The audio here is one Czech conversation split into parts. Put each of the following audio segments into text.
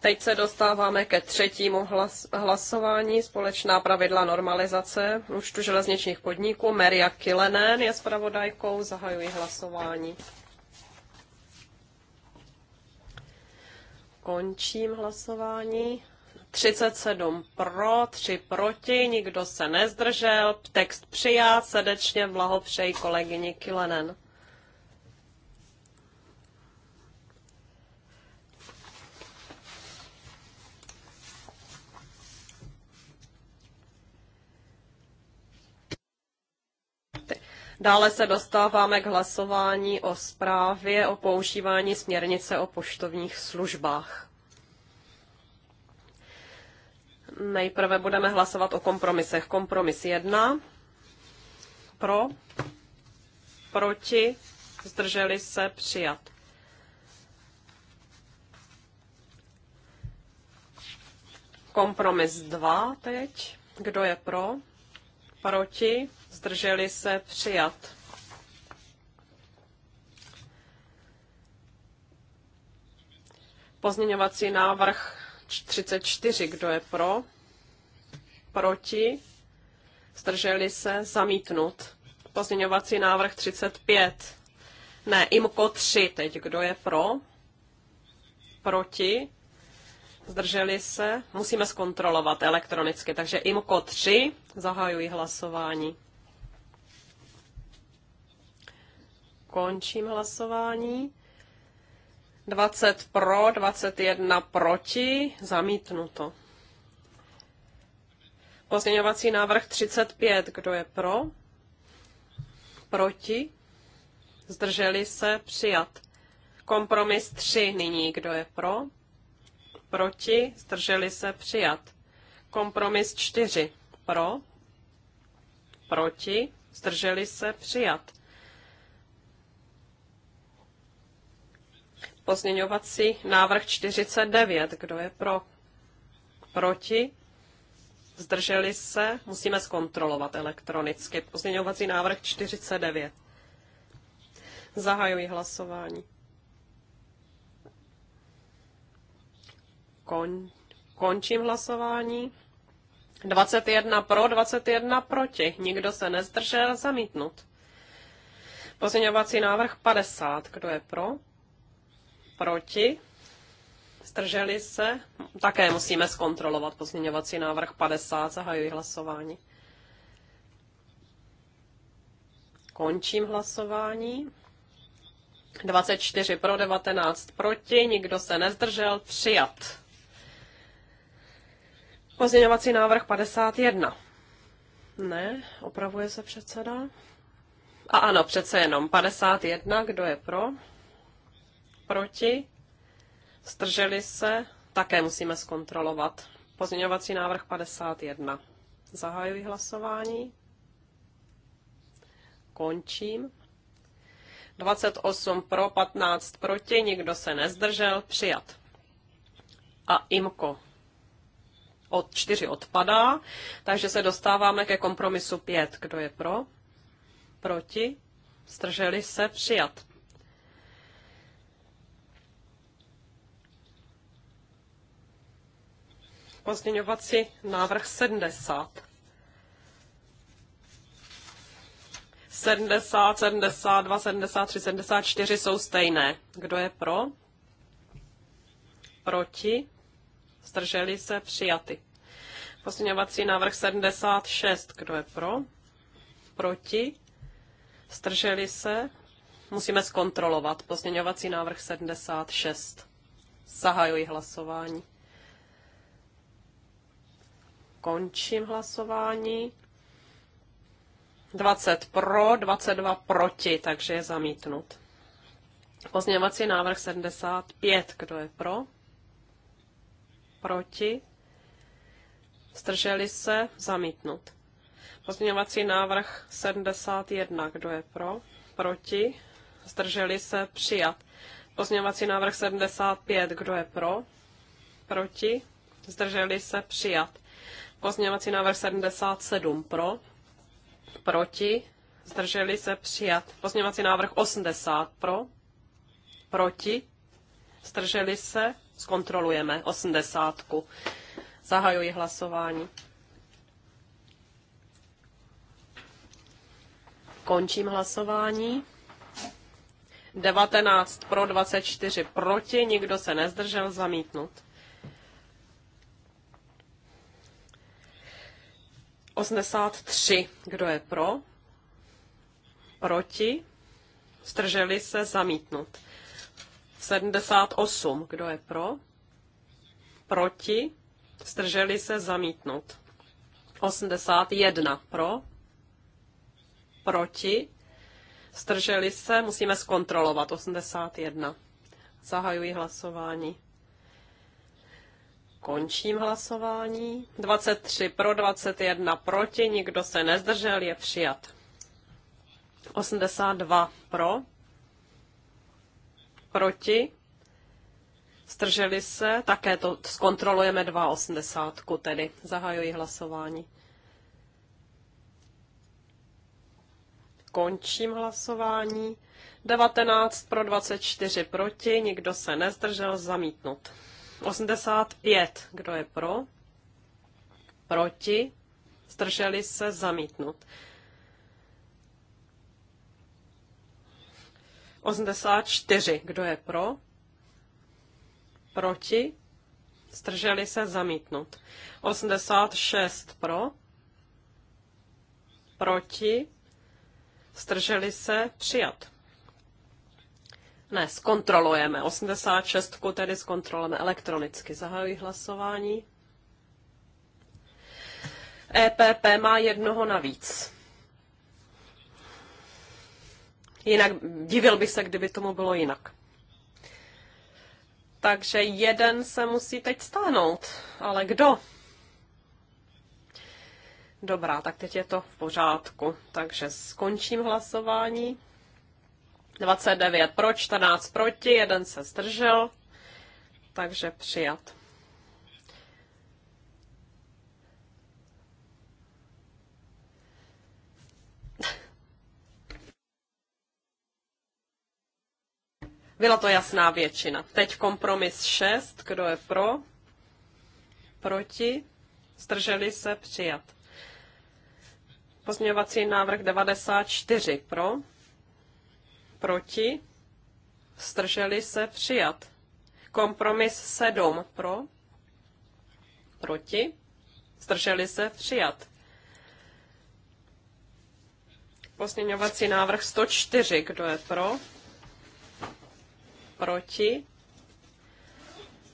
Teď se dostáváme ke třetímu hlas, hlasování. Společná pravidla normalizace růstu železničních podniků. Maria Kilenen je zpravodajkou. Zahajuji hlasování. Končím hlasování. 37 pro, 3 proti, nikdo se nezdržel. Text přijat. Srdečně blahopřeji kolegyni Kilenen. Dále se dostáváme k hlasování o zprávě o používání směrnice o poštovních službách. Nejprve budeme hlasovat o kompromisech. Kompromis 1. Pro. Proti. Zdrželi se přijat. Kompromis 2 teď. Kdo je pro? Proti? zdrželi se přijat. Pozměňovací návrh 34, kdo je pro, proti, zdrželi se, zamítnut. Pozměňovací návrh 35, ne, IMKO 3 teď, kdo je pro, proti, zdrželi se, musíme zkontrolovat elektronicky, takže IMKO 3, zahajuji hlasování. Končím hlasování. 20 pro, 21 proti, zamítnuto. Pozměňovací návrh 35, kdo je pro? Proti? Zdrželi se? Přijat. Kompromis 3 nyní, kdo je pro? Proti? Zdrželi se? Přijat. Kompromis 4 pro? Proti? Zdrželi se? Přijat. Pozměňovací návrh 49. Kdo je pro? Proti? Zdrželi se? Musíme zkontrolovat elektronicky. Pozměňovací návrh 49. Zahajuji hlasování. Kon, končím hlasování. 21 pro, 21 proti. Nikdo se nezdržel, zamítnut. Pozměňovací návrh 50. Kdo je pro? proti, zdrželi se, také musíme zkontrolovat pozměňovací návrh 50, zahajuji hlasování. Končím hlasování. 24 pro, 19 proti, nikdo se nezdržel, přijat. Pozměňovací návrh 51. Ne, opravuje se předseda. A ano, přece jenom 51, kdo je pro? proti, zdrželi se, také musíme zkontrolovat. Pozměňovací návrh 51. Zahajuji hlasování. Končím. 28 pro, 15 proti, nikdo se nezdržel, přijat. A IMKO od 4 odpadá, takže se dostáváme ke kompromisu 5. Kdo je pro? Proti? Strželi se? Přijat. Pozměňovací návrh 70. 70, 72, 73, 74 jsou stejné. Kdo je pro? Proti? Zdrželi se? Přijaty. Pozměňovací návrh 76. Kdo je pro? Proti? Zdrželi se? Musíme zkontrolovat. Pozměňovací návrh 76. Zahajuji hlasování. Končím hlasování. 20 pro, 22 proti, takže je zamítnut. Pozměňovací návrh 75. Kdo je pro? Proti? Strželi se? Zamítnut. Pozměňovací návrh 71. Kdo je pro? Proti? Zdrželi se? Přijat. Pozměňovací návrh 75. Kdo je pro? Proti? Zdrželi se? Přijat. Pozměňovací návrh 77 pro, proti, zdrželi se přijat. Pozměňovací návrh 80 pro, proti, zdrželi se, zkontrolujeme 80. Zahajuji hlasování. Končím hlasování. 19 pro, 24 proti, nikdo se nezdržel, zamítnut. 83. Kdo je pro? Proti? Zdrželi se zamítnut. 78. Kdo je pro? Proti? Zdrželi se zamítnut. 81. Pro? Proti? Zdrželi se, musíme zkontrolovat. 81. Zahajuji hlasování. Končím hlasování. 23 pro, 21 proti, nikdo se nezdržel, je přijat. 82 pro, proti, zdrželi se, také to zkontrolujeme 280, tedy zahajuji hlasování. Končím hlasování. 19 pro 24 proti, nikdo se nezdržel, zamítnut. 85. Kdo je pro? Proti? Zdrželi se zamítnut. 84. Kdo je pro? Proti? Zdrželi se zamítnut. 86 pro. Proti? Zdrželi se přijat. Ne, zkontrolujeme. 86 tedy zkontrolujeme elektronicky. Zahajuji hlasování. EPP má jednoho navíc. Jinak divil bych se, kdyby tomu bylo jinak. Takže jeden se musí teď stáhnout. Ale kdo? Dobrá, tak teď je to v pořádku. Takže skončím hlasování. 29 pro, 14 proti, jeden se zdržel, takže přijat. Byla to jasná většina. Teď kompromis 6, kdo je pro, proti, zdrželi se, přijat. Pozměňovací návrh 94 pro, proti, strželi se přijat. Kompromis 7 pro, proti, strželi se přijat. Posměňovací návrh 104, kdo je pro, proti,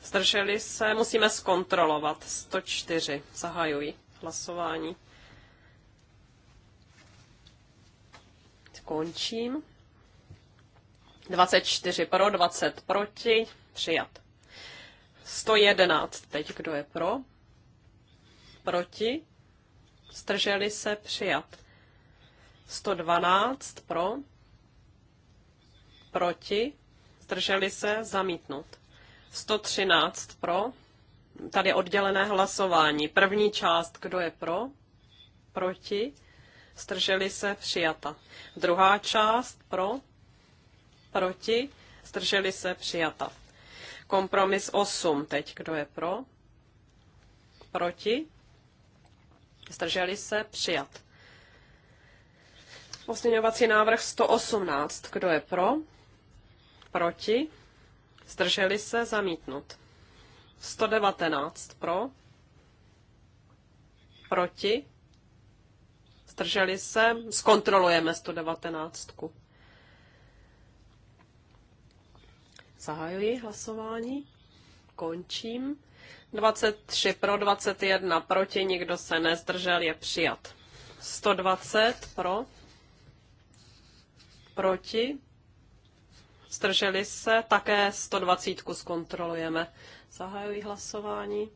Zdrželi se, musíme zkontrolovat. 104. Zahajuji hlasování. Končím. 24 pro, 20 proti, přijat. 111 teď, kdo je pro? Proti? Strželi se, přijat. 112 pro, proti, strželi se, zamítnut. 113 pro, tady oddělené hlasování. První část, kdo je pro, proti, strželi se, přijata. Druhá část pro, proti, zdrželi se, přijata. Kompromis 8 teď, kdo je pro, proti, zdrželi se, přijat. Pozměňovací návrh 118, kdo je pro, proti, zdrželi se, zamítnut. 119 pro, proti, zdrželi se, zkontrolujeme 119. Zahajuji hlasování. Končím. 23 pro, 21 proti, nikdo se nezdržel, je přijat. 120 pro, proti, zdrželi se, také 120 zkontrolujeme. Zahajuji hlasování.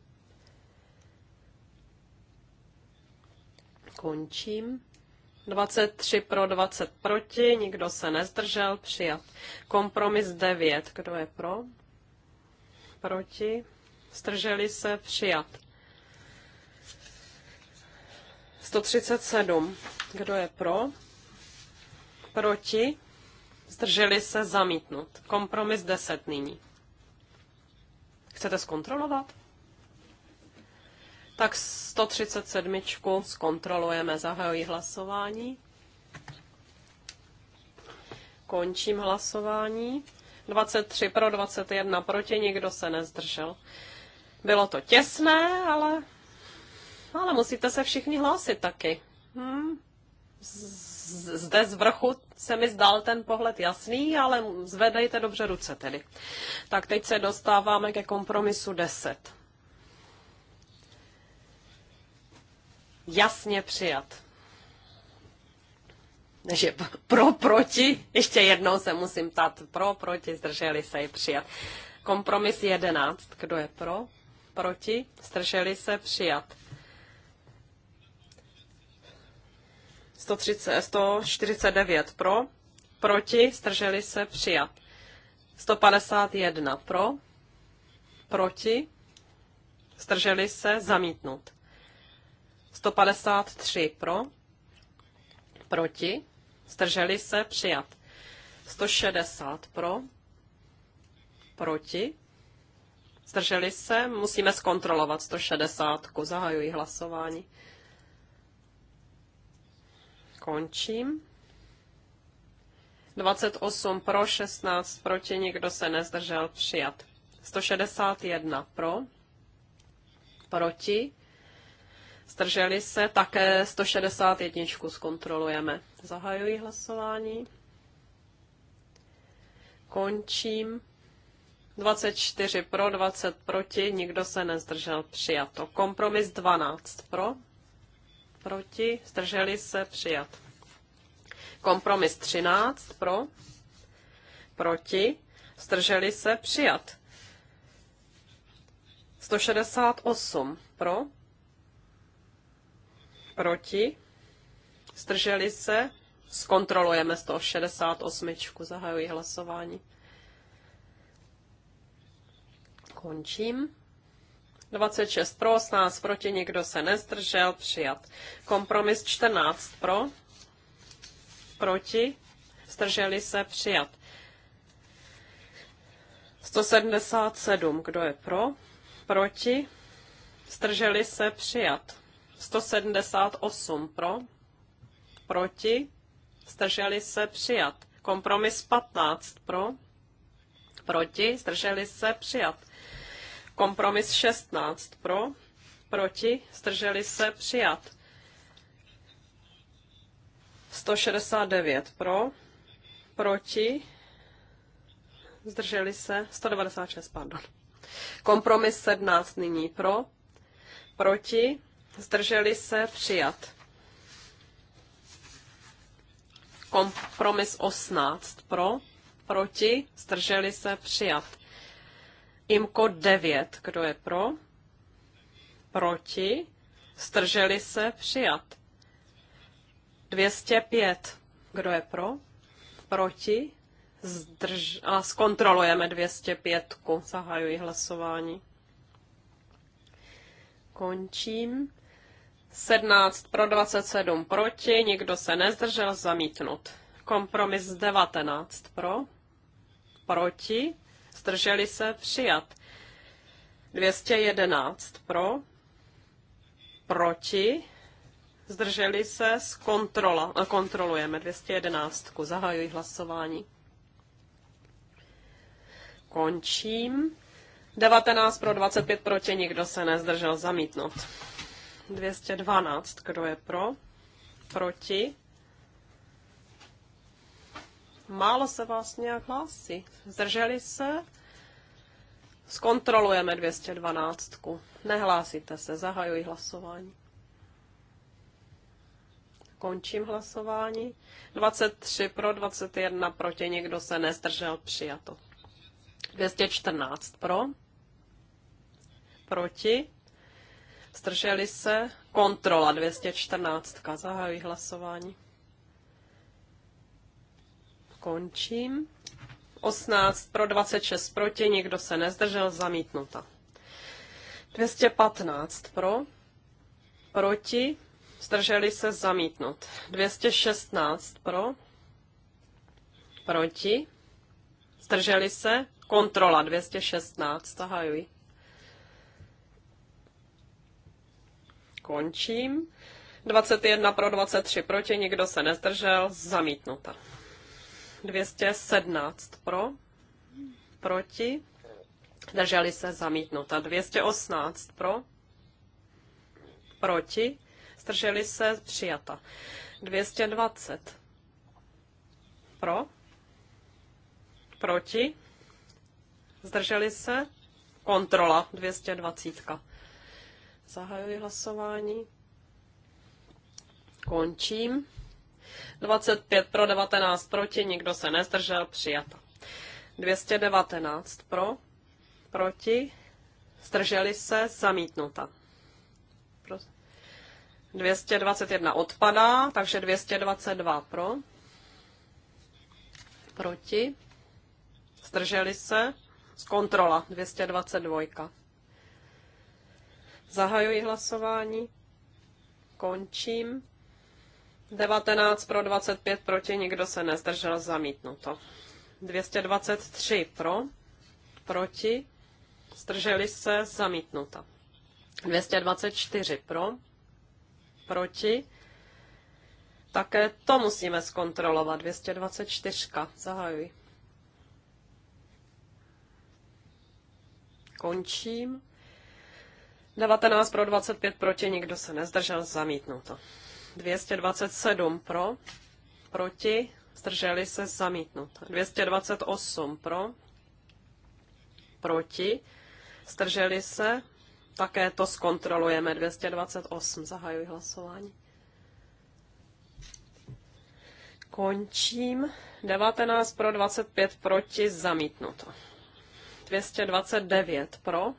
Končím. 23 pro, 20 proti, nikdo se nezdržel, přijat. Kompromis 9, kdo je pro? Proti, zdrželi se, přijat. 137, kdo je pro? Proti, zdrželi se, zamítnut. Kompromis 10 nyní. Chcete zkontrolovat? Tak 137. zkontrolujeme, zahajuji hlasování. Končím hlasování. 23 pro, 21 proti, nikdo se nezdržel. Bylo to těsné, ale, ale musíte se všichni hlásit taky. Hmm. Zde z vrchu se mi zdal ten pohled jasný, ale zvedejte dobře ruce tedy. Tak teď se dostáváme ke kompromisu 10. jasně přijat. Takže pro, proti, ještě jednou se musím ptát, pro, proti, zdrželi se i přijat. Kompromis 11, kdo je pro, proti, zdrželi se přijat. 130, 149 pro, proti, zdrželi se přijat. 151 pro, proti, zdrželi se zamítnout. 153 pro, proti, zdrželi se, přijat. 160 pro, proti, zdrželi se, musíme zkontrolovat 160. Zahajuji hlasování. Končím. 28 pro, 16 proti, nikdo se nezdržel, přijat. 161 pro, proti, Zdrželi se také 161 zkontrolujeme. Zahajuji hlasování. Končím. 24 pro, 20 proti, nikdo se nezdržel, přijato. Kompromis 12 pro, proti, zdrželi se, přijat. Kompromis 13 pro, proti, zdrželi se, přijat. 168 pro, proti, zdrželi se, zkontrolujeme 168, zahajuji hlasování. Končím. 26 pro, 18 proti, nikdo se nezdržel, přijat. Kompromis 14 pro, proti, zdrželi se, přijat. 177, kdo je pro, proti, zdrželi se, přijat. 178 pro, proti, zdrželi se přijat. Kompromis 15 pro, proti, zdrželi se přijat. Kompromis 16 pro, proti, zdrželi se přijat. 169 pro, proti, zdrželi se, 196, pardon. Kompromis 17 nyní pro, proti, zdrželi se, přijat. Kompromis 18 pro, proti, zdrželi se, přijat. Imko 9, kdo je pro, proti, zdrželi se, přijat. 205, kdo je pro, proti, zdrž... a zkontrolujeme 205. Zahajuji hlasování. Končím. 17 pro 27 proti, nikdo se nezdržel zamítnut. Kompromis 19 pro, proti, zdrželi se přijat. 211 pro, proti, zdrželi se, kontrola. Eh, kontrolujeme 211. Zahajuji hlasování. Končím. 19 pro 25 proti, nikdo se nezdržel zamítnout. 212. Kdo je pro? Proti? Málo se vás nějak hlásí. Zdrželi se? Zkontrolujeme 212. Nehlásíte se, zahajuji hlasování. Končím hlasování. 23 pro, 21 proti, někdo se nezdržel, přijato. 214 pro, proti, Zdrželi se? Kontrola 214. Zahajuji hlasování. Končím. 18 pro 26 proti, nikdo se nezdržel, zamítnuta. 215 pro, proti, zdrželi se zamítnut. 216 pro, proti, zdrželi se, kontrola 216, zahajuji. končím. 21 pro 23 proti, nikdo se nezdržel, zamítnuta. 217 pro, proti, drželi se zamítnuta. 218 pro, proti, zdrželi se přijata. 220 pro, proti, zdrželi se kontrola 220. Zahajuji hlasování. Končím. 25 pro 19 proti, nikdo se nezdržel, přijata. 219 pro, proti, zdrželi se, zamítnuta. 221 odpadá, takže 222 pro, proti, zdrželi se, kontrola 222. Zahajuji hlasování. Končím. 19 pro 25 proti, nikdo se nezdržel, zamítnuto. 223 pro, proti, zdrželi se, zamítnuto. 224 pro, proti, také to musíme zkontrolovat. 224. Zahajuji. Končím. 19 pro 25 proti, nikdo se nezdržel, zamítnuto. 227 pro, proti, zdrželi se, zamítnuto. 228 pro, proti, zdrželi se, také to zkontrolujeme. 228, zahajuji hlasování. Končím. 19 pro, 25 proti, zamítnuto. 229 pro,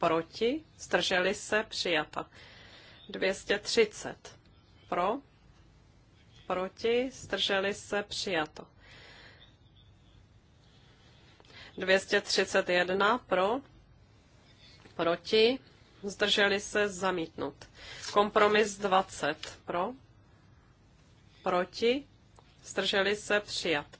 proti, zdrželi se, přijata. 230 pro, proti, zdrželi se, přijato. 231 pro, proti, zdrželi se, zamítnut. Kompromis 20 pro, proti, zdrželi se, přijat.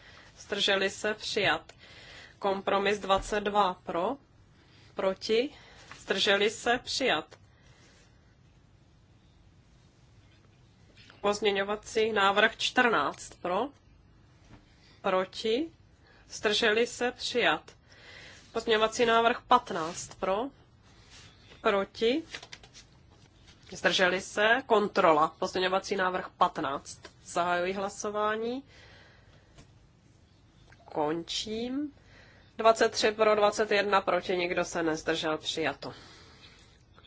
zdrželi se přijat. Kompromis 22 pro, proti, zdrželi se přijat. Pozměňovací návrh 14 pro, proti, zdrželi se přijat. Pozměňovací návrh 15 pro, proti, zdrželi se, kontrola. Pozměňovací návrh 15. Zahajuji hlasování končím. 23 pro, 21 proti, nikdo se nezdržel, přijato.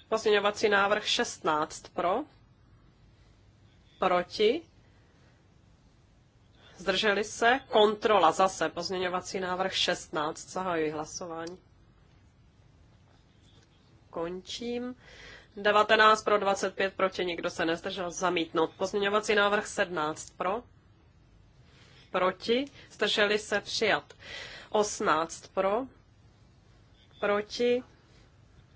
Pozměňovací návrh 16 pro, proti, zdrželi se, kontrola zase, pozměňovací návrh 16, zahajuji hlasování. Končím. 19 pro, 25 proti, nikdo se nezdržel, zamítnout. Pozměňovací návrh 17 pro, proti, zdrželi se přijat. 18 pro, proti,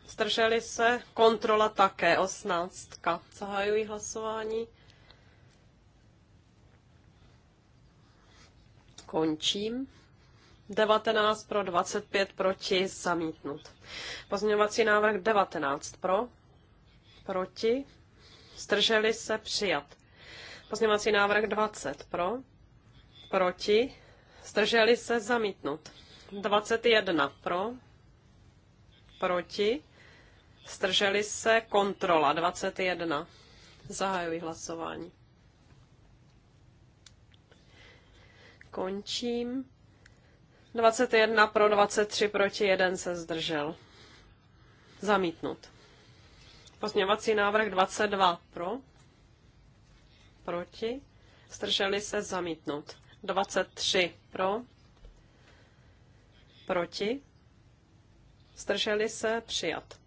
zdrželi se, kontrola také, 18. Zahajují hlasování. Končím. 19 pro, 25 proti, zamítnut. Pozměňovací návrh 19 pro, proti, zdrželi se, přijat. Pozměňovací návrh 20 pro, proti, zdrželi se zamítnut. 21 pro, proti, zdrželi se kontrola 21. Zahajuji hlasování. Končím. 21 pro, 23 proti, 1 se zdržel. Zamítnut. Pozměňovací návrh 22 pro, proti, zdrželi se zamítnout. 23 pro, proti, zdrželi se, přijat.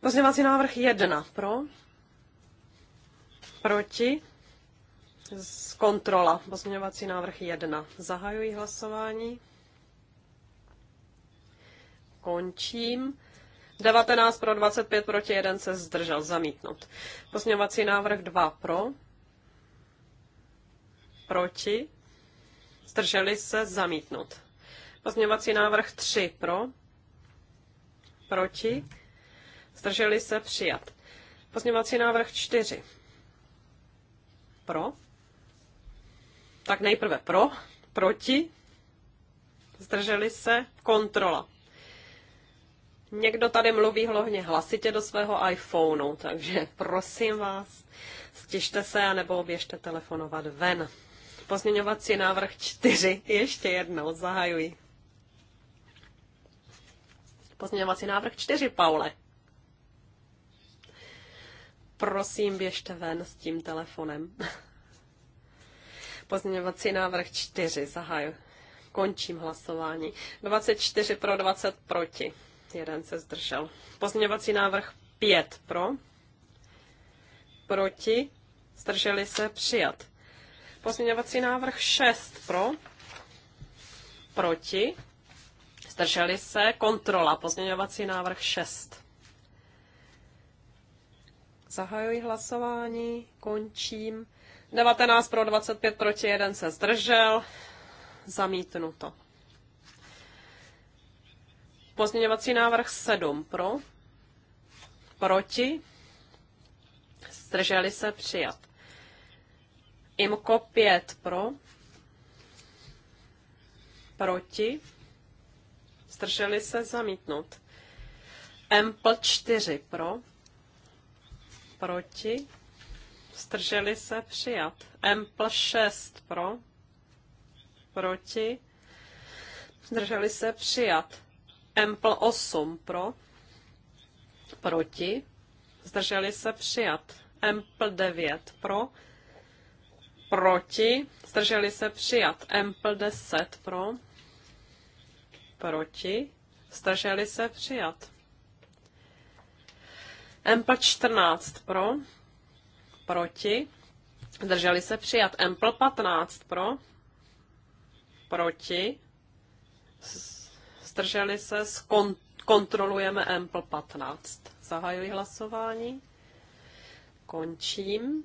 Pozměňovací návrh 1 pro, proti, z kontrola. Pozměňovací návrh 1. Zahajuji hlasování. Končím. 19 pro 25 proti 1 se zdržel zamítnout. Pozměňovací návrh 2 pro proti, zdrželi se, zamítnout. Pozměňovací návrh 3 pro, proti, zdrželi se, přijat. Pozměňovací návrh 4 pro, tak nejprve pro, proti, zdrželi se, kontrola. Někdo tady mluví hlavně hlasitě do svého iPhoneu, takže prosím vás, stište se anebo běžte telefonovat ven. Pozměňovací návrh 4. Ještě jednou zahajuji. Pozměňovací návrh 4, Paule. Prosím, běžte ven s tím telefonem. Pozměňovací návrh 4, zahaju. Končím hlasování. 24 pro, 20 proti. Jeden se zdržel. Pozměňovací návrh 5 pro, proti, zdrželi se, přijat. Pozměňovací návrh 6 pro, proti, zdrželi se, kontrola, pozměňovací návrh 6. Zahajuji hlasování, končím. 19 pro 25 proti 1 se zdržel, zamítnuto. Pozměňovací návrh 7 pro, proti, zdrželi se, přijat. IMKO 5 pro, proti, zdrželi se zamítnout. Ample 4 pro, proti, zdrželi se přijat. Ample 6 pro, proti, zdrželi se přijat. Ample 8 pro, proti, zdrželi se přijat. Ample 9 pro, proti, zdrželi se přijat. Ample 10 pro, proti, zdrželi se přijat. Ample 14 pro, proti, zdrželi se přijat. Ample 15 pro, proti, zdrželi se, skon, kontrolujeme Ample 15. Zahajuji hlasování, končím.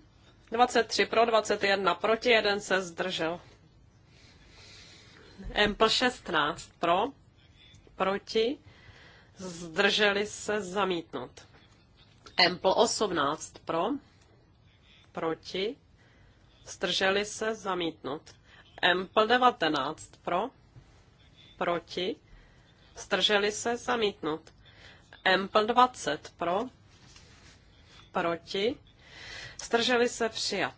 23 pro, 21 proti, jeden se zdržel. Empl 16 pro, proti, zdrželi se zamítnout. Empl 18 pro, proti, zdrželi se zamítnout. Empl 19 pro, proti, zdrželi se zamítnout. Empl 20 pro, proti, Zdrželi se přijat.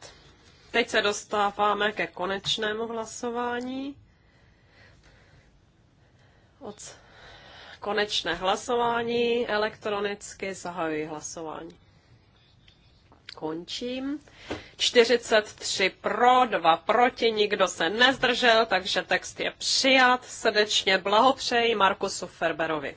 Teď se dostáváme ke konečnému hlasování. Od konečné hlasování elektronicky zahajuji hlasování. Končím. 43 pro, 2 proti, nikdo se nezdržel, takže text je přijat. Srdečně blahopřeji Markusu Ferberovi.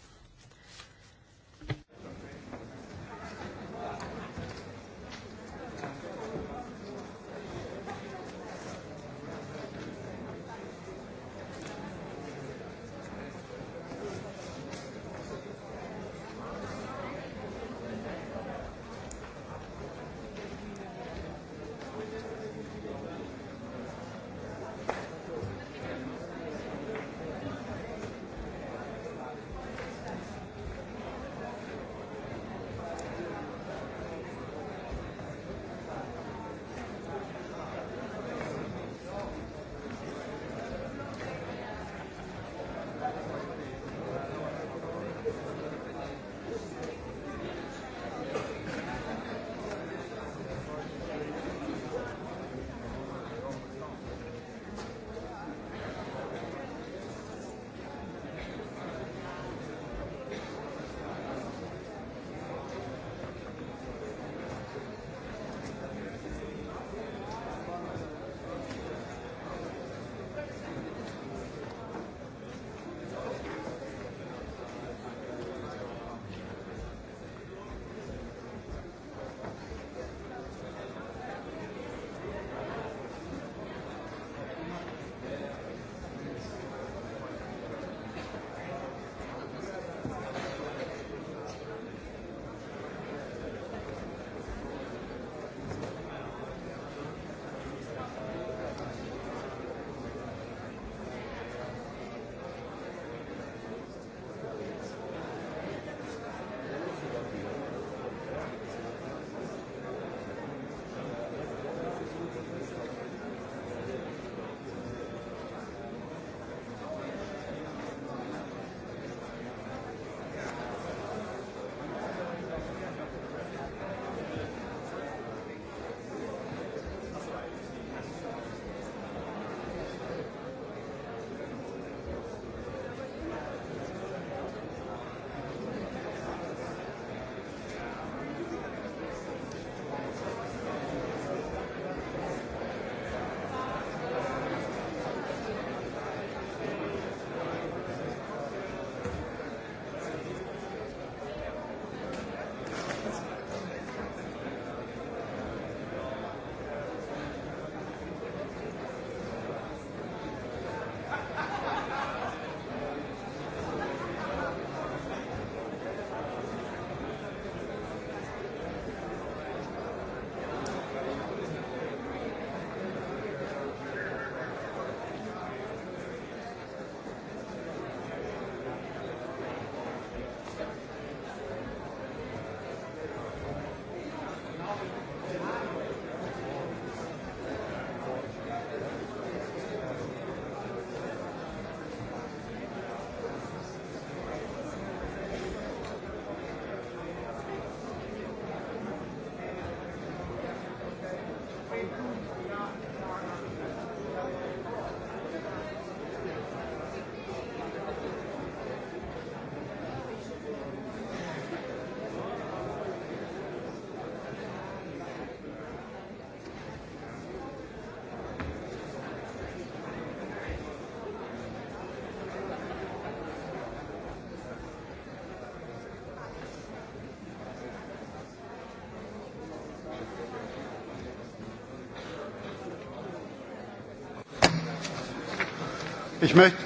Ich möchte,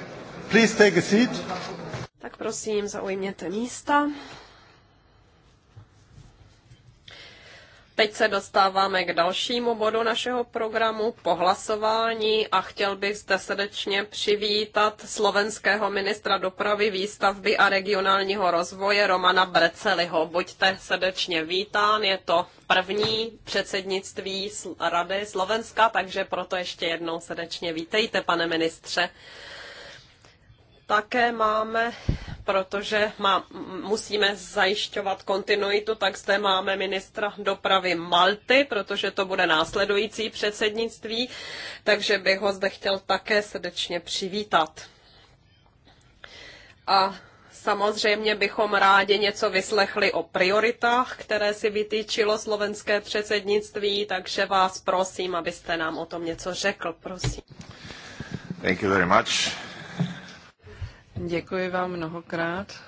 please take a seat. Tak prosím, zaujměte místa. Teď se dostáváme k dalšímu bodu našeho programu, pohlasování a chtěl bych zde srdečně přivítat slovenského ministra dopravy, výstavby a regionálního rozvoje Romana Breceliho. Buďte srdečně vítán, je to první předsednictví Rady Slovenska, takže proto ještě jednou srdečně vítejte, pane ministře. Také máme protože má, musíme zajišťovat kontinuitu, tak zde máme ministra dopravy Malty, protože to bude následující předsednictví, takže bych ho zde chtěl také srdečně přivítat. A Samozřejmě bychom rádi něco vyslechli o prioritách, které si vytýčilo slovenské předsednictví, takže vás prosím, abyste nám o tom něco řekl, prosím. Thank you very much. Děkuji vám mnohokrát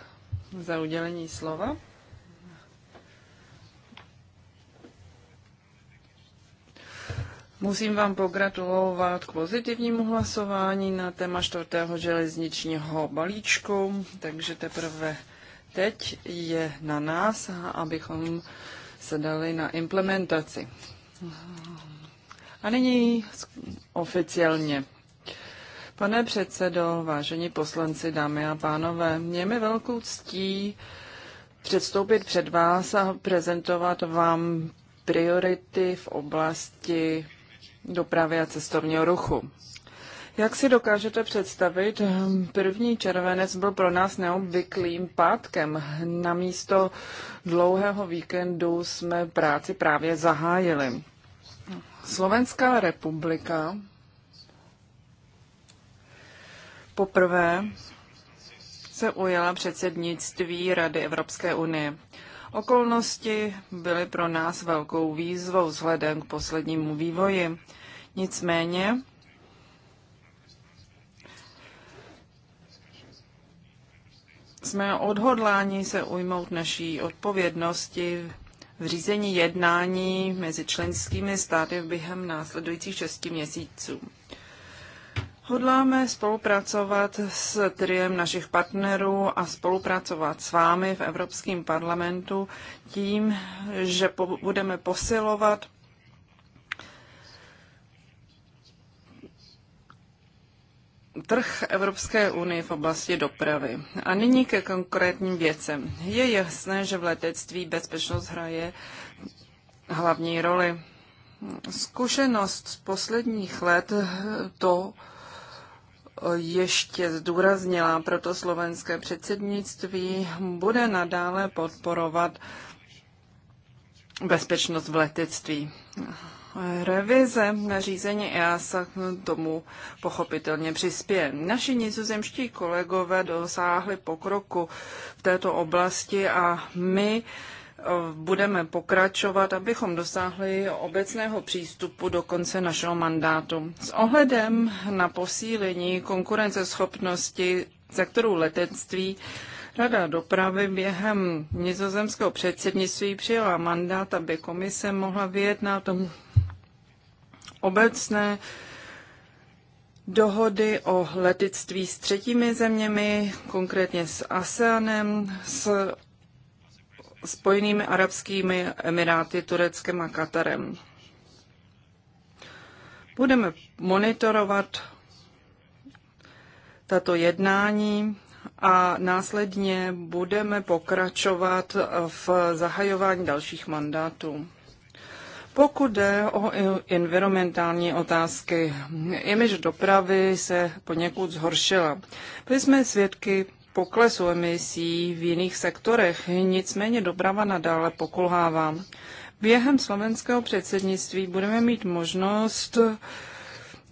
za udělení slova. Musím vám pogratulovat k pozitivnímu hlasování na téma čtvrtého železničního balíčku, takže teprve teď je na nás, abychom se dali na implementaci. A nyní oficiálně Pane předsedo, vážení poslanci, dámy a pánové, mě mi velkou ctí předstoupit před vás a prezentovat vám priority v oblasti dopravy a cestovního ruchu. Jak si dokážete představit, první červenec byl pro nás neobvyklým pátkem. Na místo dlouhého víkendu jsme práci právě zahájili. Slovenská republika Poprvé se ujala předsednictví Rady Evropské unie. Okolnosti byly pro nás velkou výzvou vzhledem k poslednímu vývoji. Nicméně jsme odhodláni se ujmout naší odpovědnosti v řízení jednání mezi členskými státy během následujících šesti měsíců. Hodláme spolupracovat s triem našich partnerů a spolupracovat s vámi v Evropském parlamentu tím, že po, budeme posilovat trh Evropské unie v oblasti dopravy. A nyní ke konkrétním věcem. Je jasné, že v letectví bezpečnost hraje hlavní roli. Zkušenost z posledních let to ještě zdůraznila, proto slovenské předsednictví bude nadále podporovat bezpečnost v letectví. Revize nařízení EASA tomu pochopitelně přispěje. Naši nizozemští kolegové dosáhli pokroku v této oblasti a my budeme pokračovat, abychom dosáhli obecného přístupu do konce našeho mandátu. S ohledem na posílení konkurenceschopnosti sektoru letectví Rada dopravy během nizozemského předsednictví přijala mandát, aby komise mohla vyjednat obecné dohody o letectví s třetími zeměmi, konkrétně s ASEANem, s Spojenými arabskými emiráty, Tureckem a Katarem. Budeme monitorovat tato jednání a následně budeme pokračovat v zahajování dalších mandátů. Pokud jde o environmentální otázky, imiž dopravy se poněkud zhoršila. Byli jsme svědky poklesu emisí v jiných sektorech, nicméně doprava nadále pokulhává. Během slovenského předsednictví budeme mít možnost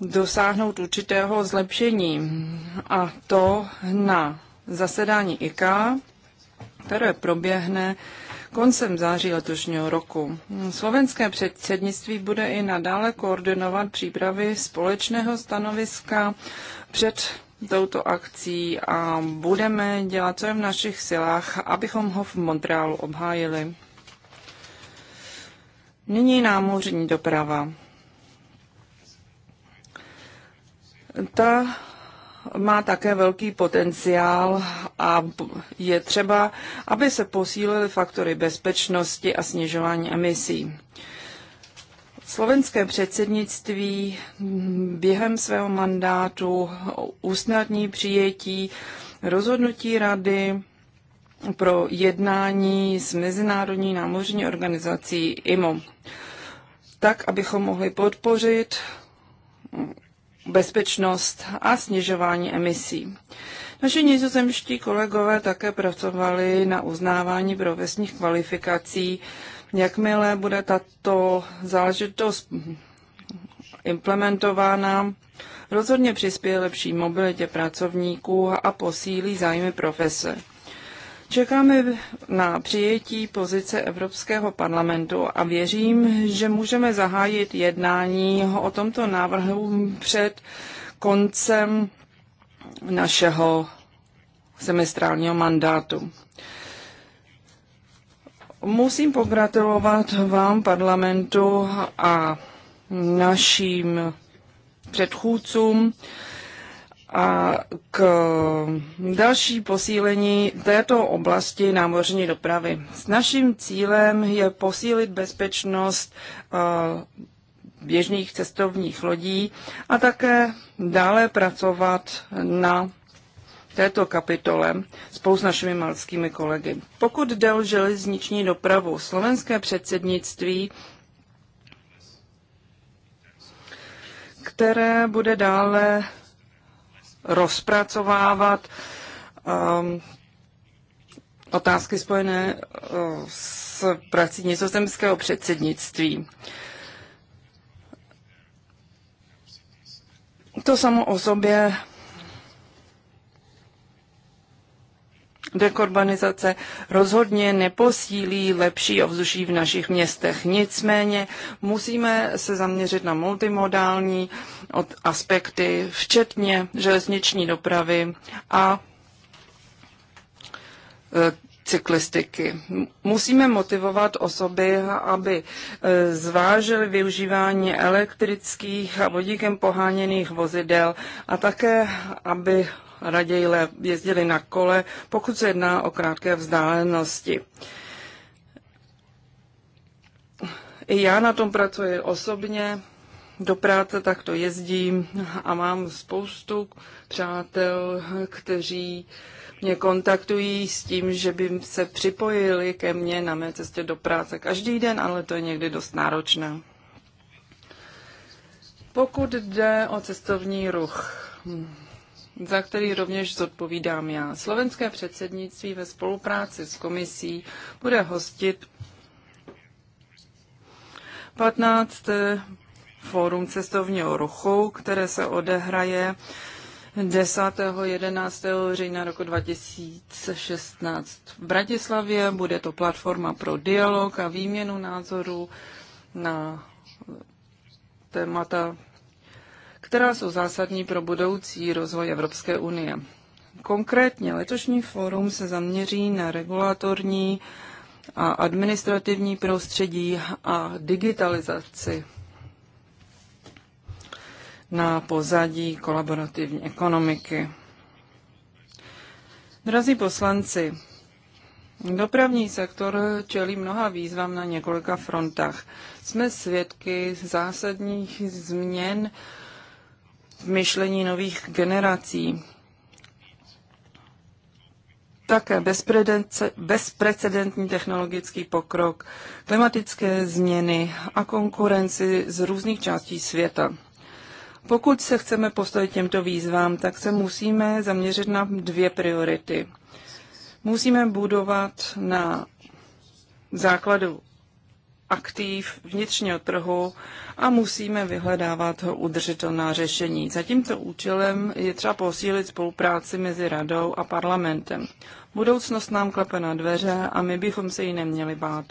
dosáhnout určitého zlepšení, a to na zasedání IKA, které proběhne koncem září letošního roku. Slovenské předsednictví bude i nadále koordinovat přípravy společného stanoviska před touto akcí a budeme dělat, co je v našich silách, abychom ho v Montrealu obhájili. Nyní námořní doprava. Ta má také velký potenciál a je třeba, aby se posílily faktory bezpečnosti a snižování emisí. Slovenské předsednictví během svého mandátu usnadní přijetí rozhodnutí rady pro jednání s Mezinárodní námořní organizací IMO, tak, abychom mohli podpořit bezpečnost a snižování emisí. Naši nizozemští kolegové také pracovali na uznávání profesních kvalifikací Jakmile bude tato záležitost implementována, rozhodně přispěje lepší mobilitě pracovníků a posílí zájmy profese. Čekáme na přijetí pozice Evropského parlamentu a věřím, že můžeme zahájit jednání o tomto návrhu před koncem našeho semestrálního mandátu. Musím pogratulovat vám, parlamentu a naším předchůdcům a k další posílení této oblasti námořní dopravy. S naším cílem je posílit bezpečnost eh, běžných cestovních lodí a také dále pracovat na této kapitole spolu s našimi malskými kolegy. Pokud jde o železniční dopravu, slovenské předsednictví které bude dále rozpracovávat um, otázky spojené uh, s prací nizozemského předsednictví. To samo o sobě Dekorbanizace rozhodně neposílí lepší ovzduší v našich městech. Nicméně musíme se zaměřit na multimodální aspekty, včetně železniční dopravy a e, cyklistiky. Musíme motivovat osoby, aby e, zvážili využívání elektrických a vodíkem poháněných vozidel a také, aby raději jezdili na kole, pokud se jedná o krátké vzdálenosti. I já na tom pracuji osobně, do práce takto jezdím a mám spoustu přátel, kteří mě kontaktují s tím, že by se připojili ke mně na mé cestě do práce každý den, ale to je někdy dost náročné. Pokud jde o cestovní ruch, za který rovněž zodpovídám já. Slovenské předsednictví ve spolupráci s komisí bude hostit 15. Eh, fórum cestovního ruchu, které se odehraje 10. 11. října roku 2016 v Bratislavě. Bude to platforma pro dialog a výměnu názorů na témata která jsou zásadní pro budoucí rozvoj Evropské unie. Konkrétně letošní fórum se zaměří na regulatorní a administrativní prostředí a digitalizaci na pozadí kolaborativní ekonomiky. Drazí poslanci, dopravní sektor čelí mnoha výzvám na několika frontách. Jsme svědky zásadních změn v myšlení nových generací. Také bezprecedentní technologický pokrok, klimatické změny a konkurenci z různých částí světa. Pokud se chceme postavit těmto výzvám, tak se musíme zaměřit na dvě priority. Musíme budovat na základu aktiv vnitřního trhu a musíme vyhledávat ho udržitelná řešení. Za tímto účelem je třeba posílit spolupráci mezi radou a parlamentem. Budoucnost nám klepe na dveře a my bychom se ji neměli bát.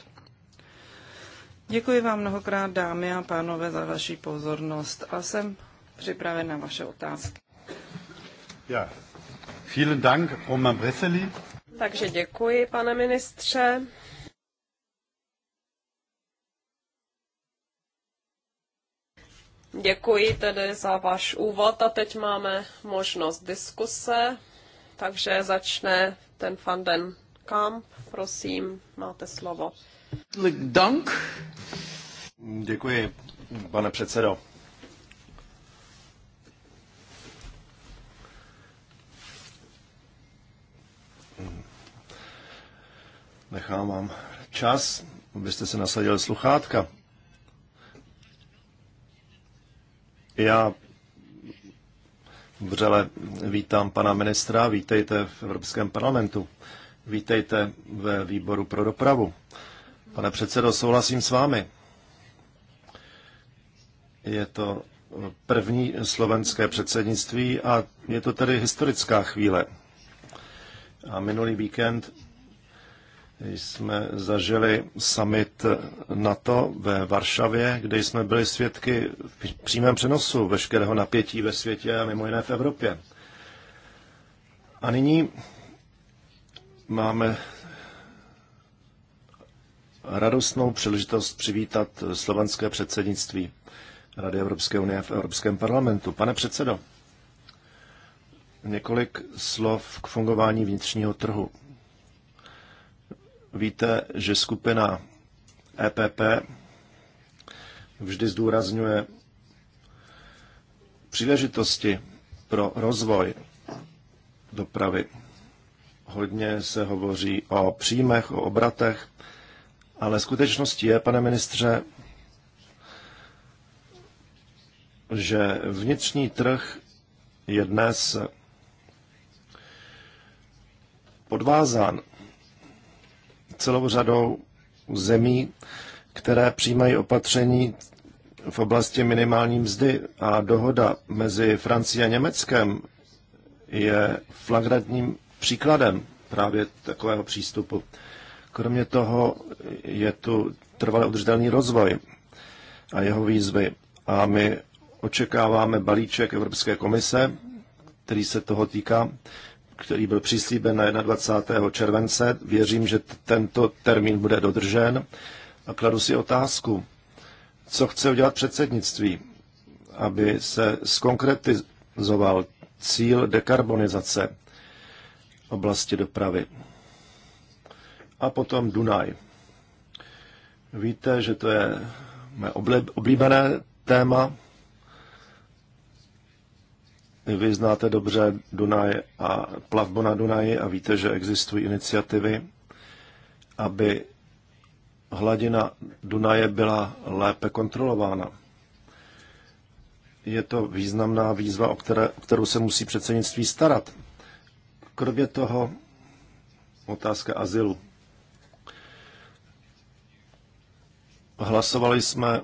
Děkuji vám mnohokrát, dámy a pánové, za vaši pozornost a jsem připraven na vaše otázky. Ja. Vielen Dank, Oma Takže děkuji, pane ministře. Děkuji tedy za váš úvod a teď máme možnost diskuse, takže začne ten fanden Kamp. Prosím, máte slovo. Dank. Děkuji, pane předsedo. Nechám vám čas, abyste se nasadili sluchátka. Já vřele vítám pana ministra, vítejte v Evropském parlamentu, vítejte ve výboru pro dopravu. Pane předsedo, souhlasím s vámi. Je to první slovenské předsednictví a je to tedy historická chvíle. A minulý víkend jsme zažili summit NATO ve Varšavě, kde jsme byli svědky v přímém přenosu veškerého napětí ve světě a mimo jiné v Evropě. A nyní máme radostnou příležitost přivítat slovenské předsednictví Rady Evropské unie v Evropském parlamentu. Pane předsedo, několik slov k fungování vnitřního trhu Víte, že skupina EPP vždy zdůrazňuje příležitosti pro rozvoj dopravy. Hodně se hovoří o příjmech, o obratech, ale skutečností je, pane ministře, že vnitřní trh je dnes podvázán celou řadou zemí, které přijímají opatření v oblasti minimální mzdy a dohoda mezi Francií a Německem je flagrantním příkladem právě takového přístupu. Kromě toho je tu trvalý udržitelný rozvoj a jeho výzvy. A my očekáváme balíček Evropské komise, který se toho týká, který byl přislíben na 21. července. Věřím, že tento termín bude dodržen a kladu si otázku, co chce udělat předsednictví, aby se skonkretizoval cíl dekarbonizace oblasti dopravy. A potom Dunaj. Víte, že to je mé oblíbené téma, vy znáte dobře Dunaj a plavbu na Dunaji a víte, že existují iniciativy, aby hladina Dunaje byla lépe kontrolována. Je to významná výzva, o, které, o kterou se musí předsednictví starat. Kromě toho otázka azylu. Hlasovali jsme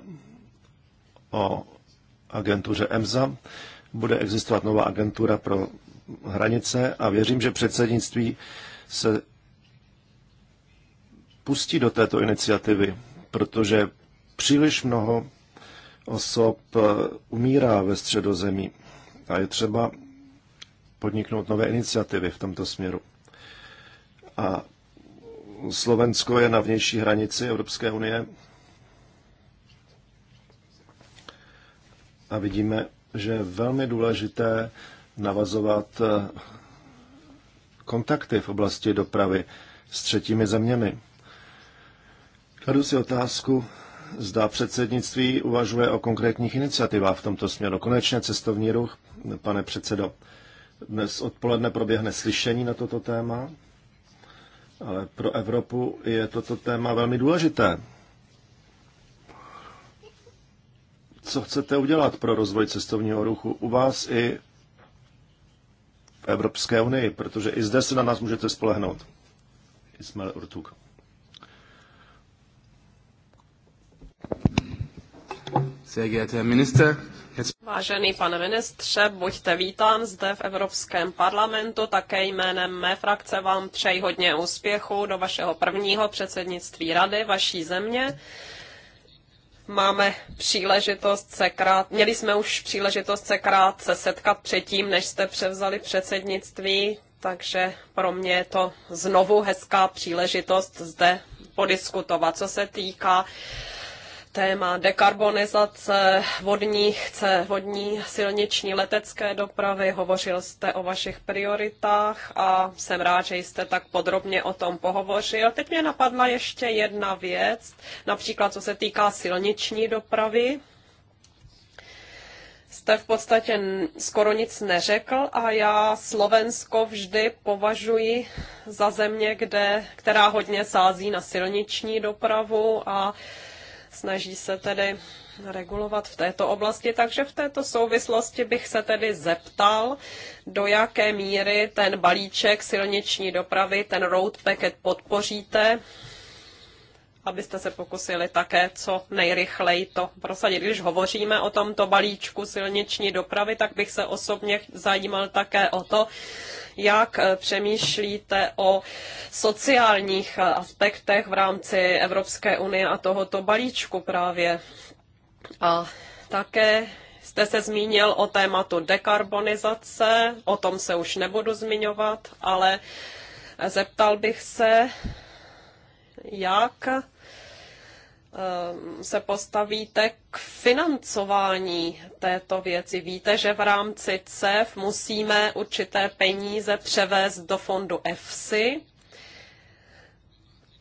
o agentuře EMSA bude existovat nová agentura pro hranice a věřím, že předsednictví se pustí do této iniciativy, protože příliš mnoho osob eh, umírá ve středozemí a je třeba podniknout nové iniciativy v tomto směru. A Slovensko je na vnější hranici Evropské unie a vidíme, že je velmi důležité navazovat eh, kontakty v oblasti dopravy s třetími zeměmi. Kladu si otázku, zda předsednictví uvažuje o konkrétních iniciativách v tomto směru. Konečně cestovní ruch, pane předsedo. Dnes odpoledne proběhne slyšení na toto téma, ale pro Evropu je toto téma velmi důležité. co chcete udělat pro rozvoj cestovního ruchu u vás i v Evropské unii, protože i zde se na nás můžete spolehnout. Ismail Urtuk. Vážený pane ministře, buďte vítán zde v Evropském parlamentu. Také jménem mé frakce vám přeji hodně úspěchu do vašeho prvního předsednictví Rady vaší země máme příležitost se krát, měli jsme už příležitost se setkat předtím, než jste převzali předsednictví, takže pro mě je to znovu hezká příležitost zde podiskutovat. Co se týká téma dekarbonizace vodních, vodní, silniční, letecké dopravy. Hovořil jste o vašich prioritách a jsem rád, že jste tak podrobně o tom pohovořil. Teď mě napadla ještě jedna věc, například co se týká silniční dopravy jste v podstatě skoro nic neřekl a já Slovensko vždy považuji za země, kde, která hodně sází na silniční dopravu a Snaží se tedy regulovat v této oblasti, takže v této souvislosti bych se tedy zeptal, do jaké míry ten balíček silniční dopravy, ten road packet podpoříte, abyste se pokusili také co nejrychleji to prosadit. Když hovoříme o tomto balíčku silniční dopravy, tak bych se osobně zajímal také o to, jak eh, přemýšlíte o sociálních eh, aspektech v rámci Evropské unie a tohoto balíčku právě. A také jste se zmínil o tématu dekarbonizace, o tom se už nebudu zmiňovat, ale zeptal bych se, jak Eh, se postavíte k financování této věci. Víte, že v rámci CEF musíme určité peníze převést do fondu EFSI,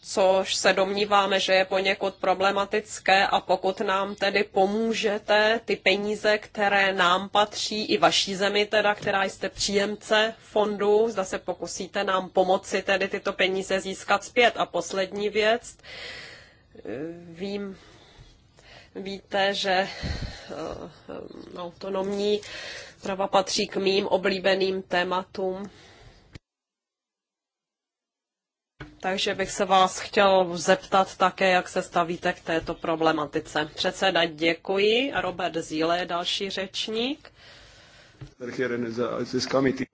což se domníváme, že je poněkud problematické a pokud nám tedy pomůžete ty peníze, které nám patří, i vaší zemi teda, která jste příjemce fondu, zda se pokusíte nám pomoci tedy tyto peníze získat zpět. A poslední věc, Vím, víte, že eh, autonomní prava patří k mým oblíbeným tématům. Takže bych se vás chtěl zeptat také, jak se stavíte k této problematice. Předseda, děkuji. Robert Zíle je další řečník.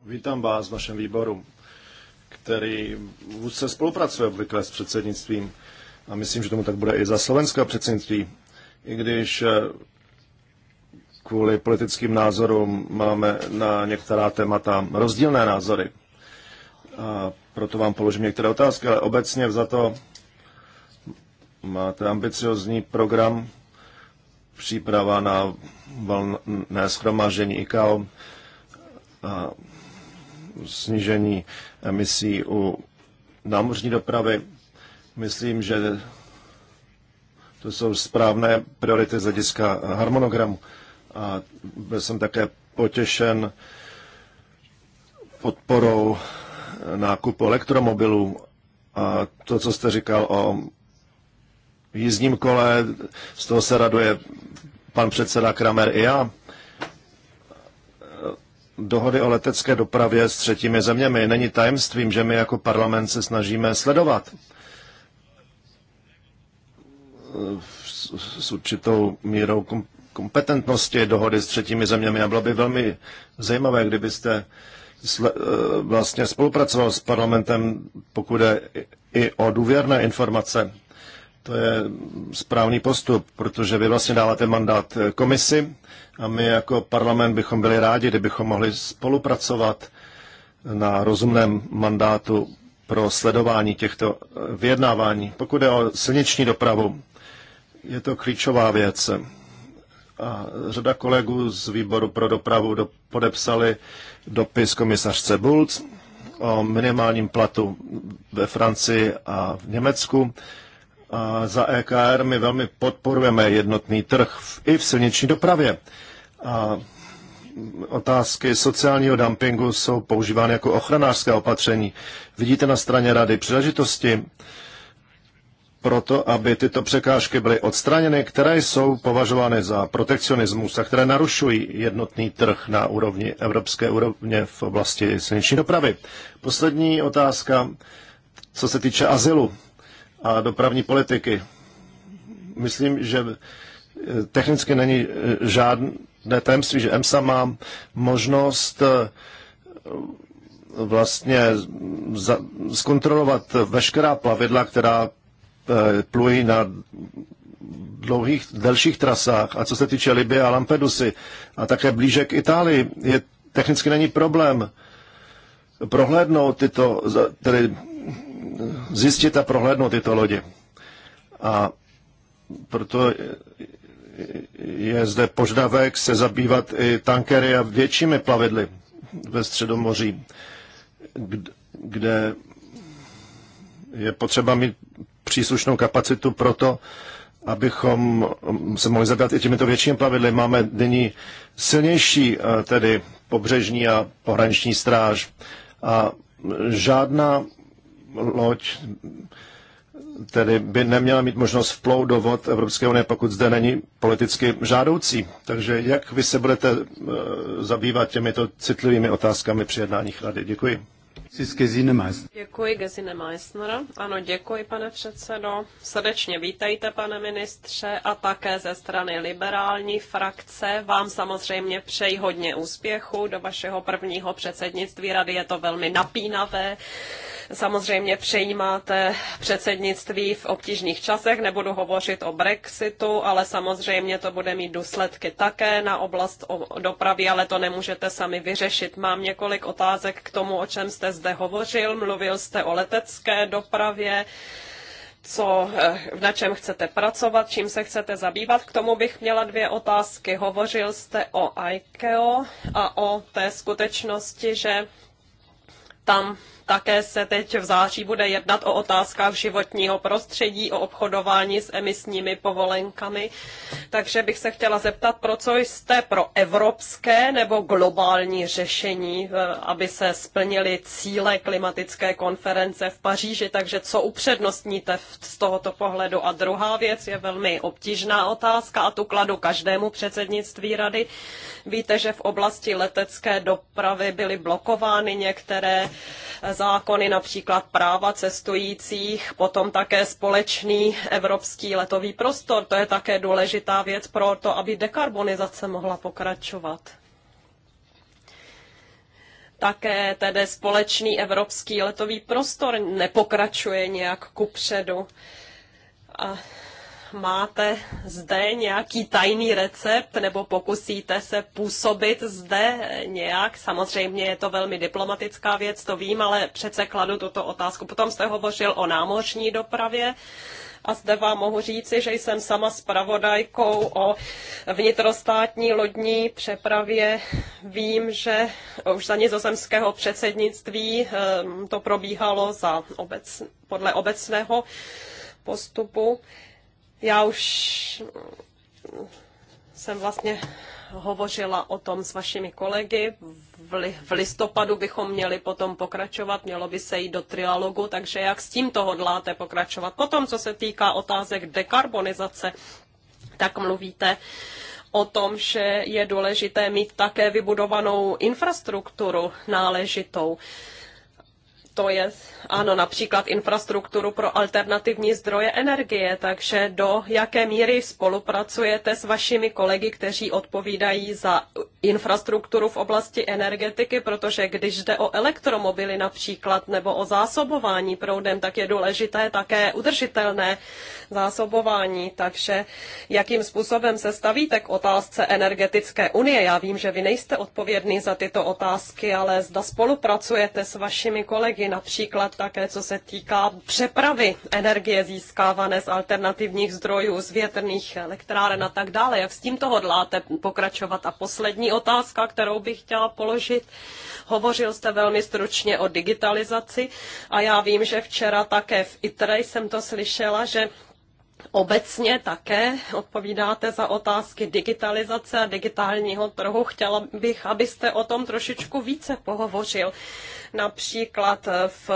Vítám vás v vašem výboru, který vůbec spolupracuje obvykle s předsednictvím a myslím, že tomu tak bude i za slovenské předsednictví, i když eh, kvůli politickým názorům máme na některá témata rozdílné názory. A proto vám položím některé otázky, ale obecně za to máte ambiciozní program příprava na valné schromážení IKAO a snížení emisí u námořní dopravy. Myslím, že to jsou správné priority z hlediska harmonogramu. A byl jsem také potěšen podporou nákupu elektromobilů a to, co jste říkal o jízdním kole, z toho se raduje pan předseda Kramer i já. Dohody o letecké dopravě s třetími zeměmi není tajemstvím, že my jako parlament se snažíme sledovat s určitou mírou kompetentnosti dohody s třetími zeměmi a bylo by velmi zajímavé, kdybyste eh, vlastně spolupracoval s parlamentem, pokud je i o důvěrné informace. To je správný postup, protože vy vlastně dáváte mandát komisi a my jako parlament bychom byli rádi, kdybychom mohli spolupracovat na rozumném mandátu pro sledování těchto vyjednávání. Pokud je o silniční dopravu, je to klíčová věc. A řada kolegů z výboru pro dopravu do, podepsali dopis komisařce Bulc o minimálním platu ve Francii a v Německu. A za EKR my velmi podporujeme jednotný trh v, i v silniční dopravě. A otázky sociálního dumpingu jsou používány jako ochranářské opatření. Vidíte na straně rady příležitosti, proto, aby tyto překážky byly odstraněny, které jsou považovány za protekcionismus a které narušují jednotný trh na úrovni evropské úrovně v oblasti silniční dopravy. Poslední otázka, co se týče azylu a dopravní politiky. Myslím, že eh, technicky není eh, žádné tajemství, že EMSA má možnost eh, vlastně zkontrolovat veškerá plavidla, která Eh, plují na dlouhých, delších trasách. A co se týče Libie a Lampedusy a také blíže k Itálii, je, technicky není problém prohlédnout tyto, tedy zjistit a prohlédnout tyto lodi. A proto je zde požadavek se zabývat i tankery a většími plavidly ve Středomoří, kde je potřeba mít příslušnou kapacitu pro to, abychom se mohli zabývat i těmito většími plavidly. Máme nyní silnější eh, tedy pobřežní a pohraniční stráž a žádná loď tedy by neměla mít možnost vplout do vod Evropské unie, pokud zde není politicky žádoucí. Takže jak vy se budete eh, zabývat těmito citlivými otázkami při jednáních rady? Děkuji. Děkuji, Gesine Meissner. Ano, děkuji, pane předsedo. Srdečně vítejte, pane ministře, a také ze strany liberální frakce. Vám samozřejmě přeji hodně úspěchu do vašeho prvního předsednictví rady. Je to velmi napínavé Samozřejmě přejímáte předsednictví v obtížných časech, nebudu hovořit o Brexitu, ale samozřejmě to bude mít důsledky také na oblast dopravy, ale to nemůžete sami vyřešit. Mám několik otázek k tomu, o čem jste zde hovořil. Mluvil jste o letecké dopravě co, eh, na čem chcete pracovat, čím se chcete zabývat. K tomu bych měla dvě otázky. Hovořil jste o ICAO a o té skutečnosti, že tam také se teď v září bude jednat o otázkách životního prostředí, o obchodování s emisními povolenkami. Takže bych se chtěla zeptat, pro co jste pro evropské nebo globální řešení, aby se splnili cíle klimatické konference v Paříži. Takže co upřednostníte z tohoto pohledu? A druhá věc je velmi obtížná otázka a tu kladu každému předsednictví rady. Víte, že v oblasti letecké dopravy byly blokovány některé eh, zákony, například práva cestujících, potom také společný evropský letový prostor. To je také důležitá věc pro to, aby dekarbonizace mohla pokračovat také tedy společný evropský letový prostor nepokračuje nějak kupředu. A máte zde nějaký tajný recept nebo pokusíte se působit zde nějak. Samozřejmě je to velmi diplomatická věc, to vím, ale přece kladu tuto otázku. Potom jste hovořil o námořní dopravě. A zde vám mohu říci, že jsem sama spravodajkou o vnitrostátní lodní přepravě. Vím, že už za nizozemského předsednictví ehm, to probíhalo za obec, podle obecného postupu. Já už jsem vlastně hovořila o tom s vašimi kolegy. V listopadu bychom měli potom pokračovat, mělo by se jít do trialogu, takže jak s tímto hodláte pokračovat? Potom, co se týká otázek dekarbonizace, tak mluvíte o tom, že je důležité mít také vybudovanou infrastrukturu náležitou to je ano, například infrastrukturu pro alternativní zdroje energie, takže do jaké míry spolupracujete s vašimi kolegy, kteří odpovídají za infrastrukturu v oblasti energetiky, protože když jde o elektromobily například nebo o zásobování proudem, tak je důležité také udržitelné zásobování, takže jakým způsobem se stavíte k otázce energetické unie? Já vím, že vy nejste odpovědný za tyto otázky, ale zda spolupracujete s vašimi kolegy energii, například také co se týká přepravy energie získávané z alternativních zdrojů, z větrných elektráren a tak dále. Jak s tímto hodláte pokračovat? A poslední otázka, kterou bych chtěla položit. Hovořil jste velmi stručně o digitalizaci a já vím, že včera také v ITRE jsem to slyšela, že Obecně také odpovídáte za otázky digitalizace a digitálního trhu. Chtěla bych, abyste o tom trošičku více pohovořil například v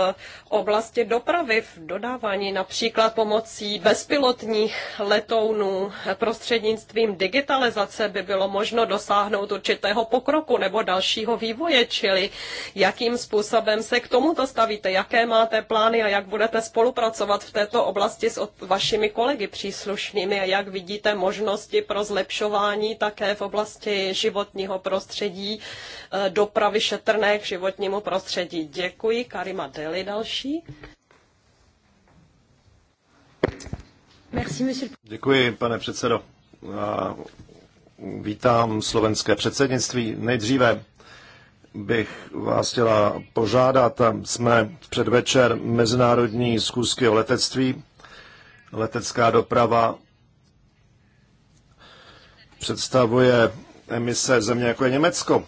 oblasti dopravy, v dodávání, například pomocí bezpilotních letounů, prostřednictvím digitalizace by bylo možno dosáhnout určitého pokroku nebo dalšího vývoje, čili jakým způsobem se k tomuto stavíte, jaké máte plány a jak budete spolupracovat v této oblasti s vašimi kolegy příslušnými a jak vidíte možnosti pro zlepšování také v oblasti životního prostředí, eh, dopravy šetrné k životnímu prostředí odpovědí. Děkuji. Karima Deli další. Děkuji, pane předsedo. A vítám slovenské předsednictví. Nejdříve bych vás chtěla požádat, jsme předvečer mezinárodní zkusky o letectví. Letecká doprava představuje emise země jako je Německo.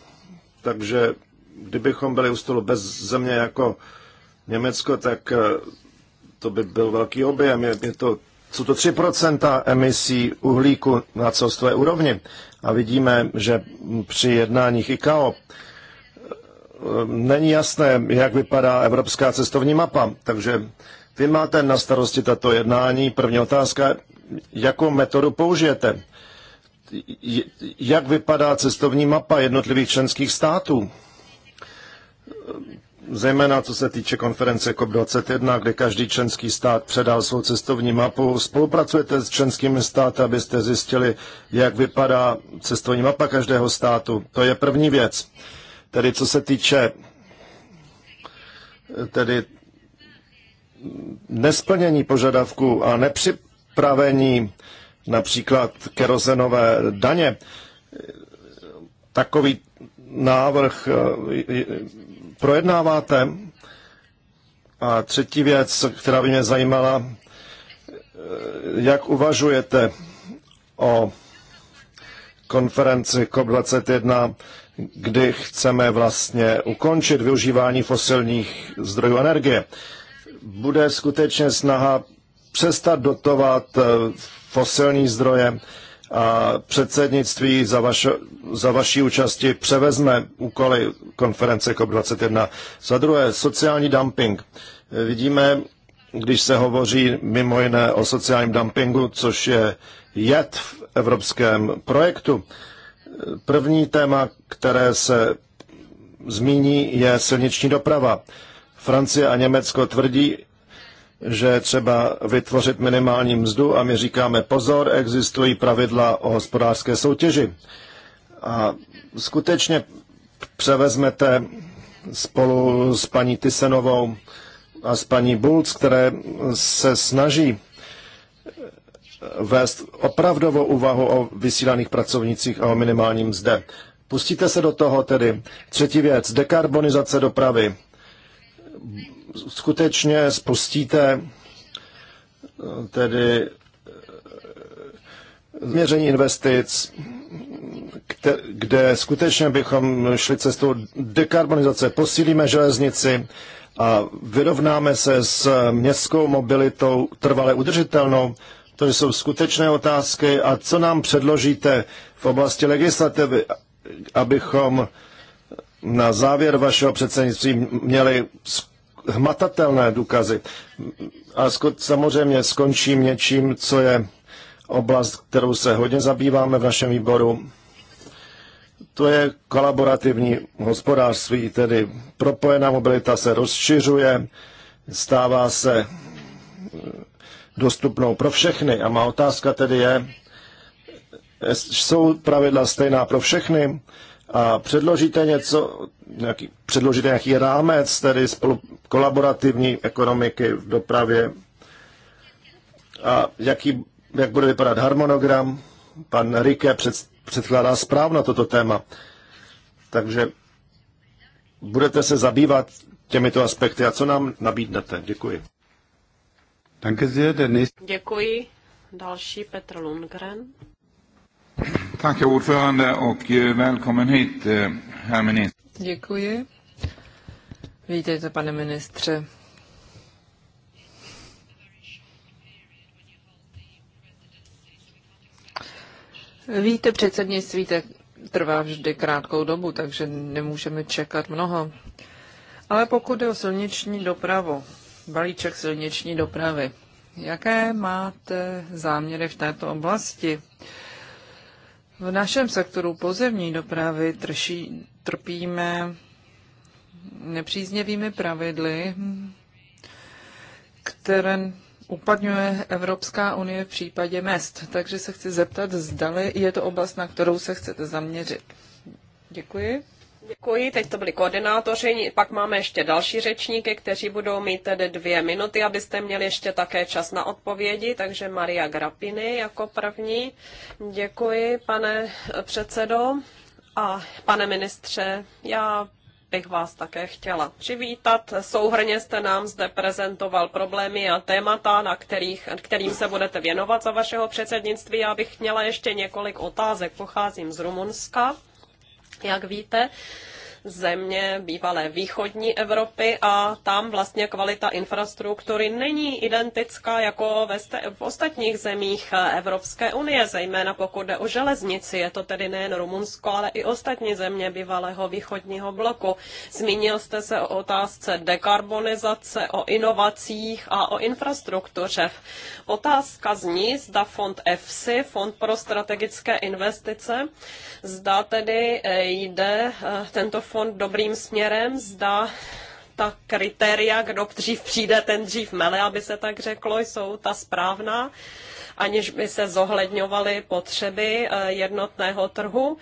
Takže kdybychom byli u stolu bez země jako Německo, tak eh, to by byl velký objem. Je, je to, jsou to 3% emisí uhlíku na celostové úrovni. A vidíme, že při jednáních ICAO eh, není jasné, jak vypadá evropská cestovní mapa. Takže vy máte na starosti tato jednání. První otázka, jakou metodu použijete? Jak vypadá cestovní mapa jednotlivých členských států? zejména co se týče konference COP21, kde každý členský stát předal svou cestovní mapu. Spolupracujete s členskými státy, abyste zjistili, jak vypadá cestovní mapa každého státu. To je první věc. Tedy co se týče tedy nesplnění požadavků a nepřipravení například kerozenové daně, takový návrh projednáváte? A třetí věc, která by mě zajímala, eh, jak uvažujete o konferenci COP21, kdy chceme vlastně ukončit využívání fosilních zdrojů energie. Bude skutečně snaha přestat dotovat eh, fosilní zdroje a předsednictví za, vaš, za vaší účasti převezme úkoly konference COP21. Za druhé, sociální dumping. Vidíme, když se hovoří mimo jiné o sociálním dumpingu, což je jed v evropském projektu. První téma, které se zmíní, je silniční doprava. Francie a Německo tvrdí, že třeba vytvořit minimální mzdu a my říkáme pozor, existují pravidla o hospodářské soutěži. A skutečně převezmete spolu s paní Tysenovou a s paní Bulc, které se snaží vést opravdovou úvahu o vysílaných pracovnicích a o minimálním zde. Pustíte se do toho tedy. Třetí věc, dekarbonizace dopravy skutečně spustíte eh, tedy změření eh, investic, kde skutečně bychom šli cestou dekarbonizace, posílíme železnici a vyrovnáme se s městskou mobilitou trvale udržitelnou. To jsou skutečné otázky a co nám předložíte v oblasti legislativy, abychom na závěr vašeho předsednictví měli hmatatelné důkazy. A sko- samozřejmě skončím něčím, co je oblast, kterou se hodně zabýváme v našem výboru. To je kolaborativní hospodářství, tedy propojená mobilita se rozšiřuje, stává se eh, dostupnou pro všechny. A má otázka tedy je, eh, jsou pravidla stejná pro všechny a předložíte něco, nějaký, předložit nějaký rámec, tedy spolu, kolaborativní ekonomiky v dopravě a jaký, jak bude vypadat harmonogram. Pan Rike před, předkládá zpráv na toto téma. Takže budete se zabývat těmito aspekty a co nám nabídnete? Děkuji. Děkuji. Další Petr Lundgren. Tack ordförande och eh, välkommen hit eh, herr minister. Děkuji. Vítejte, pane ministře. Víte, předsednictví trvá vždy krátkou dobu, takže nemůžeme čekat mnoho. Ale pokud je o silniční dopravu, balíček silniční dopravy, jaké máte záměry v této oblasti? V našem sektoru pozemní dopravy trší, trpíme nepříznivými pravidly, které uplatňuje Evropská unie v případě mest. Takže se chci zeptat, zdali je to oblast, na kterou se chcete zaměřit. Děkuji. Děkuji, teď to byli koordinátoři, pak máme ještě další řečníky, kteří budou mít tedy dvě minuty, abyste měli ještě také čas na odpovědi, takže Maria Grapiny jako první. Děkuji, pane předsedo a pane ministře, já bych vás také chtěla přivítat. Souhrně jste nám zde prezentoval problémy a témata, na kterých, kterým se budete věnovat za vašeho předsednictví. Já bych měla ještě několik otázek. Pocházím z Rumunska jak víte, země bývalé východní Evropy a tam vlastně kvalita infrastruktury není identická jako ve v ostatních zemích Evropské unie, zejména pokud jde o železnici. Je to tedy nejen Rumunsko, ale i ostatní země bývalého východního bloku. Zmínil jste se o otázce dekarbonizace, o inovacích a o infrastruktuře. Otázka zní, zda fond EFSI, Fond pro strategické investice, zda tedy eh, jde eh, tento fond dobrým směrem, zda ta kritéria, kdo dřív přijde, ten dřív mele, aby se tak řeklo, jsou ta správná, aniž by se zohledňovaly potřeby eh, jednotného trhu.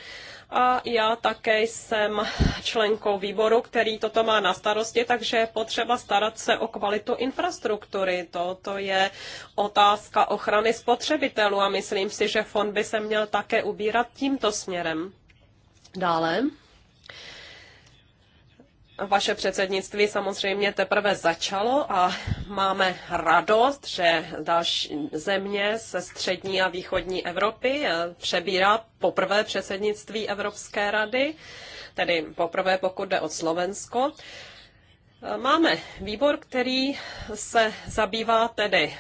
A já také jsem členkou výboru, který toto má na starosti, takže je potřeba starat se o kvalitu infrastruktury. Toto je otázka ochrany spotřebitelů a myslím si, že fond by se měl také ubírat tímto směrem. Dále. Vaše předsednictví samozřejmě teprve začalo a máme radost, že další země ze střední a východní Evropy eh, přebírá poprvé předsednictví Evropské rady, tedy poprvé pokud jde o Slovensko. Eh, máme výbor, který se zabývá tedy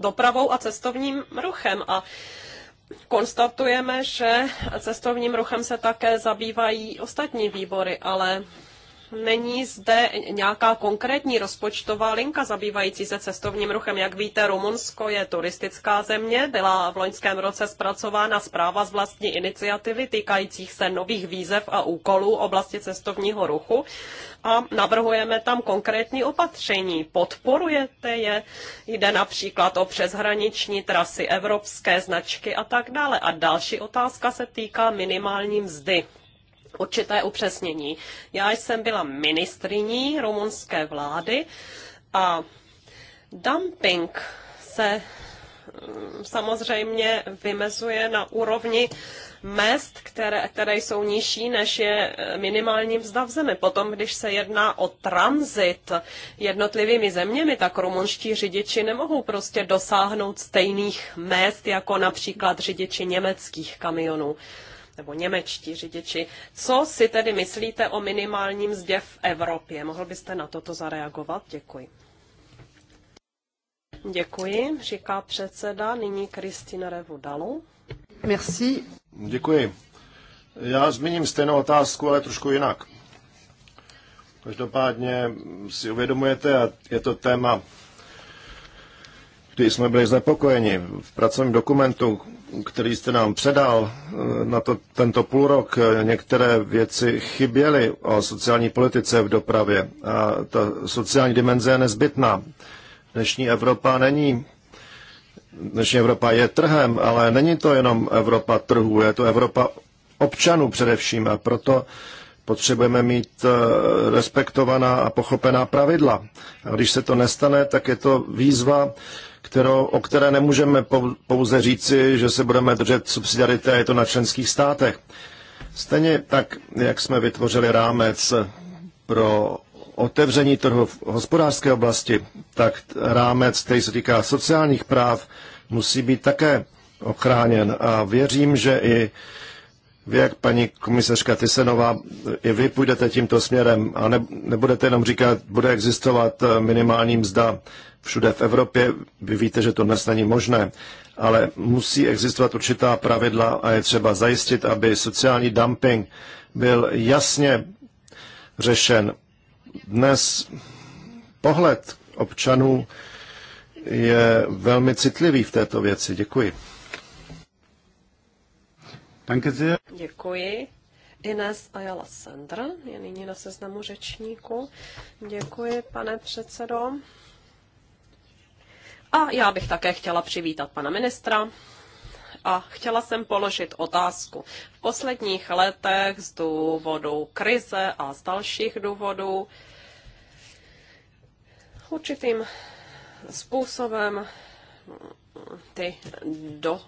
dopravou a cestovním ruchem a konstatujeme, že cestovním ruchem se také zabývají ostatní výbory, ale není zde nějaká konkrétní rozpočtová linka zabývající se cestovním ruchem. Jak víte, Rumunsko je turistická země, byla v loňském roce zpracována zpráva z vlastní iniciativy týkajících se nových výzev a úkolů oblasti cestovního ruchu a navrhujeme tam konkrétní opatření. Podporujete je, jde například o přeshraniční trasy evropské značky a tak dále. A další otázka se týká minimální mzdy určité upřesnění. Já jsem byla ministriní rumunské vlády a dumping se mm, samozřejmě vymezuje na úrovni mest, které, které jsou nižší, než je eh, minimální mzda v zemi. Potom, když se jedná o tranzit jednotlivými zeměmi, tak rumunští řidiči nemohou prostě dosáhnout stejných mest, jako například řidiči německých kamionů nebo němečtí řidiči. Co si tedy myslíte o minimálním mzdě v Evropě? Mohl byste na toto zareagovat? Děkuji. Děkuji, říká předseda. Nyní Kristina Revudalu. Merci. Děkuji. Já zmíním stejnou otázku, ale trošku jinak. Každopádně si uvědomujete, a je to téma, kdy jsme byli znepokojeni v pracovním dokumentu, který jste nám předal eh, na to, tento rok, eh, některé věci chyběly o sociální politice v dopravě. A ta sociální dimenze je nezbytná. Dnešní Evropa není dnešní Evropa je trhem, ale není to jenom Evropa trhů, je to Evropa občanů především a proto potřebujeme mít eh, respektovaná a pochopená pravidla. A když se to nestane, tak je to výzva kterou, o které nemůžeme pouze říci, že se budeme držet subsidiarity a je to na členských státech. Stejně tak, jak jsme vytvořili rámec pro otevření trhu v hospodářské oblasti, tak rámec, který se týká sociálních práv, musí být také ochráněn. A věřím, že i vy, jak paní komisařka Tysenová, i vy půjdete tímto směrem a ne, nebudete jenom říkat, bude existovat minimální mzda všude v Evropě. Vy víte, že to dnes není možné, ale musí existovat určitá pravidla a je třeba zajistit, aby sociální dumping byl jasně řešen. Dnes pohled občanů je velmi citlivý v této věci. Děkuji. Děkuji. Ines Ayala Sandra je nyní na seznamu řečníků. Děkuji, pane předsedo. A já bych také chtěla přivítat pana ministra a chtěla jsem položit otázku. V posledních letech z důvodu krize a z dalších důvodů určitým způsobem ty do,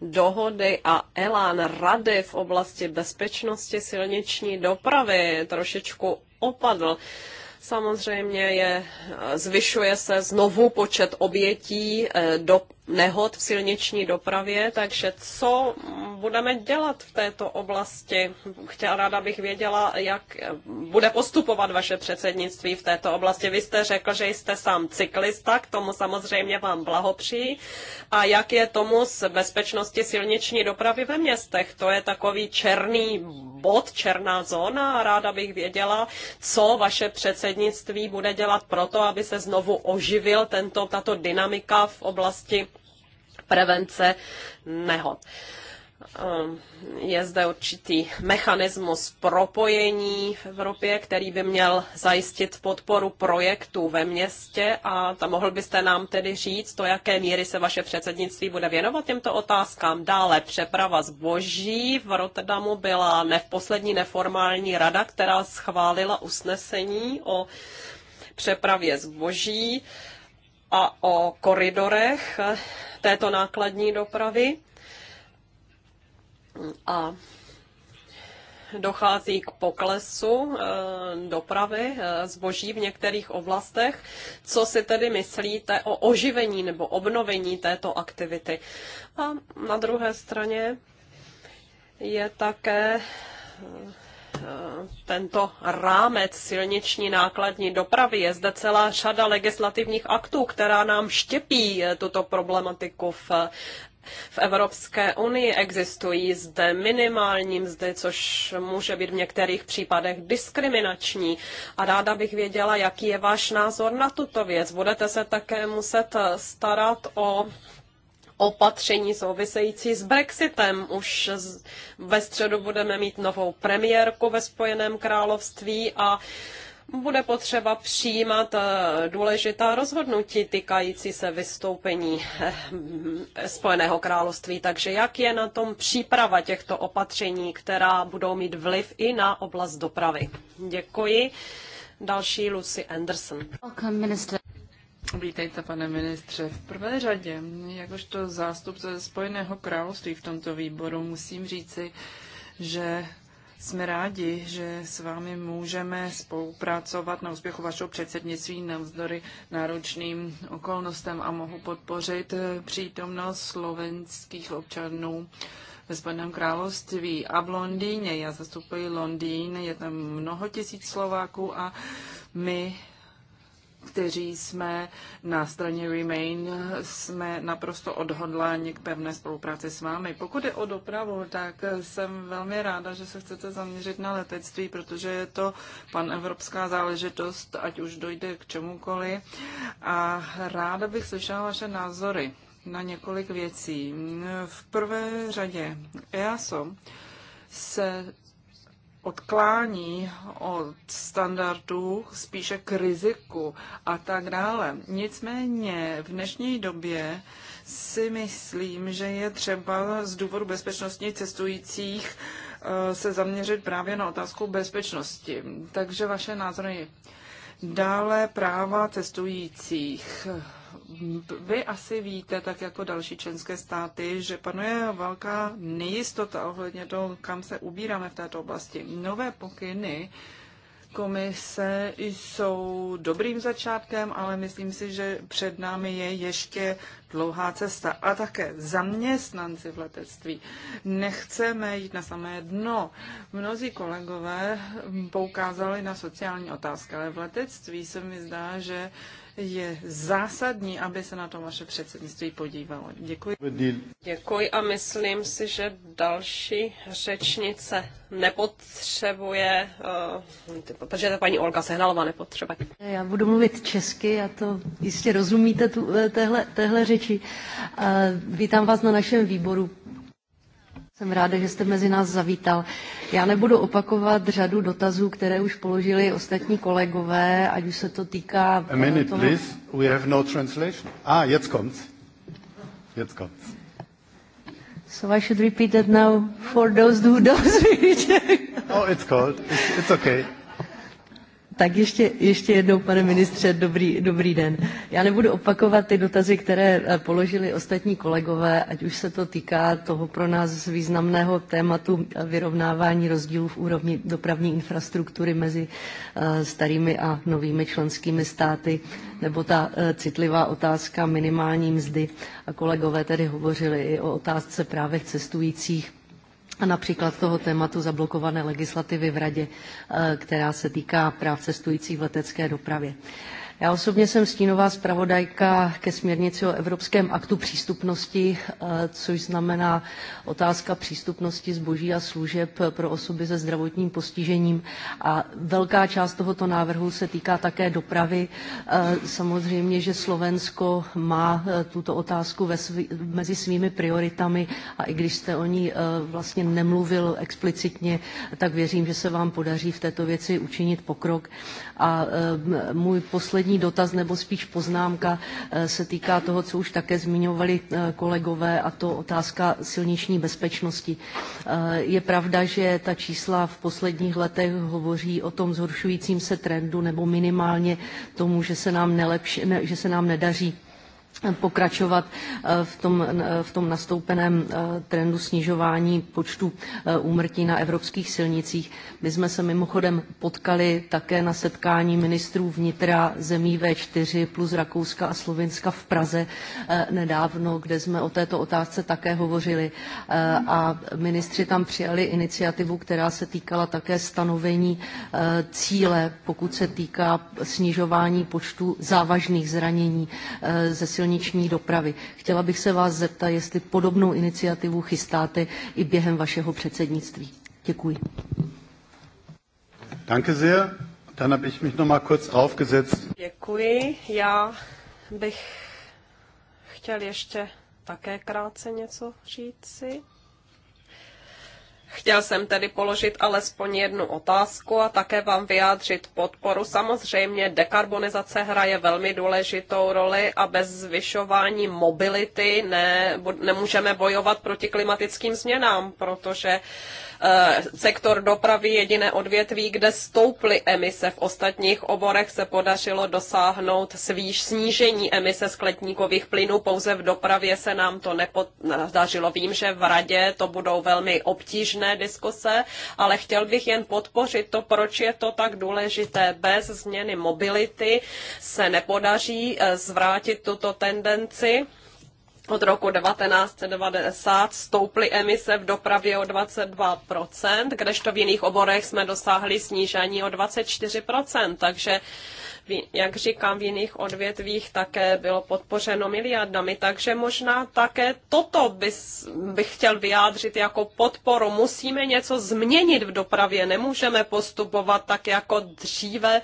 dohody a elán rady v oblasti bezpečnosti silniční dopravy trošičku opadl. Samozřejmě je, zvyšuje se znovu počet obětí eh, do nehod v silniční dopravě, takže co budeme dělat v této oblasti? Chtěla ráda bych věděla, jak bude postupovat vaše předsednictví v této oblasti. Vy jste řekl, že jste sám cyklista, k tomu samozřejmě vám blahopří. A jak je tomu s bezpečnosti silniční dopravy ve městech? To je takový černý bod, černá zóna a ráda bych věděla, co vaše předsednictví bude dělat proto, aby se znovu oživil tento, tato dynamika v oblasti prevence nehod. Je zde určitý mechanismus propojení v Evropě, který by měl zajistit podporu projektů ve městě a tam mohl byste nám tedy říct, do jaké míry se vaše předsednictví bude věnovat těmto otázkám. Dále přeprava zboží v Rotterdamu byla ne v poslední neformální rada, která schválila usnesení o přepravě zboží a o koridorech této nákladní dopravy. A dochází k poklesu e, dopravy e, zboží v některých oblastech. Co si tedy myslíte o oživení nebo obnovení této aktivity? A na druhé straně je také Eh, tento rámec silniční nákladní dopravy. Je zde celá řada legislativních aktů, která nám štěpí eh, tuto problematiku v v Evropské unii existují zde minimální mzdy, což může být v některých případech diskriminační. A ráda bych věděla, jaký je váš názor na tuto věc. Budete se také muset eh, starat o opatření související s Brexitem. Už ve středu budeme mít novou premiérku ve Spojeném království a bude potřeba přijímat eh, důležitá rozhodnutí týkající se vystoupení eh, Spojeného království. Takže jak je na tom příprava těchto opatření, která budou mít vliv i na oblast dopravy? Děkuji. Další Lucy Anderson. Vítejte, pane ministře. V prvé řadě, jakožto zástupce Spojeného království v tomto výboru, musím říci, že jsme rádi, že s vámi můžeme spolupracovat na úspěchu vašeho předsednictví navzdory náročným okolnostem a mohu podpořit přítomnost slovenských občanů ve Spojeném království a v Londýně. Já zastupuji Londýn, je tam mnoho tisíc Slováků a my kteří jsme na straně Remain, jsme naprosto odhodláni k pevné spolupráci s vámi. Pokud je o dopravu, tak jsem velmi ráda, že se chcete zaměřit na letectví, protože je to pan evropská záležitost, ať už dojde k čemukoliv. A ráda bych slyšela vaše názory na několik věcí. V prvé řadě EASO se odklání od standardů spíše k riziku a tak dále. Nicméně v dnešní době si myslím, že je třeba z důvodu bezpečnosti cestujících eh, se zaměřit právě na otázku bezpečnosti. Takže vaše názory. Dále práva cestujících vy asi víte, tak jako další členské státy, že panuje velká nejistota ohledně toho, kam se ubíráme v této oblasti. Nové pokyny komise jsou dobrým začátkem, ale myslím si, že před námi je ještě dlouhá cesta. A také zaměstnanci v letectví. Nechceme jít na samé dno. Mnozí kolegové poukázali na sociální otázky, ale v letectví se mi zdá, že je zásadní, aby se na to vaše předsednictví podívalo. Děkuji. Děkuji a myslím si, že další řečnice nepotřebuje, eh, protože ta paní Olga Sehnalová nepotřebuje. Já budu mluvit česky a to jistě rozumíte tu, eh, téhle, téhle řeči. Eh, vítám vás na našem výboru jsem ráda, že jste mezi nás zavítal. Já nebudu opakovat řadu dotazů, které už položili ostatní kolegové, ať už se to týká... A minute, toho... please. We have no translation. Ah, jetzt kommt's. Jetzt kommt's. So I should repeat that now for those who don't read. oh, it's cold. It's, it's okay. Tak ještě, ještě jednou, pane ministře, dobrý, dobrý den. Já nebudu opakovat ty dotazy, které eh, položili ostatní kolegové, ať už se to týká toho pro nás významného tématu eh, vyrovnávání rozdílů v úrovni dopravní infrastruktury mezi eh, starými a novými členskými státy, nebo ta citlivá otázka minimální mzdy. A kolegové tedy hovořili i o otázce právě cestujících a například toho tématu zablokované legislativy v Radě, eh, která se týká práv cestujících v letecké dopravě. Já osobně jsem stínová zpravodajka ke směrnici o Evropském aktu přístupnosti, eh, což znamená otázka přístupnosti zboží a služeb pro osoby se zdravotním postižením. A velká část tohoto návrhu se týká také dopravy. Eh, samozřejmě, že Slovensko má eh, tuto otázku ve svý, mezi svými prioritami a i když jste o ní vlastně nemluvil explicitně, tak věřím, že se vám podaří v této věci učinit pokrok. A můj poslední poslední dotaz, nebo spíš poznámka, eh, se týká toho, co už také zmiňovali eh, kolegové, a to otázka silniční bezpečnosti. Eh, je pravda, že ta čísla v posledních letech hovoří o tom zhoršujícím se trendu, nebo minimálně tomu, že se nám, nelepši, ne, že se nám nedaří pokračovat eh, v tom, eh, v tom nastoupeném eh, trendu snižování počtu úmrtí na evropských silnicích. My jsme se mimochodem potkali také na setkání ministrů vnitra zemí V4 plus Rakouska a Slovinska v Praze nedávno, kde jsme o této otázce také hovořili. A ministři tam přijali iniciativu, která se týkala také stanovení cíle, pokud se týká snižování počtu závažných zranění ze silnic silniční dopravy. Chtěla bych se vás zeptat, jestli podobnou iniciativu chystáte i během vašeho předsednictví. Děkuji. Danke sehr. Dann habe ich mich noch mal kurz aufgesetzt. Děkuji. Já bych chtěl ještě také krátce něco říci. Chtěl jsem tedy položit alespoň jednu otázku a také vám vyjádřit podporu. Samozřejmě dekarbonizace hraje velmi důležitou roli a bez zvyšování mobility ne, nemůžeme bojovat proti klimatickým změnám, protože Eh, sektor dopravy jediné odvětví, kde stouply emise. V ostatních oborech se podařilo dosáhnout svíž snížení emise skletníkových plynů. Pouze v dopravě se nám to nepodařilo. Vím, že v radě to budou velmi obtížné diskuse, ale chtěl bych jen podpořit to, proč je to tak důležité. Bez změny mobility se nepodaří eh, zvrátit tuto tendenci od roku 1990 stouply emise v dopravě o 22%, kdežto v jiných oborech jsme dosáhli snížení o 24%, takže jak říkám, v jiných odvětvích také bylo podpořeno miliardami, takže možná také toto bys, bych chtěl vyjádřit jako podporu. Musíme něco změnit v dopravě, nemůžeme postupovat tak jako dříve,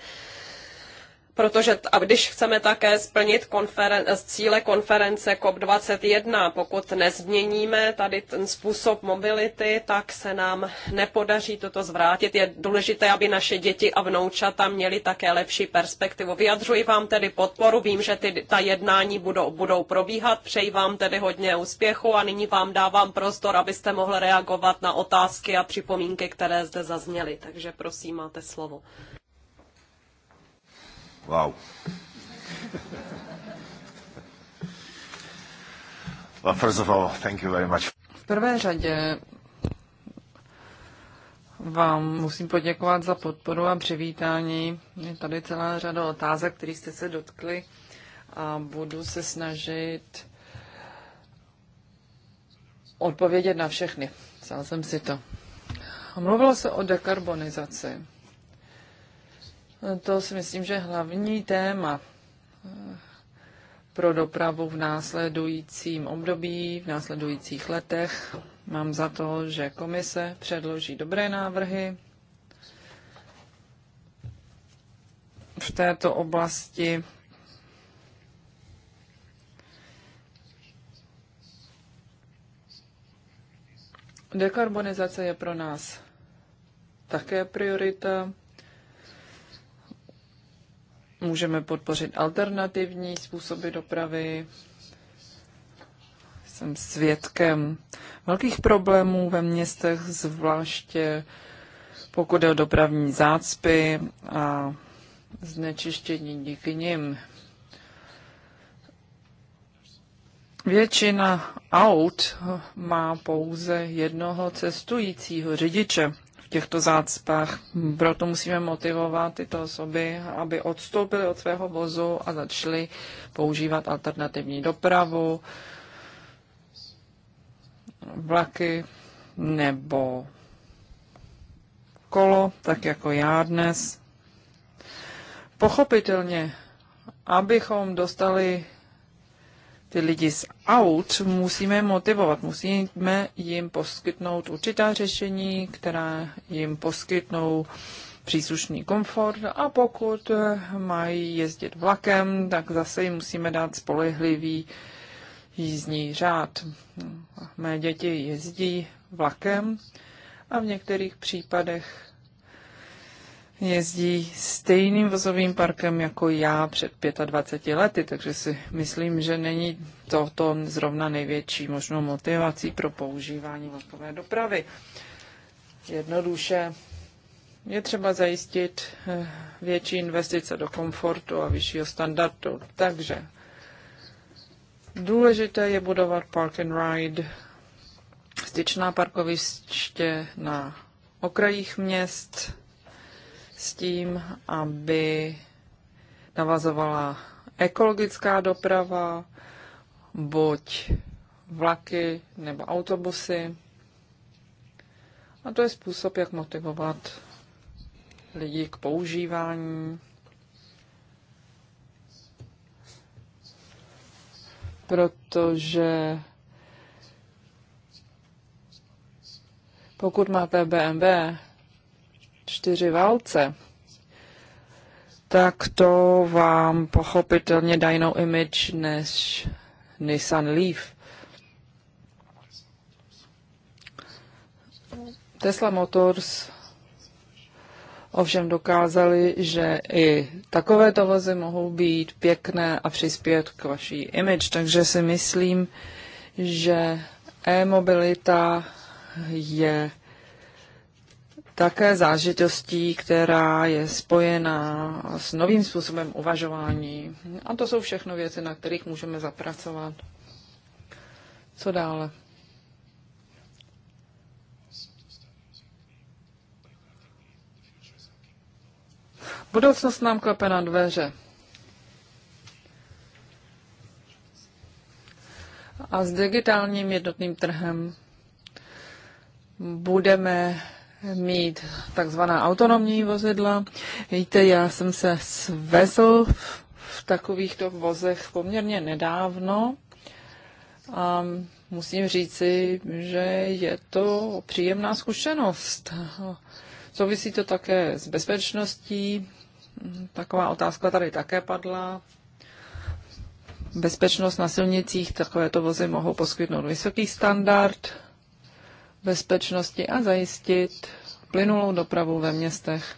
protože a když chceme také splnit konferen- eh, cíle konference COP21, pokud nezměníme tady ten způsob mobility, tak se nám nepodaří toto zvrátit. Je důležité, aby naše děti a vnoučata měly také lepší perspektivu. Vyjadřuji vám tedy podporu, vím, že ty, ta jednání budou, budou probíhat, přeji vám tedy hodně úspěchu a nyní vám dávám prostor, abyste mohli reagovat na otázky a připomínky, které zde zazněly. Takže prosím, máte slovo. Wow. Well, first of all, thank you very much. V prvé řadě vám musím poděkovat za podporu a přivítání. Je tady celá řada otázek, které jste se dotkli a budu se snažit odpovědět na všechny. Vzal jsem si to. Mluvilo se o dekarbonizaci. To si myslím, že hlavní téma eh, pro dopravu v následujícím období, v následujících letech. Mám za to, že komise předloží dobré návrhy v této oblasti. Dekarbonizace je pro nás také priorita. Můžeme podpořit alternativní způsoby dopravy. Jsem svědkem velkých problémů ve městech, zvláště pokud je o dopravní zácpy a znečištění díky nim. Většina aut má pouze jednoho cestujícího řidiče v těchto zácpách. Proto musíme motivovat tyto osoby, aby odstoupili od svého vozu a začali používat alternativní dopravu, vlaky nebo kolo, tak jako já dnes. Pochopitelně, abychom dostali ty lidi z aut musíme motivovat, musíme jim poskytnout určitá řešení, která jim poskytnou příslušný komfort a pokud mají jezdit vlakem, tak zase jim musíme dát spolehlivý jízdní řád. Mé děti jezdí vlakem a v některých případech jezdí stejným vozovým parkem jako já před 25 lety, takže si myslím, že není toto zrovna největší možnou motivací pro používání vlakové dopravy. Jednoduše je třeba zajistit eh, větší investice do komfortu a vyššího standardu. Takže důležité je budovat park and ride, styčná parkoviště na okrajích měst, s tím, aby navazovala ekologická doprava, buď vlaky nebo autobusy. A to je způsob, jak motivovat lidi k používání. Protože pokud máte BMW, čtyři válce, tak to vám pochopitelně dá jinou image než Nissan Leaf. Tesla Motors ovšem dokázali, že i takové vozy mohou být pěkné a přispět k vaší image. Takže si myslím, že e-mobilita je také zážitostí, která je spojená s novým způsobem uvažování. A to jsou všechno věci, na kterých můžeme zapracovat. Co dále? Budoucnost nám klepe na dveře. A s digitálním jednotným trhem budeme mít takzvaná autonomní vozidla. Víte, já jsem se svezl v takovýchto vozech poměrně nedávno a musím říci, že je to příjemná zkušenost. Souvisí to také s bezpečností. Taková otázka tady také padla. Bezpečnost na silnicích takovéto vozy mohou poskytnout vysoký standard bezpečnosti a zajistit plynulou dopravu ve městech.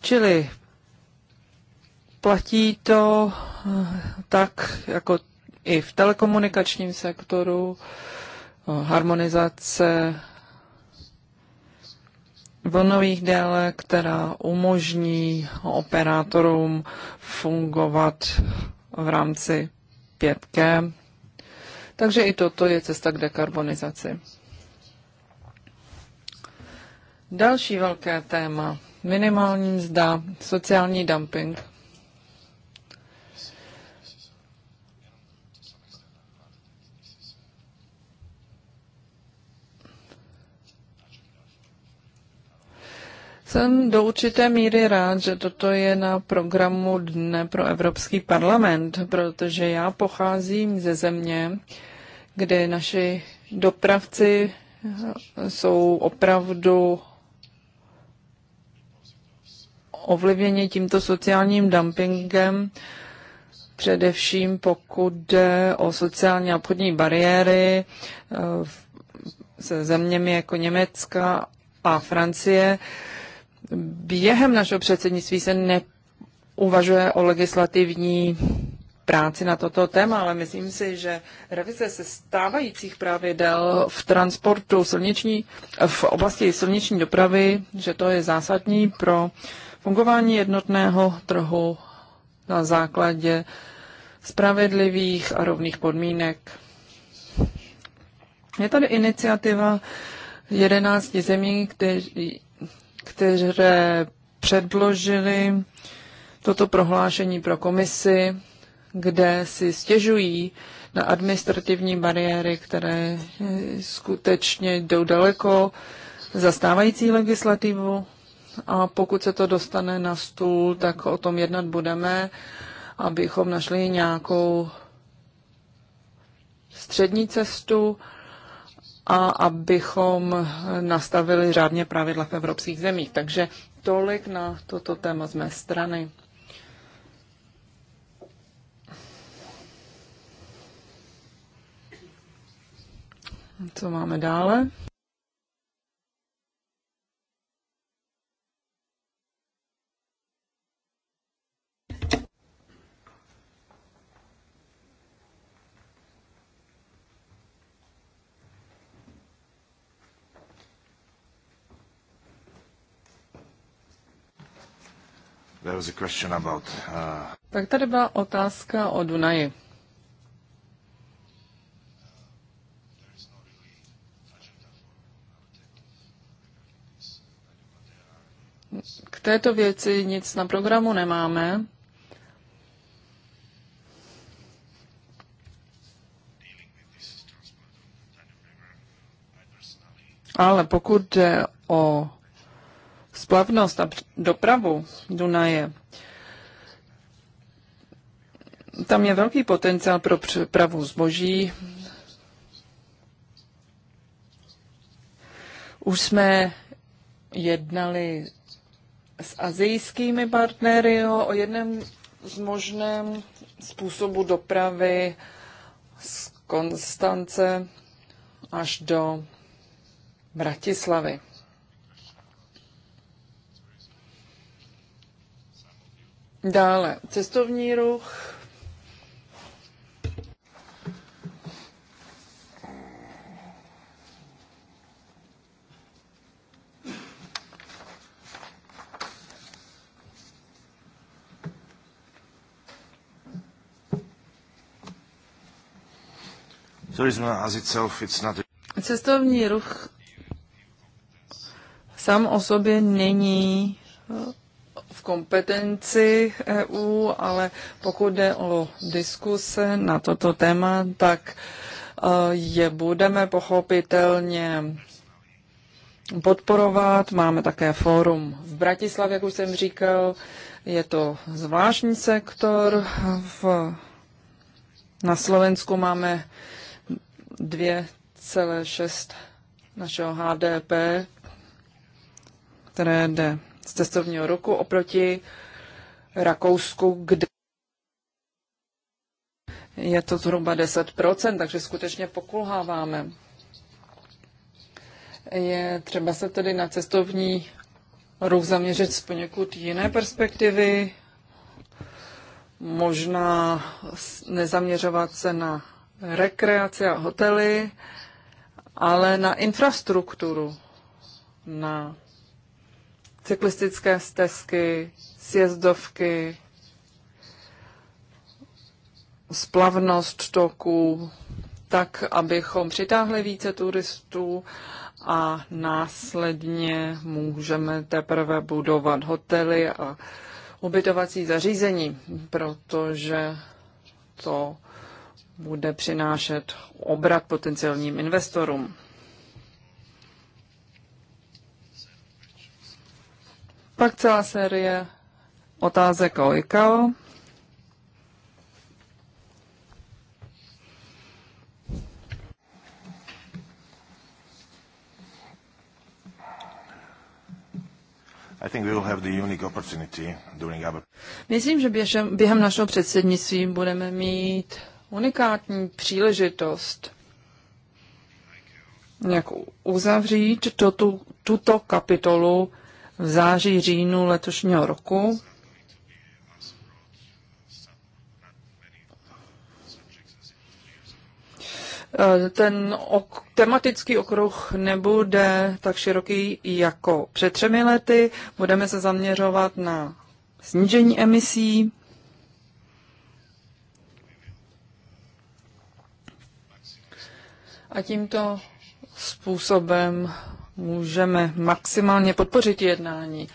Čili platí to eh, tak, jako i v telekomunikačním sektoru, harmonizace vlnových délek, která umožní operátorům fungovat v rámci 5G takže i toto je cesta k dekarbonizaci. Další velké téma. Minimální mzda, sociální dumping. Jsem do určité míry rád, že toto je na programu Dne pro Evropský parlament, protože já pocházím ze země, kde naši dopravci eh, jsou opravdu ovlivněni tímto sociálním dumpingem, především pokud jde o sociální a obchodní bariéry eh, se zeměmi jako Německa a Francie. Během našeho předsednictví se neuvažuje o legislativní práci na toto téma, ale myslím si, že revize se stávajících pravidel v transportu silniční, v oblasti silniční dopravy, že to je zásadní pro fungování jednotného trhu na základě spravedlivých a rovných podmínek. Je tady iniciativa 11 zemí, které předložili toto prohlášení pro komisi kde si stěžují na administrativní bariéry, které skutečně jdou daleko stávající legislativu. A pokud se to dostane na stůl, tak o tom jednat budeme, abychom našli nějakou střední cestu a abychom nastavili řádně pravidla v evropských zemích. Takže tolik na toto téma z mé strany. Co máme dále? There was a question about, uh... Tak tady byla otázka o Dunaji. k této věci nic na programu nemáme. Ale pokud jde o splavnost a dopravu Dunaje, tam je velký potenciál pro přepravu zboží. Už jsme jednali s azijskými partnery o jednom z možném způsobu dopravy z Konstance až do Bratislavy. Dále, cestovní ruch Cestovní ruch sám o sobě není eh, v kompetenci EU, ale pokud jde o diskuse na toto téma, tak eh, je budeme pochopitelně podporovat. Máme také fórum v Bratislavě, jak už jsem říkal. Je to zvláštní sektor. V, na Slovensku máme 2,6 našeho HDP, které jde z cestovního roku oproti Rakousku, kde je to zhruba 10%, takže skutečně pokulháváme. Je třeba se tedy na cestovní ruch zaměřit z poněkud jiné perspektivy, možná nezaměřovat se na rekreace a hotely, ale na infrastrukturu, na cyklistické stezky, sjezdovky, splavnost toků, tak, abychom přitáhli více turistů a následně můžeme teprve budovat hotely a ubytovací zařízení, protože to bude přinášet obrat potenciálním investorům. Pak celá série otázek o ICAO. Myslím, že během našeho předsednictví budeme mít unikátní příležitost, jak uzavřít to, tu, tuto kapitolu v září, říjnu letošního roku. Ten ok, tematický okruh nebude tak široký jako před třemi lety. Budeme se zaměřovat na snížení emisí, A tímto způsobem můžeme maximálně podpořit jednání.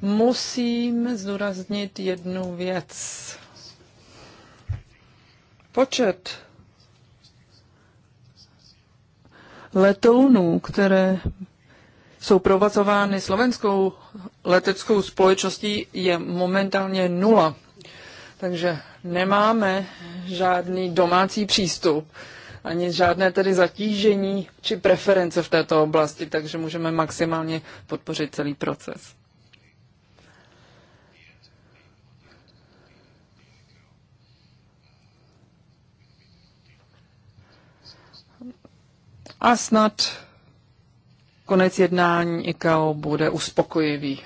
Musím zdůraznit jednu věc. Počet letounů, které jsou provozovány slovenskou leteckou společností, je momentálně nula. Takže nemáme žádný domácí přístup ani žádné tedy zatížení či preference v této oblasti, takže můžeme maximálně podpořit celý proces. A snad konec jednání IKO bude uspokojivý.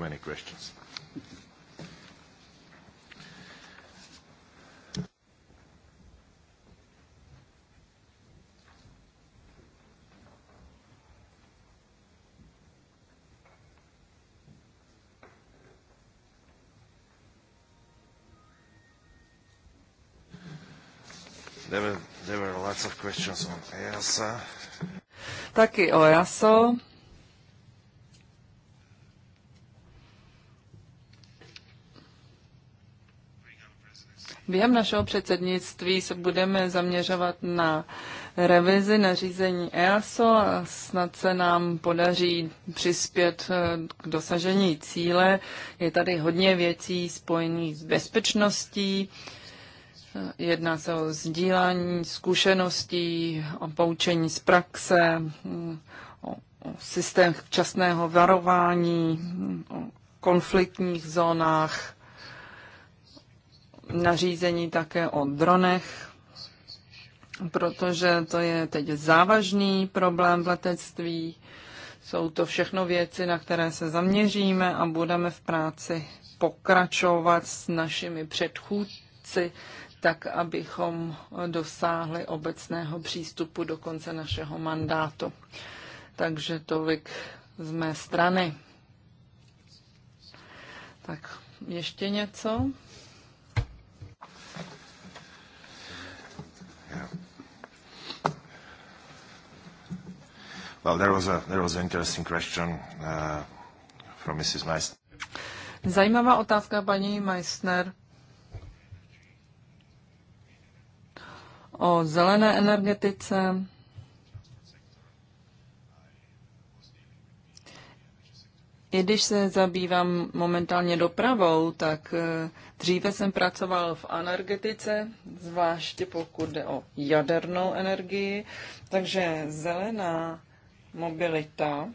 many questions. There were, there were lots of questions on EASA. Taky o EASO. Během našeho předsednictví se budeme zaměřovat na revizi nařízení EASO a snad se nám podaří přispět eh, k dosažení cíle. Je tady hodně věcí spojených s bezpečností, eh, jedná se o sdílání zkušeností, o poučení z praxe, mm, o systém včasného varování, mm, o konfliktních zónách nařízení také o dronech, protože to je teď závažný problém v letectví. Jsou to všechno věci, na které se zaměříme a budeme v práci pokračovat s našimi předchůdci, tak abychom dosáhli obecného přístupu do konce našeho mandátu. Takže tolik z mé strany. Tak ještě něco? Yeah. Well, there was a there was an interesting question uh, from Mrs. Zajímavá otázka paní Meissner o zelené energetice. I když se zabývám momentálně dopravou, tak eh, dříve jsem pracoval v energetice, zvláště pokud jde o jadernou energii, takže zelená mobilita,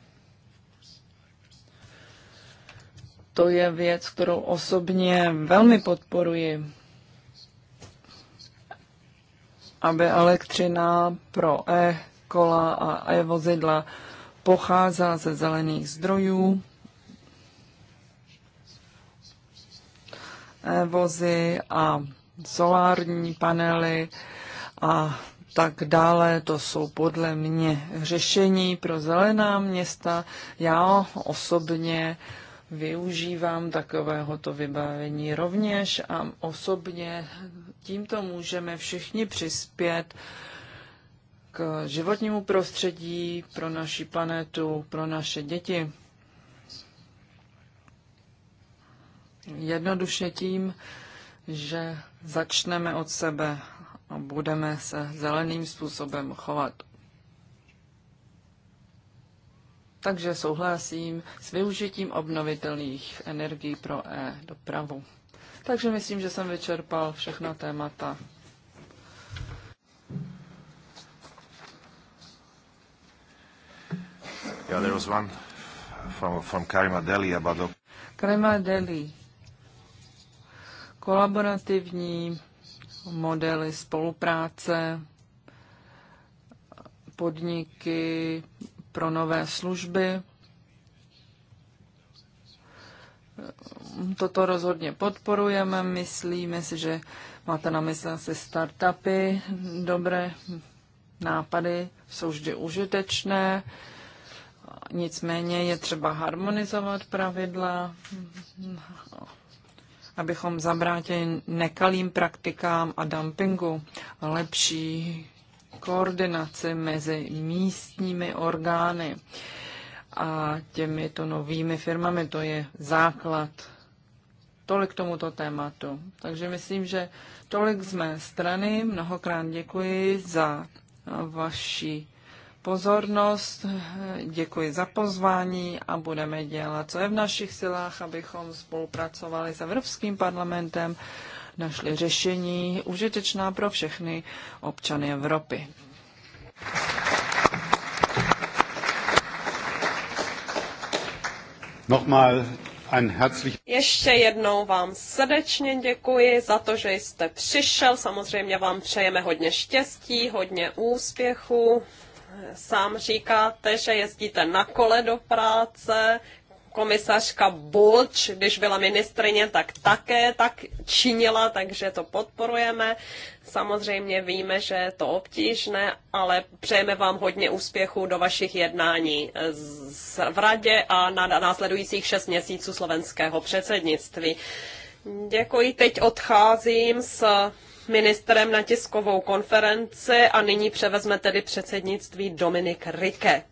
to je věc, kterou osobně velmi podporuji. Aby elektřina pro e-kola a e-vozidla pocházela ze zelených zdrojů, vozy a solární panely a tak dále. To jsou podle mě řešení pro zelená města. Já osobně využívám takovéhoto vybavení rovněž a osobně tímto můžeme všichni přispět k životnímu prostředí, pro naši planetu, pro naše děti. Jednoduše tím, že začneme od sebe a budeme se zeleným způsobem chovat. Takže souhlasím s využitím obnovitelných energií pro e-dopravu. Takže myslím, že jsem vyčerpal všechna témata. Yeah, there was one from, from Karima Delhi about... Karima Delhi kolaborativní modely spolupráce, podniky pro nové služby. Toto rozhodně podporujeme. Myslíme si, že máte na mysli asi startupy. Dobré nápady jsou vždy užitečné. Nicméně je třeba harmonizovat pravidla, abychom zabrátili nekalým praktikám a dumpingu, lepší koordinaci mezi místními orgány a těmito novými firmami. To je základ. Tolik k tomuto tématu. Takže myslím, že tolik z mé strany. Mnohokrát děkuji za vaši pozornost, děkuji za pozvání a budeme dělat, co je v našich silách, abychom spolupracovali s Evropským parlamentem, našli řešení užitečná pro všechny občany Evropy. Nochmal ještě jednou vám srdečně děkuji za to, že jste přišel. Samozřejmě vám přejeme hodně štěstí, hodně úspěchu. Sám říkáte, že jezdíte na kole do práce, komisařka Bulč, když byla ministrině, tak také tak činila, takže to podporujeme. Samozřejmě víme, že je to obtížné, ale přejeme vám hodně úspěchů do vašich jednání v radě a na následujících šest měsíců slovenského předsednictví. Děkuji, teď odcházím s ministrem na tiskovou konferenci a nyní převezme tedy předsednictví Dominik Rike.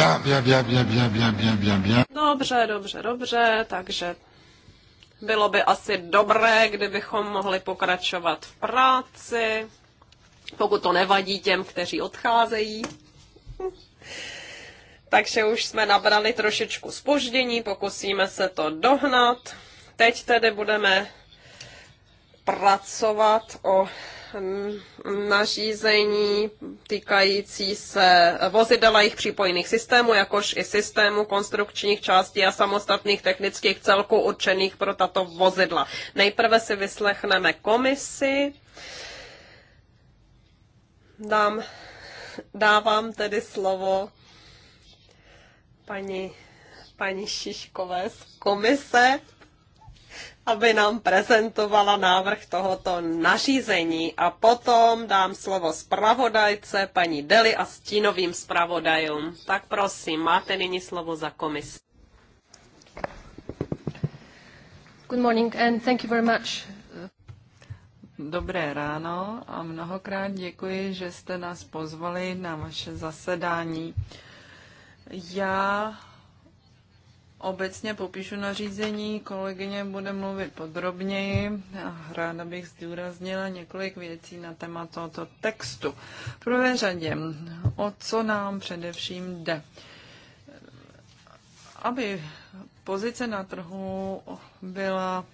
bia, bia, bia, bia, bia, bia, bia, bia, bia. Dobře, dobře, dobře, takže bylo by asi dobré, kdybychom mohli pokračovat v práci, pokud to nevadí těm, kteří odcházejí. Takže už jsme nabrali trošičku spoždění, pokusíme se to dohnat. Teď tedy budeme pracovat o nařízení týkající se vozidel a jejich připojených systémů, jakož i systému konstrukčních částí a samostatných technických celků určených pro tato vozidla. Nejprve si vyslechneme komisi. Dám, dávám tedy slovo paní, paní Šiškové z komise aby nám prezentovala návrh tohoto nařízení a potom dám slovo zpravodajce paní Deli a stínovým zpravodajům. Tak prosím, máte nyní slovo za komis. Good morning and thank you very much. Dobré ráno a mnohokrát děkuji, že jste nás pozvali na vaše zasedání. Já obecně popíšu nařízení, kolegyně bude mluvit podrobněji a ráda bych zdůraznila několik věcí na téma tohoto textu. V prvé řadě, o co nám především jde? Aby pozice na trhu byla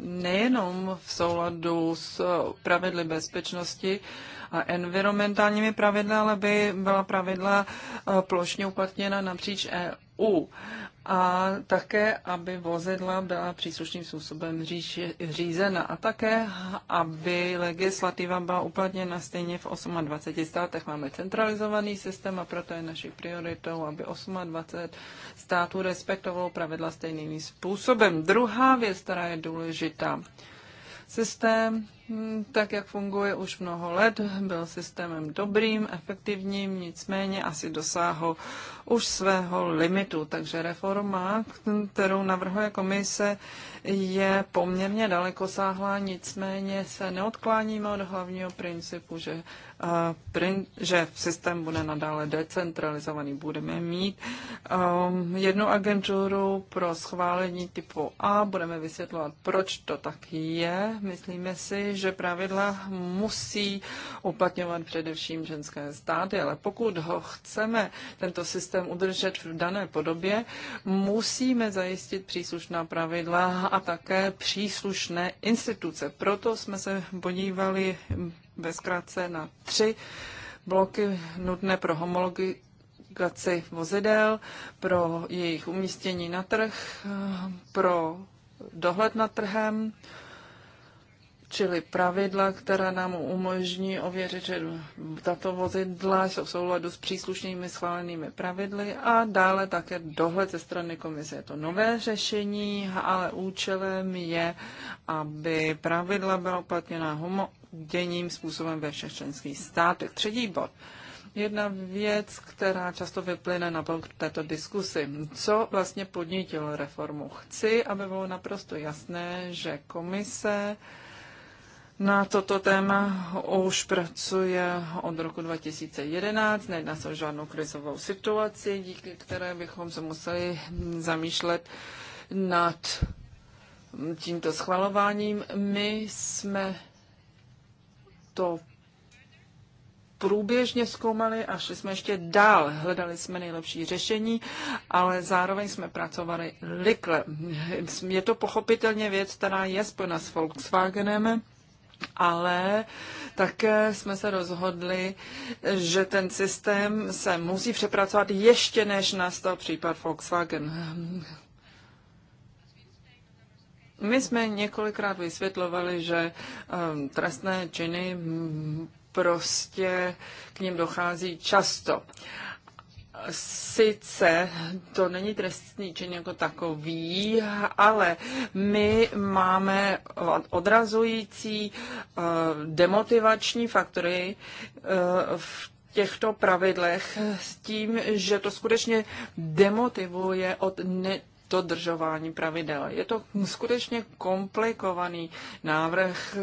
nejenom v souladu s pravidly bezpečnosti a environmentálními pravidly, ale by byla pravidla plošně uplatněna napříč EU a také, aby vozidla byla příslušným způsobem řízena a také, aby legislativa byla uplatněna stejně v 28 státech. Máme centralizovaný systém a proto je naší prioritou, aby 28 států respektovalo pravidla stejným způsobem. Druhá věc, která je důležitá, systém Hm, tak, jak funguje už mnoho let, byl systémem dobrým, efektivním, nicméně asi dosáhl už svého limitu. Takže reforma, kterou navrhuje komise, je poměrně dalekosáhlá, nicméně se neodkláníme od hlavního principu, že, uh, prin, že systém bude nadále decentralizovaný. Budeme mít um, jednu agenturu pro schválení typu A, budeme vysvětlovat, proč to tak je. Myslíme si, že pravidla musí uplatňovat především ženské státy, ale pokud ho chceme tento systém udržet v dané podobě, musíme zajistit příslušná pravidla a také příslušné instituce. Proto jsme se podívali ve zkratce na tři bloky nutné pro homologi vozidel, pro jejich umístění na trh, pro dohled nad trhem čili pravidla, která nám umožní ověřit, že tato vozidla jsou v souladu s příslušnými schválenými pravidly a dále také dohled ze strany komise. Je to nové řešení, ale účelem je, aby pravidla byla uplatněna homogenním způsobem ve všech členských státech. Třetí bod. Jedna věc, která často vyplyne na této diskusi. Co vlastně podnítilo reformu? Chci, aby bylo naprosto jasné, že komise na toto téma už pracuje od roku 2011, nejedná se o žádnou krizovou situaci, díky které bychom se museli zamýšlet nad tímto schvalováním. My jsme to průběžně zkoumali a šli jsme ještě dál. Hledali jsme nejlepší řešení, ale zároveň jsme pracovali rychle. Je to pochopitelně věc, která je spojena s Volkswagenem ale také jsme se rozhodli, že ten systém se musí přepracovat ještě než nastal případ Volkswagen. My jsme několikrát vysvětlovali, že ehm, trestné činy prostě k ním dochází často sice to není trestný čin jako takový, ale my máme odrazující eh, demotivační faktory eh, v těchto pravidlech s tím, že to skutečně demotivuje od ne- dodržování pravidel. Je to skutečně komplikovaný návrh.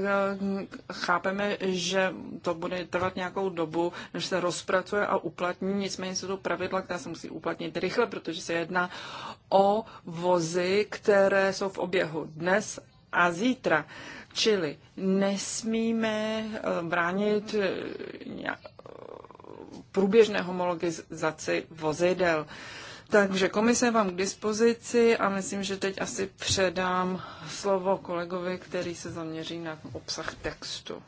Chápeme, že to bude trvat nějakou dobu, než se rozpracuje a uplatní, nicméně jsou to pravidla, která se musí uplatnit rychle, protože se jedná o vozy, které jsou v oběhu dnes a zítra. Čili nesmíme eh, bránit eh, průběžné homologizaci vozidel. Takže komise vám k dispozici a myslím, že teď asi předám slovo kolegovi, který se zaměří na obsah textu.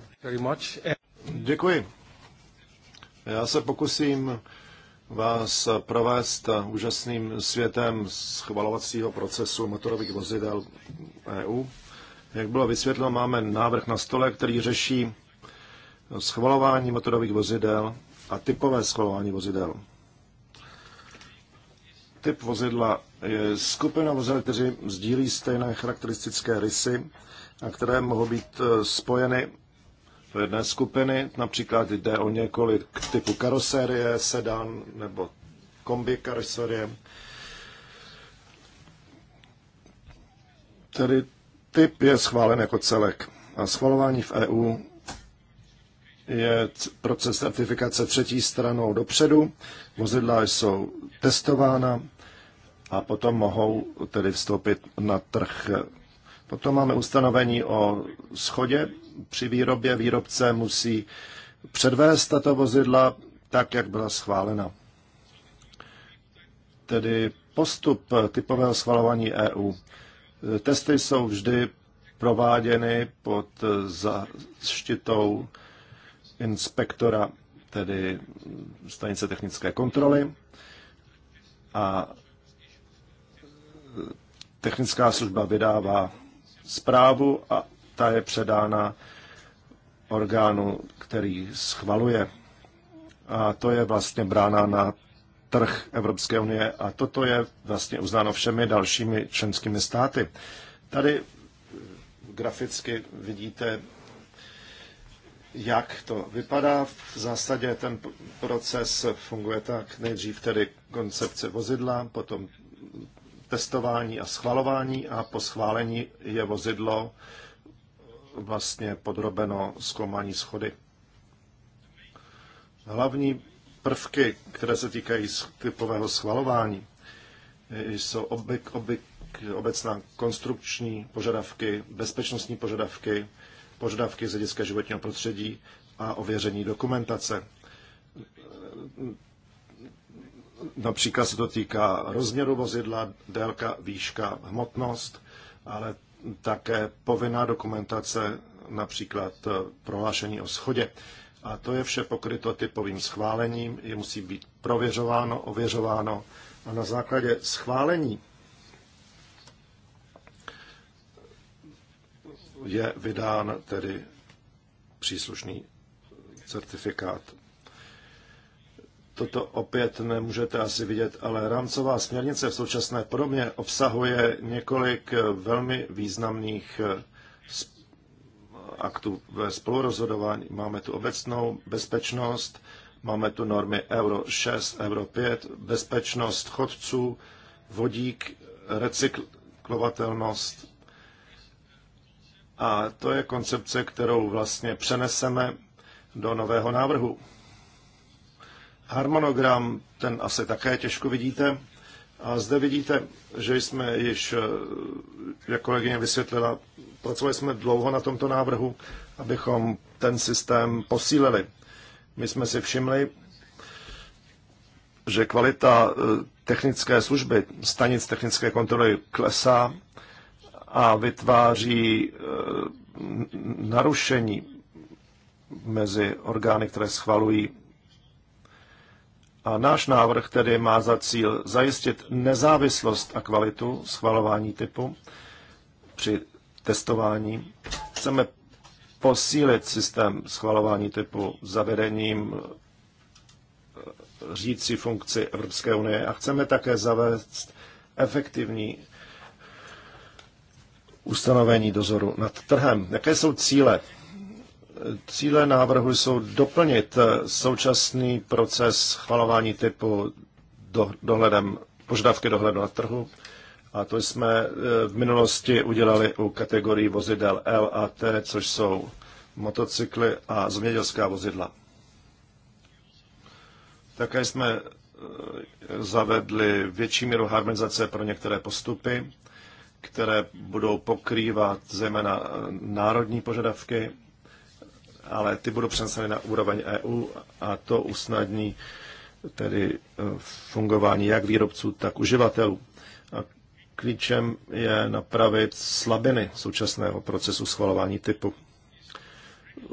Děkuji. Já se pokusím vás provést úžasným světem schvalovacího procesu motorových vozidel EU. Jak bylo vysvětleno, máme návrh na stole, který řeší schvalování motorových vozidel a typové schvalování vozidel typ vozidla je skupina vozidel, kteří sdílí stejné charakteristické rysy a které mohou být e, spojeny do jedné skupiny. Například jde o několik typu karoserie, sedan nebo kombi karoserie. Tedy typ je schválen jako celek. A schvalování v EU je proces certifikace třetí stranou dopředu. Vozidla jsou testována a potom mohou tedy vstoupit na trh. Potom máme ustanovení o schodě. Při výrobě výrobce musí předvést tato vozidla tak, jak byla schválena. Tedy postup typového schvalování EU. Testy jsou vždy prováděny pod zaštitou inspektora, tedy stanice technické kontroly. A technická služba vydává zprávu a ta je předána orgánu, který schvaluje. A to je vlastně brána na trh Evropské unie a toto je vlastně uznáno všemi dalšími členskými státy. Tady graficky vidíte, jak to vypadá. V zásadě ten proces funguje tak, nejdřív tedy koncepce vozidla, potom testování a schvalování a po schválení je vozidlo vlastně podrobeno zkoumání schody. Hlavní prvky, které se týkají typového schvalování, jsou obyk, obyk, obecná konstrukční požadavky, bezpečnostní požadavky, požadavky z hlediska životního prostředí a ověření dokumentace. Například se to týká rozměru vozidla, délka, výška, hmotnost, ale také povinná dokumentace, například eh, prohlášení o schodě. A to je vše pokryto typovým schválením, je musí být prověřováno, ověřováno a na základě schválení je vydán tedy příslušný certifikát toto opět nemůžete asi vidět, ale rámcová směrnice v současné podobě obsahuje několik velmi významných eh, aktů ve spolurozhodování. Máme tu obecnou bezpečnost, máme tu normy Euro 6, Euro 5, bezpečnost chodců, vodík, recyklovatelnost. A to je koncepce, kterou vlastně přeneseme do nového návrhu. Harmonogram, ten asi také těžko vidíte. A zde vidíte, že jsme již, eh, jak kolegyně vysvětlila, pracovali jsme dlouho na tomto návrhu, abychom ten systém posílili. My jsme si všimli, že kvalita eh, technické služby, stanic technické kontroly klesá a vytváří eh, narušení mezi orgány, které schvalují a náš návrh tedy má za cíl zajistit nezávislost a kvalitu schvalování typu při testování. Chceme posílit systém schvalování typu zavedením eh, řídící funkci Evropské unie a chceme také zavést efektivní ustanovení dozoru nad trhem. Jaké jsou cíle Cíle návrhu jsou doplnit současný proces schvalování typu dohledem, požadavky dohledu na trhu. A to jsme eh, v minulosti udělali u kategorií vozidel L a T, což jsou motocykly a zemědělská vozidla. Také jsme eh, zavedli větší míru harmonizace pro některé postupy, které budou pokrývat zejména eh, národní požadavky ale ty budou přeneseny na úroveň EU a to usnadní tedy eh, fungování jak výrobců, tak uživatelů. A klíčem je napravit slabiny současného procesu schvalování typu.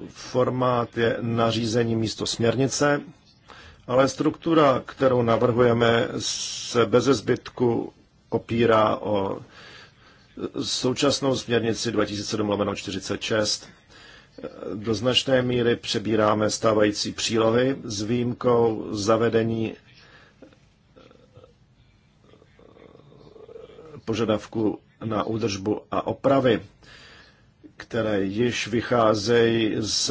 Formát je nařízení místo směrnice, ale struktura, kterou navrhujeme, se bez zbytku opírá o současnou směrnici 2007-46 do značné míry přebíráme stávající přílohy s výjimkou zavedení eh, požadavku na údržbu a opravy, které již vycházejí z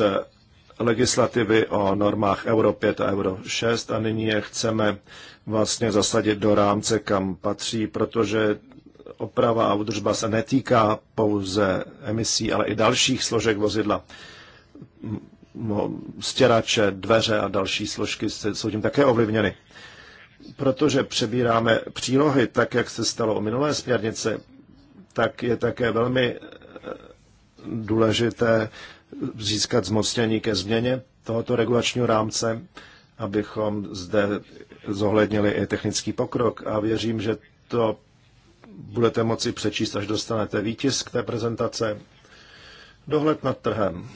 legislativy o normách Euro 5 a Euro 6 a nyní je chceme vlastně zasadit do rámce, kam patří, protože oprava a udržba se netýká pouze emisí, ale i dalších složek vozidla. Stěrače, dveře a další složky jsou tím také ovlivněny. Protože přebíráme přílohy, tak jak se stalo o minulé směrnice, tak je také velmi e, důležité získat zmocnění ke změně tohoto regulačního rámce, abychom zde zohlednili i technický pokrok a věřím, že to budete moci přečíst, až dostanete výtisk té prezentace. Dohled nad trhem.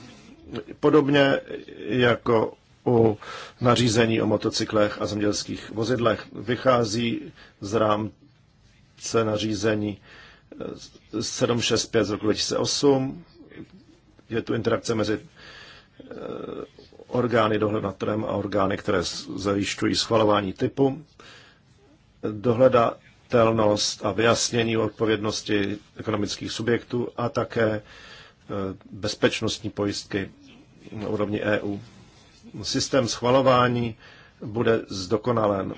Podobně jako u nařízení o motocyklech a zemědělských vozidlech vychází z rámce nařízení 765 z roku 2008. Je tu interakce mezi eh, orgány dohled nad trhem a orgány, které zajišťují schvalování typu. Dohleda srozumitelnost a vyjasnění odpovědnosti ekonomických subjektů a také eh, bezpečnostní pojistky na úrovni EU. Systém schvalování bude zdokonalen.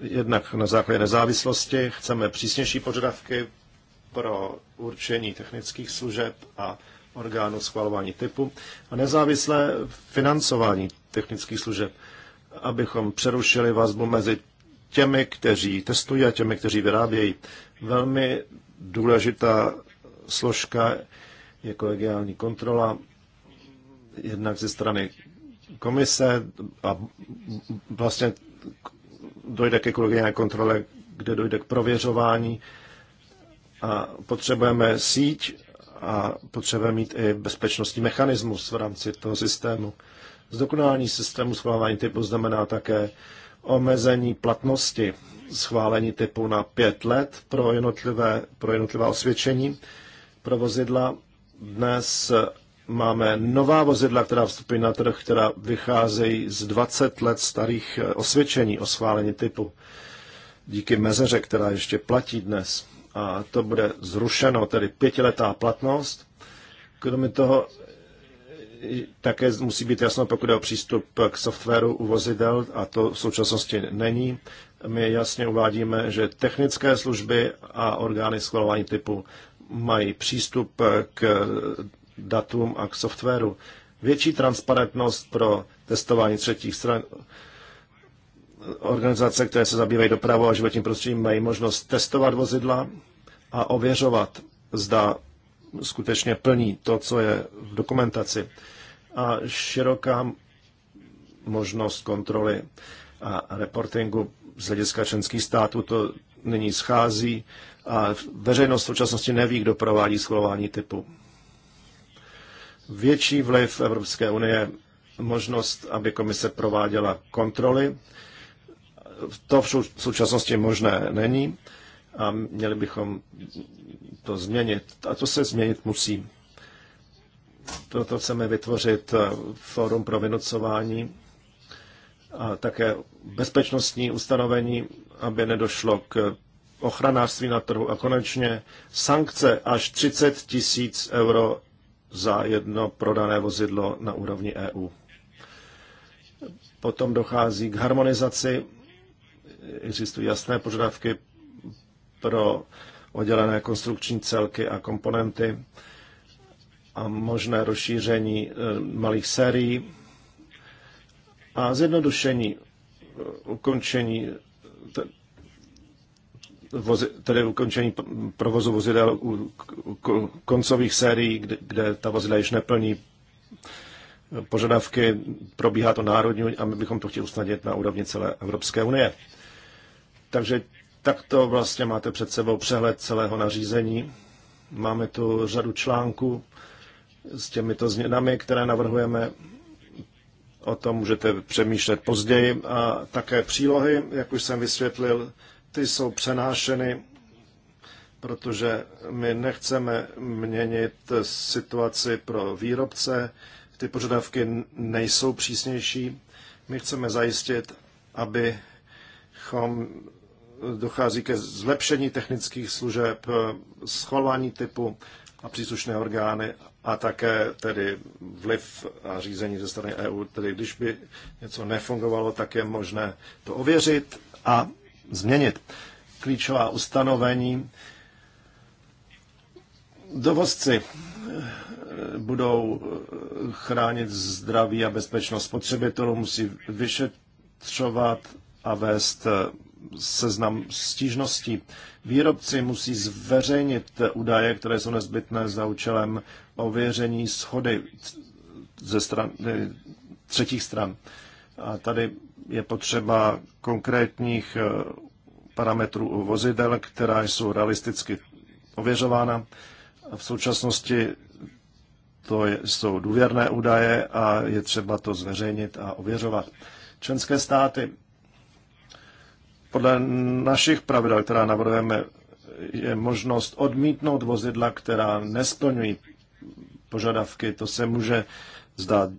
Jednak na základě nezávislosti chceme přísnější požadavky pro určení technických služeb a orgánu schvalování typu a nezávislé financování technických služeb, abychom přerušili vazbu mezi těmi, kteří testují a těmi, kteří vyrábějí. Velmi důležitá složka je kolegiální kontrola, jednak ze strany komise a vlastně dojde ke kolegiální kontrole, kde dojde k prověřování a potřebujeme síť a potřebujeme mít i bezpečnostní mechanismus v rámci toho systému. Zdokonalání systému schvalování typu znamená také omezení platnosti schválení typu na pět let pro, jednotlivé, pro jednotlivá osvědčení pro vozidla. Dnes máme nová vozidla, která vstupují na trh, která vycházejí z 20 let starých eh, osvědčení o schválení typu díky mezeře, která ještě platí dnes. A to bude zrušeno, tedy pětiletá platnost. Kromě toho také musí být jasno, pokud je o přístup k softwaru u vozidel, a to v současnosti není. My jasně uvádíme, že technické služby a orgány schvalování typu mají přístup k datům a k softwaru. Větší transparentnost pro testování třetích stran. Organizace, které se zabývají dopravou a životním prostředím, mají možnost testovat vozidla a ověřovat, zda skutečně plní to, co je v dokumentaci. A široká možnost kontroly a reportingu z hlediska členských států to nyní schází a veřejnost v současnosti neví, kdo provádí schvalování typu. Větší vliv Evropské unie, možnost, aby komise prováděla kontroly, to v současnosti možné není a měli bychom to změnit. A to se změnit musí. Proto chceme vytvořit eh, fórum pro vynocování a také bezpečnostní ustanovení, aby nedošlo k ochranářství na trhu a konečně sankce až 30 tisíc euro za jedno prodané vozidlo na úrovni EU. Potom dochází k harmonizaci, existují jasné požadavky pro uh, oddělené konstrukční celky a komponenty a možné rozšíření eh, malých sérií a zjednodušení eh, ukončení vozi, tedy ukončení provozu vozidel u, koncových sérií, kde, kde ta vozidla již neplní požadavky, probíhá to národní a my bychom to chtěli usnadnit na úrovni celé Evropské unie. Takže Takto vlastně máte před sebou přehled celého nařízení. Máme tu řadu článků s těmito změnami, které navrhujeme. O tom můžete přemýšlet později. A také přílohy, jak už jsem vysvětlil, ty jsou přenášeny, protože my nechceme měnit situaci pro výrobce. Ty požadavky nejsou přísnější. My chceme zajistit, abychom dochází ke zlepšení technických služeb, schvalování typu a příslušné orgány a také tedy vliv a řízení ze strany EU. Tedy když by něco nefungovalo, tak je možné to ověřit a změnit. Klíčová ustanovení. Dovozci eh, budou eh, chránit zdraví a bezpečnost spotřebitelů, musí vyšetřovat a vést eh, seznam stížností. Výrobci musí zveřejnit údaje, které jsou nezbytné za účelem ověření schody ze stran, eh, třetích stran. A tady je potřeba konkrétních eh, parametrů u vozidel, která jsou realisticky ověřována. A v současnosti to jsou důvěrné údaje a je třeba to zveřejnit a ověřovat. Členské státy podle našich pravidel, která navrhujeme, je možnost odmítnout vozidla, která nesplňují požadavky. To se může zdát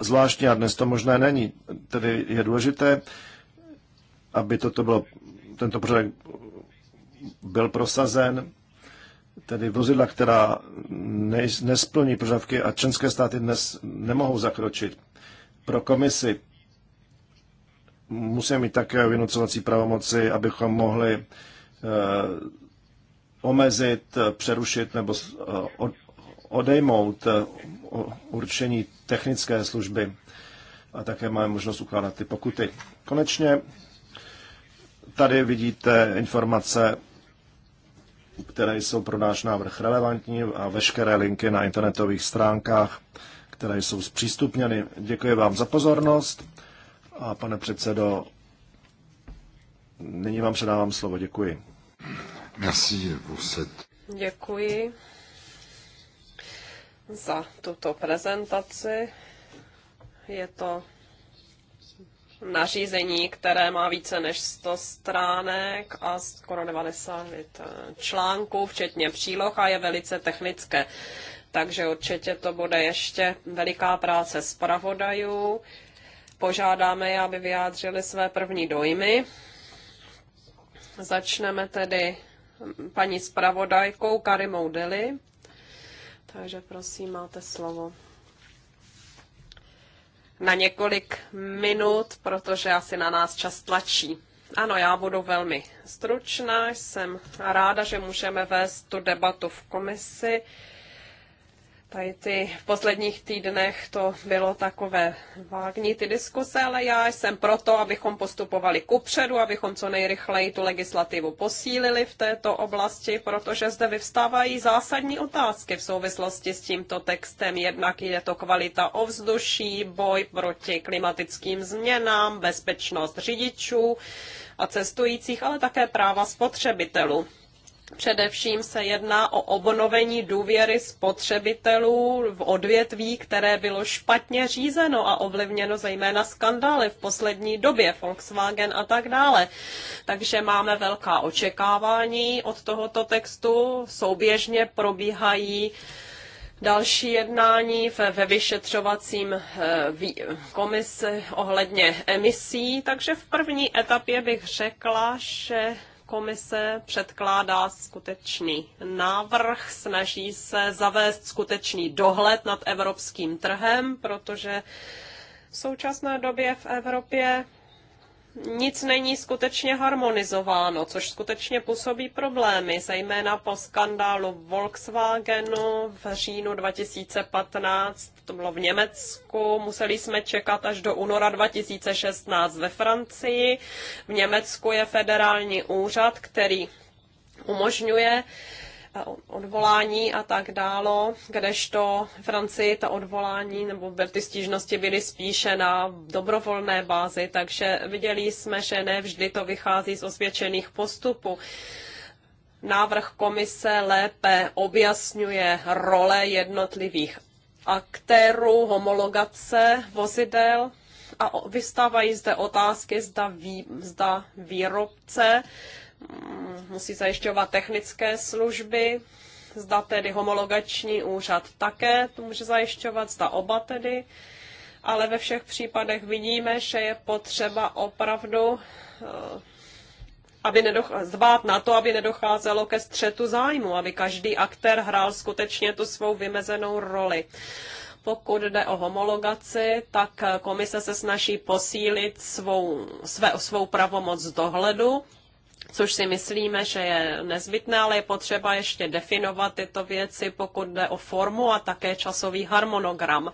zvláštní a dnes to možné není. Tedy je důležité, aby toto bylo, tento požadavek byl prosazen, tedy vozidla, která nesplní požadavky a členské státy dnes nemohou zakročit. Pro komisi musíme mít také vynucovací pravomoci, abychom mohli eh, omezit, přerušit nebo eh, odejmout eh, určení technické služby a také máme možnost ukládat ty pokuty. Konečně tady vidíte informace, které jsou pro náš návrh relevantní a veškeré linky na internetových stránkách, které jsou zpřístupněny. Děkuji vám za pozornost a pane předsedo, nyní vám předávám slovo. Děkuji. Merci Děkuji za tuto prezentaci. Je to nařízení, které má více než 100 stránek a skoro 90 článků, včetně příloh a je velice technické. Takže určitě to bude ještě veliká práce zpravodajů. pravodajů požádáme je, aby vyjádřili své první dojmy. Začneme tedy paní zpravodajkou Karimou Deli. Takže prosím, máte slovo na několik minut, protože asi na nás čas tlačí. Ano, já budu velmi stručná, jsem ráda, že můžeme vést tu debatu v komisi tady ty v posledních týdnech to bylo takové vágní ty diskuse, ale já jsem proto, abychom postupovali kupředu, abychom co nejrychleji tu legislativu posílili v této oblasti, protože zde vyvstávají zásadní otázky v souvislosti s tímto textem. Jednak je to kvalita ovzduší, boj proti klimatickým změnám, bezpečnost řidičů a cestujících, ale také práva spotřebitelů. Především se jedná o obnovení důvěry spotřebitelů v odvětví, které bylo špatně řízeno a ovlivněno zejména skandály v poslední době, Volkswagen a tak dále. Takže máme velká očekávání od tohoto textu. Souběžně probíhají další jednání ve vyšetřovacím eh, komisi ohledně emisí. Takže v první etapě bych řekla, že komise předkládá skutečný návrh, snaží se zavést skutečný dohled nad evropským trhem, protože v současné době v Evropě nic není skutečně harmonizováno, což skutečně působí problémy, zejména po skandálu Volkswagenu v říjnu 2015, to bylo v Německu, museli jsme čekat až do února 2016 ve Francii. V Německu je federální úřad, který umožňuje uh, Eh, odvolání a tak dálo, kdežto Francii ta odvolání nebo ty stížnosti byly spíše na dobrovolné bázi, takže viděli jsme, že ne vždy to vychází z osvědčených postupů návrh komise lépe objasňuje role jednotlivých aktérů, homologace vozidel a vystávají zde otázky, zda, vý, zda výrobce Mm, musí zajišťovat technické služby, zda tedy homologační úřad také to může zajišťovat, zda oba tedy, ale ve všech případech vidíme, že je potřeba opravdu eh, aby nedoch- dbát na to, aby nedocházelo ke střetu zájmu, aby každý aktér hrál skutečně tu svou vymezenou roli. Pokud jde o homologaci, tak komise se snaží posílit svou, své, svou pravomoc dohledu což si myslíme, že je nezbytné, ale je potřeba ještě definovat tyto věci, pokud jde o formu a také časový harmonogram.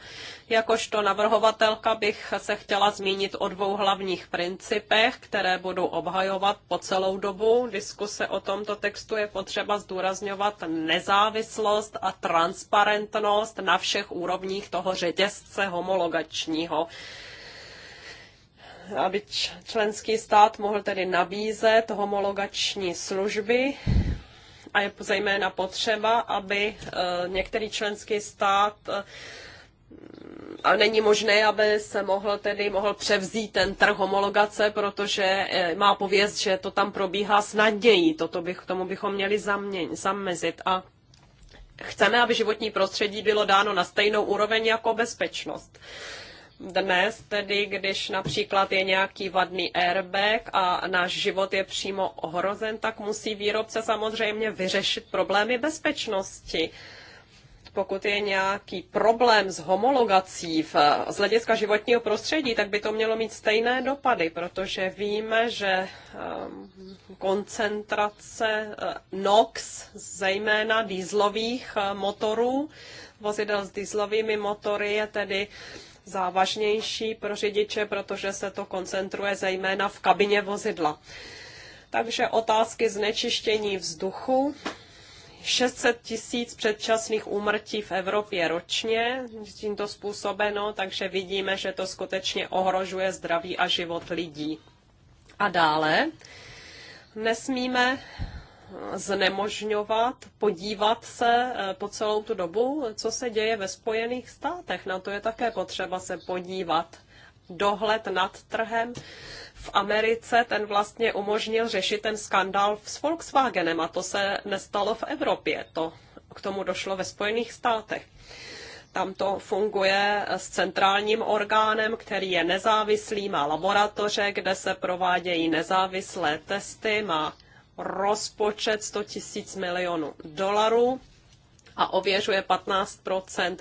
Jakožto navrhovatelka bych se chtěla zmínit o dvou hlavních principech, které budu obhajovat po celou dobu. Diskuse o tomto textu je potřeba zdůrazňovat nezávislost a transparentnost na všech úrovních toho řetězce homologačního aby členský stát mohl tedy nabízet homologační služby a je zejména potřeba, aby e, některý členský stát e, a není možné, aby se mohl tedy mohl převzít ten trh homologace, protože e, má pověst, že to tam probíhá s nadějí. Toto bych, tomu bychom měli zaměň, zamezit. A chceme, aby životní prostředí bylo dáno na stejnou úroveň jako bezpečnost dnes tedy, když například je nějaký vadný airbag a náš život je přímo ohrozen, tak musí výrobce samozřejmě vyřešit problémy bezpečnosti pokud je nějaký problém s homologací v, z hlediska životního prostředí, tak by to mělo mít stejné dopady, protože víme, že ehm, koncentrace eh, NOx, zejména dýzlových eh, motorů, vozidel s dýzlovými motory je tedy závažnější pro řidiče, protože se to koncentruje zejména v kabině vozidla. Takže otázky znečištění vzduchu. 600 tisíc předčasných úmrtí v Evropě ročně tímto způsobeno, takže vidíme, že to skutečně ohrožuje zdraví a život lidí. A dále nesmíme znemožňovat podívat se eh, po celou tu dobu, co se děje ve Spojených státech. Na to je také potřeba se podívat. Dohled nad trhem v Americe ten vlastně umožnil řešit ten skandál s Volkswagenem a to se nestalo v Evropě. To k tomu došlo ve Spojených státech. Tam to funguje s centrálním orgánem, který je nezávislý, má laboratoře, kde se provádějí nezávislé testy, má rozpočet 100 tisíc milionů dolarů a ověřuje 15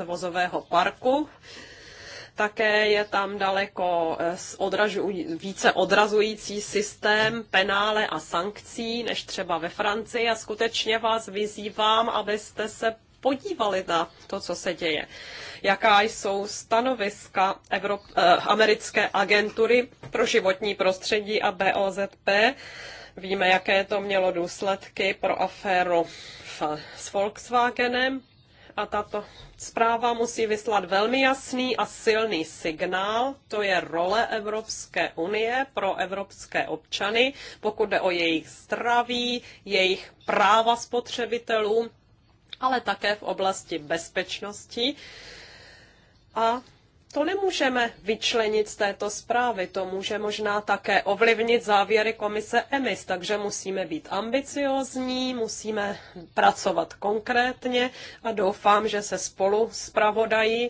vozového parku. Také je tam daleko eh, odražu, více odrazující systém penále a sankcí než třeba ve Francii a skutečně vás vyzývám, abyste se podívali na to, co se děje. Jaká jsou stanoviska Evrop- eh, americké agentury pro životní prostředí a BOZP Víme, jaké to mělo důsledky pro aféru s Volkswagenem a tato zpráva musí vyslat velmi jasný a silný signál, to je role Evropské unie pro evropské občany, pokud jde o jejich zdraví, jejich práva spotřebitelů, ale také v oblasti bezpečnosti. A to nemůžeme vyčlenit z této zprávy, to může možná také ovlivnit závěry komise EMIS, takže musíme být ambiciozní, musíme pracovat konkrétně a doufám, že se spolu zpravodají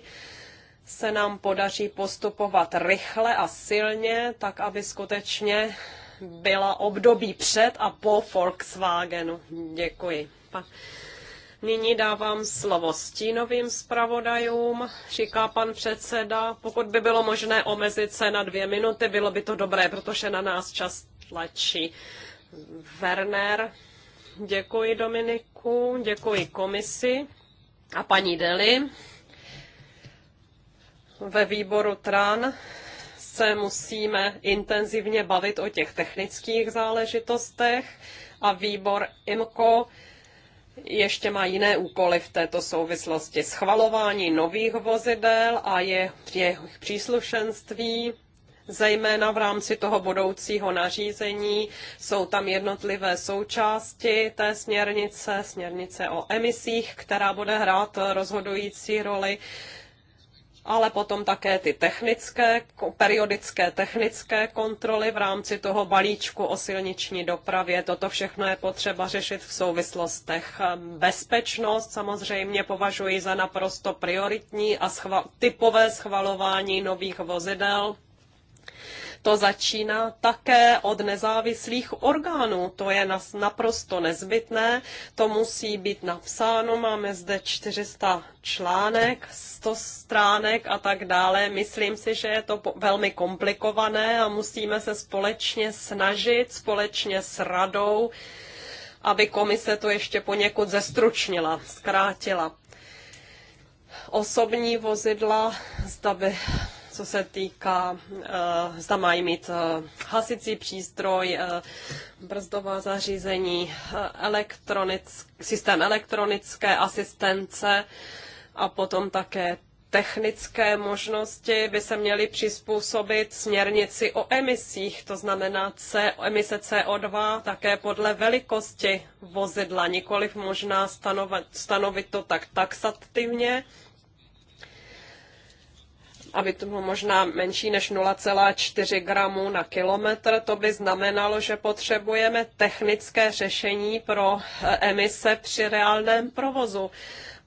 se nám podaří postupovat rychle a silně, tak aby skutečně byla období před a po Volkswagenu. Děkuji. Nyní dávám slovo stínovým zpravodajům, říká pan předseda. Pokud by bylo možné omezit se na dvě minuty, bylo by to dobré, protože na nás čas tlačí. Werner, děkuji Dominiku, děkuji komisi a paní Deli. Ve výboru TRAN se musíme intenzivně bavit o těch technických záležitostech a výbor IMCO ještě má jiné úkoly v této souvislosti. Schvalování nových vozidel a je jejich příslušenství, zejména v rámci toho budoucího nařízení, jsou tam jednotlivé součásti té směrnice, směrnice o emisích, která bude hrát rozhodující roli ale potom také ty technické, periodické technické kontroly v rámci toho balíčku o silniční dopravě. Toto všechno je potřeba řešit v souvislostech. Bezpečnost samozřejmě považuji za naprosto prioritní a schva- typové schvalování nových vozidel to začíná také od nezávislých orgánů. To je nás naprosto nezbytné. To musí být napsáno. Máme zde 400 článek, 100 stránek a tak dále. Myslím si, že je to velmi komplikované a musíme se společně snažit, společně s radou, aby komise to ještě poněkud zestručnila, zkrátila. Osobní vozidla, zda by co se týká, eh, zda mají mít eh, hasicí přístroj, eh, brzdová zařízení, elektronick, systém elektronické asistence a potom také technické možnosti by se měly přizpůsobit směrnici o emisích, to znamená C, emise CO2 také podle velikosti vozidla, nikoliv možná stanovit, stanovit to tak taxativně, aby to bylo možná menší než 0,4 gramů na kilometr. To by znamenalo, že potřebujeme technické řešení pro eh, emise při reálném provozu.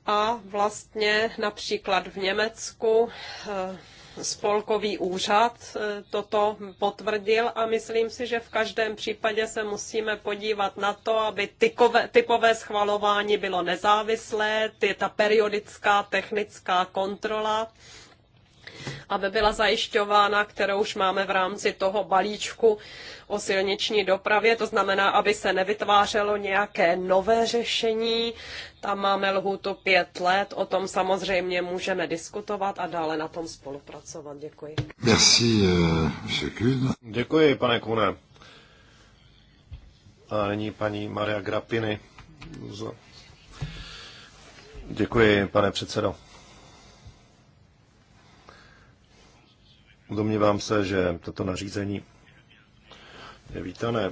A vlastně například v Německu eh, spolkový úřad eh, toto potvrdil a myslím si, že v každém případě se musíme podívat na to, aby tykové, typové schvalování bylo nezávislé, ty, ta periodická technická kontrola aby byla zajišťována, kterou už máme v rámci toho balíčku o silniční dopravě, to znamená, aby se nevytvářelo nějaké nové řešení. Tam máme lhůtu pět let, o tom samozřejmě můžeme diskutovat a dále na tom spolupracovat. Děkuji. Merci, uh, Děkuji, pane Kune. A nyní paní Maria Grapiny. Děkuji, pane předsedo. Domnívám se, že toto nařízení je vítané.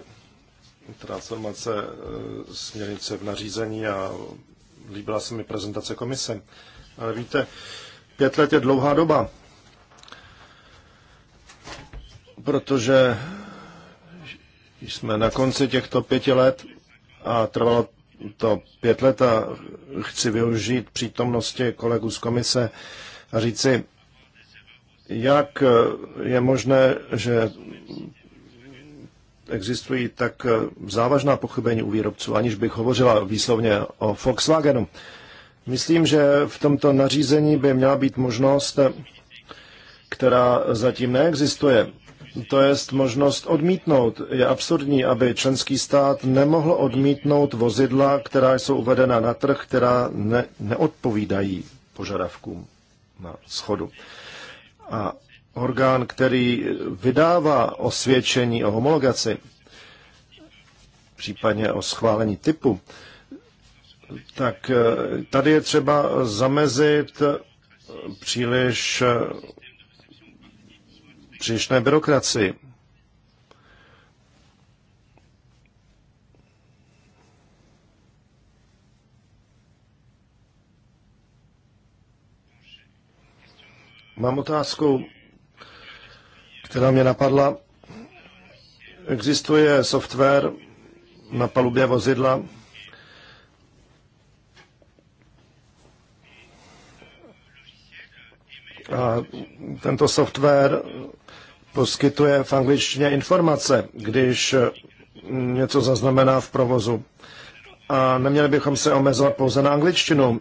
Transformace e, směrnice v nařízení a líbila se mi prezentace komise. Ale víte, pět let je dlouhá doba, protože jsme na konci těchto pěti let a trvalo to pět let a chci využít přítomnosti kolegů z komise a říci, jak eh, je možné, že existují tak eh, závažná pochybení u výrobců, aniž bych hovořila výslovně o Volkswagenu. Myslím, že v tomto nařízení by měla být možnost, eh, která zatím neexistuje. To je možnost odmítnout. Je absurdní, aby členský stát nemohl odmítnout vozidla, která jsou uvedena na trh, která ne, neodpovídají požadavkům na schodu a orgán, který vydává osvědčení o homologaci, případně o schválení typu, tak eh, tady je třeba zamezit příliš eh, přílišné byrokracii. Mám otázku, která mě napadla. Existuje software na palubě vozidla, A tento software poskytuje v angličtině informace, když něco zaznamená v provozu. A neměli bychom se omezovat pouze na angličtinu,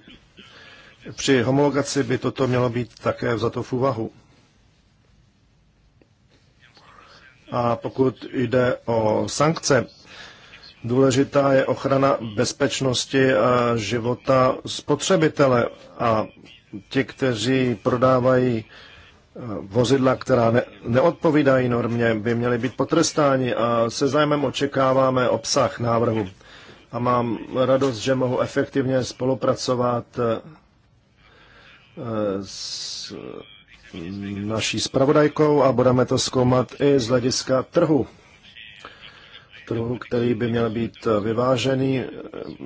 při homologaci by toto mělo být také vzato v úvahu. A pokud jde o sankce, důležitá je ochrana bezpečnosti a života spotřebitele a ti, kteří prodávají eh, vozidla, která ne, neodpovídají normě, by měly být potrestáni a se zájmem očekáváme obsah návrhu. A mám radost, že mohu efektivně spolupracovat eh, s naší spravodajkou a budeme to zkoumat i z hlediska trhu. Trhu, který by měl být vyvážený.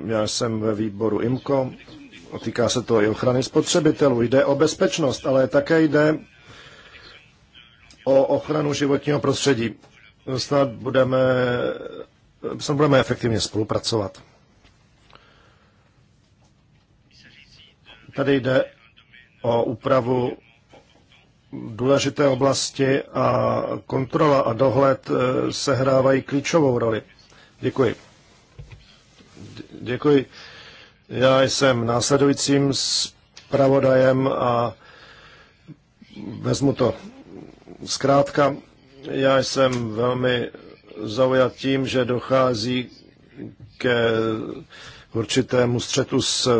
Já jsem ve výboru IMCO. Týká se to i ochrany spotřebitelů. Jde o bezpečnost, ale také jde o ochranu životního prostředí. Snad budeme, snad budeme efektivně spolupracovat. Tady jde o úpravu důležité oblasti a kontrola a dohled eh, sehrávají klíčovou roli. Děkuji. Děkuji. Já jsem následujícím zpravodajem a vezmu to zkrátka. Já jsem velmi zaujat tím, že dochází ke určitému střetu s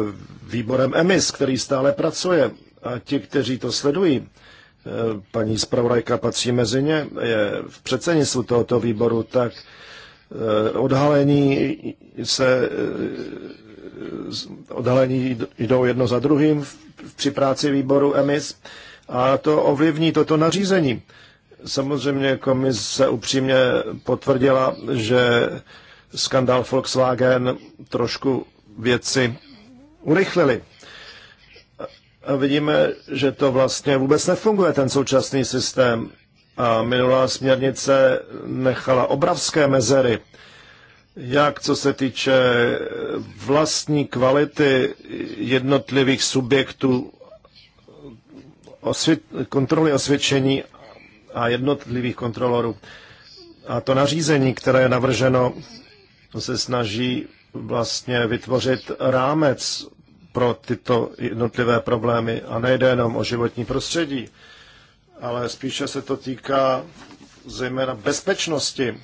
výborem EMIS, který stále pracuje a ti, kteří to sledují, eh, paní zpravodajka patří mezi ně, je v předsednictvu tohoto výboru, tak eh, odhalení se eh, odhalení jdou jedno za druhým při práci výboru EMIS a to ovlivní toto nařízení. Samozřejmě komise upřímně potvrdila, že skandál Volkswagen trošku věci urychlili vidíme, že to vlastně vůbec nefunguje, ten současný systém. A minulá směrnice nechala obravské mezery, jak co se týče vlastní kvality jednotlivých subjektů osvět, kontroly osvědčení a jednotlivých kontrolorů. A to nařízení, které je navrženo, se snaží vlastně vytvořit rámec pro tyto jednotlivé problémy a nejde jenom o životní prostředí, ale spíše se to týká zejména bezpečnosti.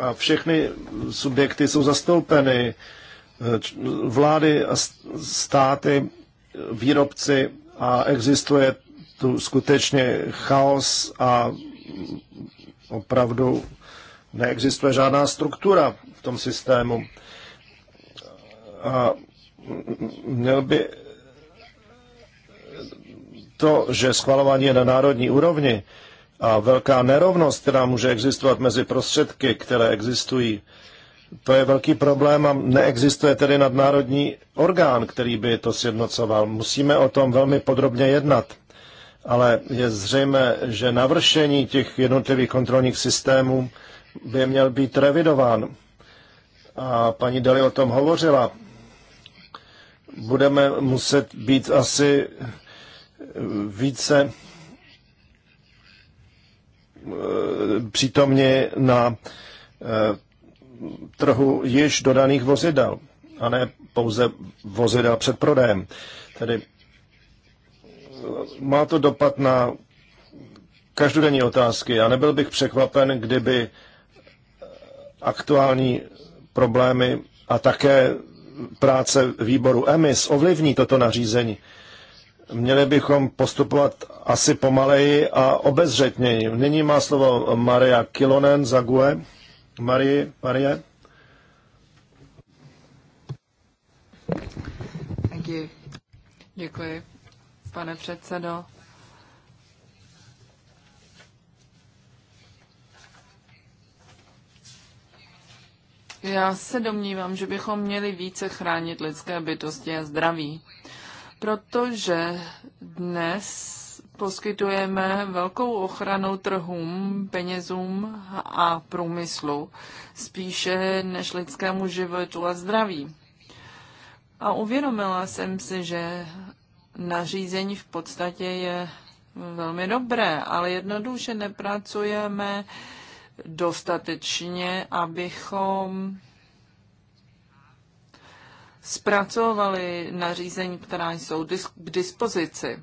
A všechny subjekty jsou zastoupeny, eh, vlády a státy, výrobci a existuje tu skutečně chaos a opravdu neexistuje žádná struktura v tom systému. A měl by to, že schvalování je na národní úrovni a velká nerovnost, která může existovat mezi prostředky, které existují, to je velký problém a neexistuje tedy nadnárodní orgán, který by to sjednocoval. Musíme o tom velmi podrobně jednat. Ale je zřejmé, že navršení těch jednotlivých kontrolních systémů by měl být revidován. A paní Deli o tom hovořila budeme muset být asi více eh, přítomni na eh, trhu již dodaných vozidel a ne pouze vozidel před prodejem. Tedy eh, má to dopad na každodenní otázky. Já nebyl bych překvapen, kdyby aktuální problémy a také práce výboru EMIS ovlivní toto nařízení. Měli bychom postupovat asi pomaleji a obezřetněji. Nyní má slovo Maria Kilonen za GUE. Marie, Marie. Děkuji. Děkuji, pane předsedo. Já se domnívám, že bychom měli více chránit lidské bytosti a zdraví, protože dnes poskytujeme velkou ochranu trhům, penězům a průmyslu, spíše než lidskému životu a zdraví. A uvědomila jsem si, že nařízení v podstatě je velmi dobré, ale jednoduše nepracujeme dostatečně, abychom zpracovali nařízení, která jsou k dispozici.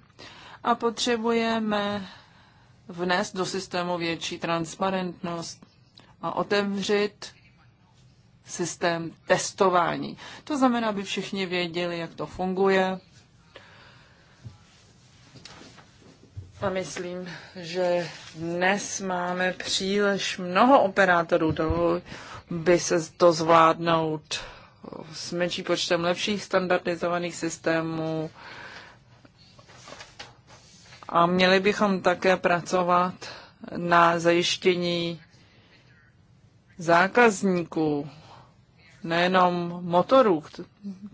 A potřebujeme vnést do systému větší transparentnost a otevřít systém testování. To znamená, aby všichni věděli, jak to funguje, A myslím, že dnes máme příliš mnoho operátorů, dalo by se to zvládnout s menší počtem lepších standardizovaných systémů. A měli bychom také pracovat na zajištění zákazníků, nejenom motorů,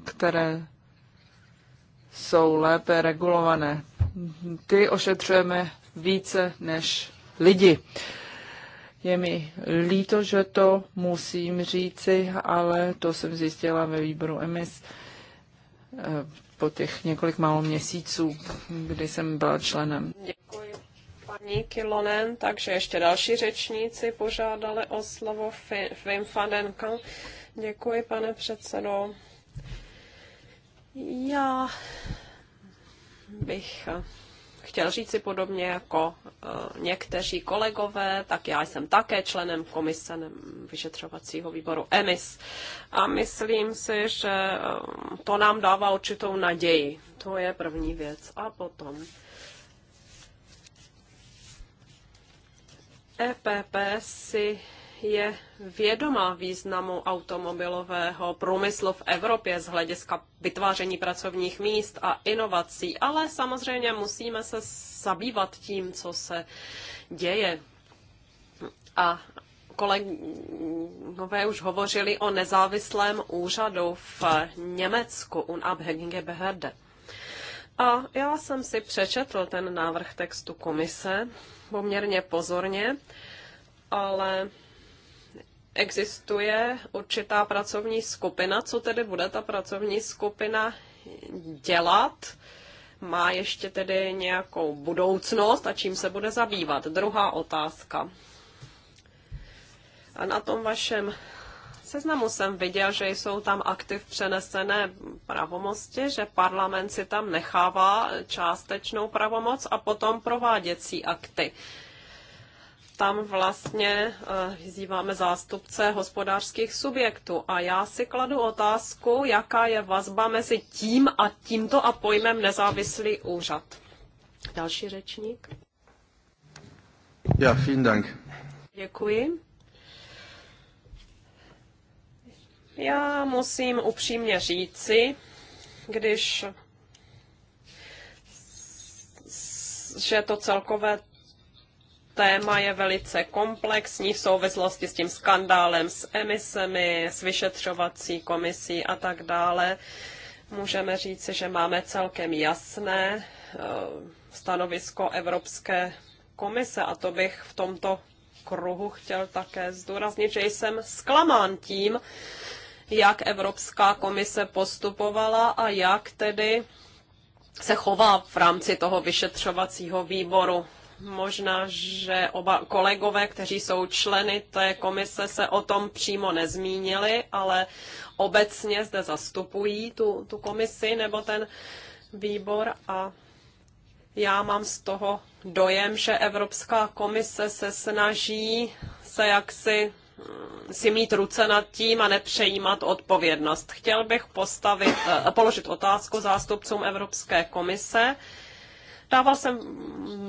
které jsou lépe regulované. Ty ošetřujeme více než lidi. Je mi líto, že to musím říci, ale to jsem zjistila ve výboru EMIS eh, po těch několik málo měsíců, kdy jsem byla členem. Děkuji paní Kilonen, takže ještě další řečníci požádali o slovo Wim Fadenka. Děkuji, pane předsedo. Já bych eh, chtěl říci podobně jako eh, někteří kolegové, tak já jsem také členem komise vyšetřovacího výboru EMIS. A myslím si, že eh, to nám dává určitou naději. To je první věc. A potom EPP si je vědomá významu automobilového průmyslu v Evropě z hlediska vytváření pracovních míst a inovací, ale samozřejmě musíme se zabývat tím, co se děje. A kolegové už hovořili o nezávislém úřadu v Německu, Unabhängige Behörde. A já jsem si přečetl ten návrh textu komise poměrně pozorně, ale existuje určitá pracovní skupina. Co tedy bude ta pracovní skupina dělat? Má ještě tedy nějakou budoucnost a čím se bude zabývat? Druhá otázka. A na tom vašem seznamu jsem viděl, že jsou tam aktiv přenesené pravomosti, že parlament si tam nechává částečnou pravomoc a potom prováděcí akty tam vlastně eh, vyzýváme zástupce hospodářských subjektů. A já si kladu otázku, jaká je vazba mezi tím a tímto a pojmem nezávislý úřad. Další řečník. Ja, vielen Dank. Děkuji. Já musím upřímně říci, když že to celkové téma je velice komplexní v souvislosti s tím skandálem s emisemi, s vyšetřovací komisí a tak dále. Můžeme říci, že máme celkem jasné eh, stanovisko Evropské komise a to bych v tomto kruhu chtěl také zdůraznit, že jsem zklamán tím, jak Evropská komise postupovala a jak tedy se chová v rámci toho vyšetřovacího výboru Možná, že oba kolegové, kteří jsou členy té komise, se o tom přímo nezmínili, ale obecně zde zastupují tu, tu komisi nebo ten výbor a já mám z toho dojem, že Evropská komise se snaží se jaksi mm, si mít ruce nad tím a nepřejímat odpovědnost. Chtěl bych postavit, eh, položit otázku zástupcům Evropské komise. Dával jsem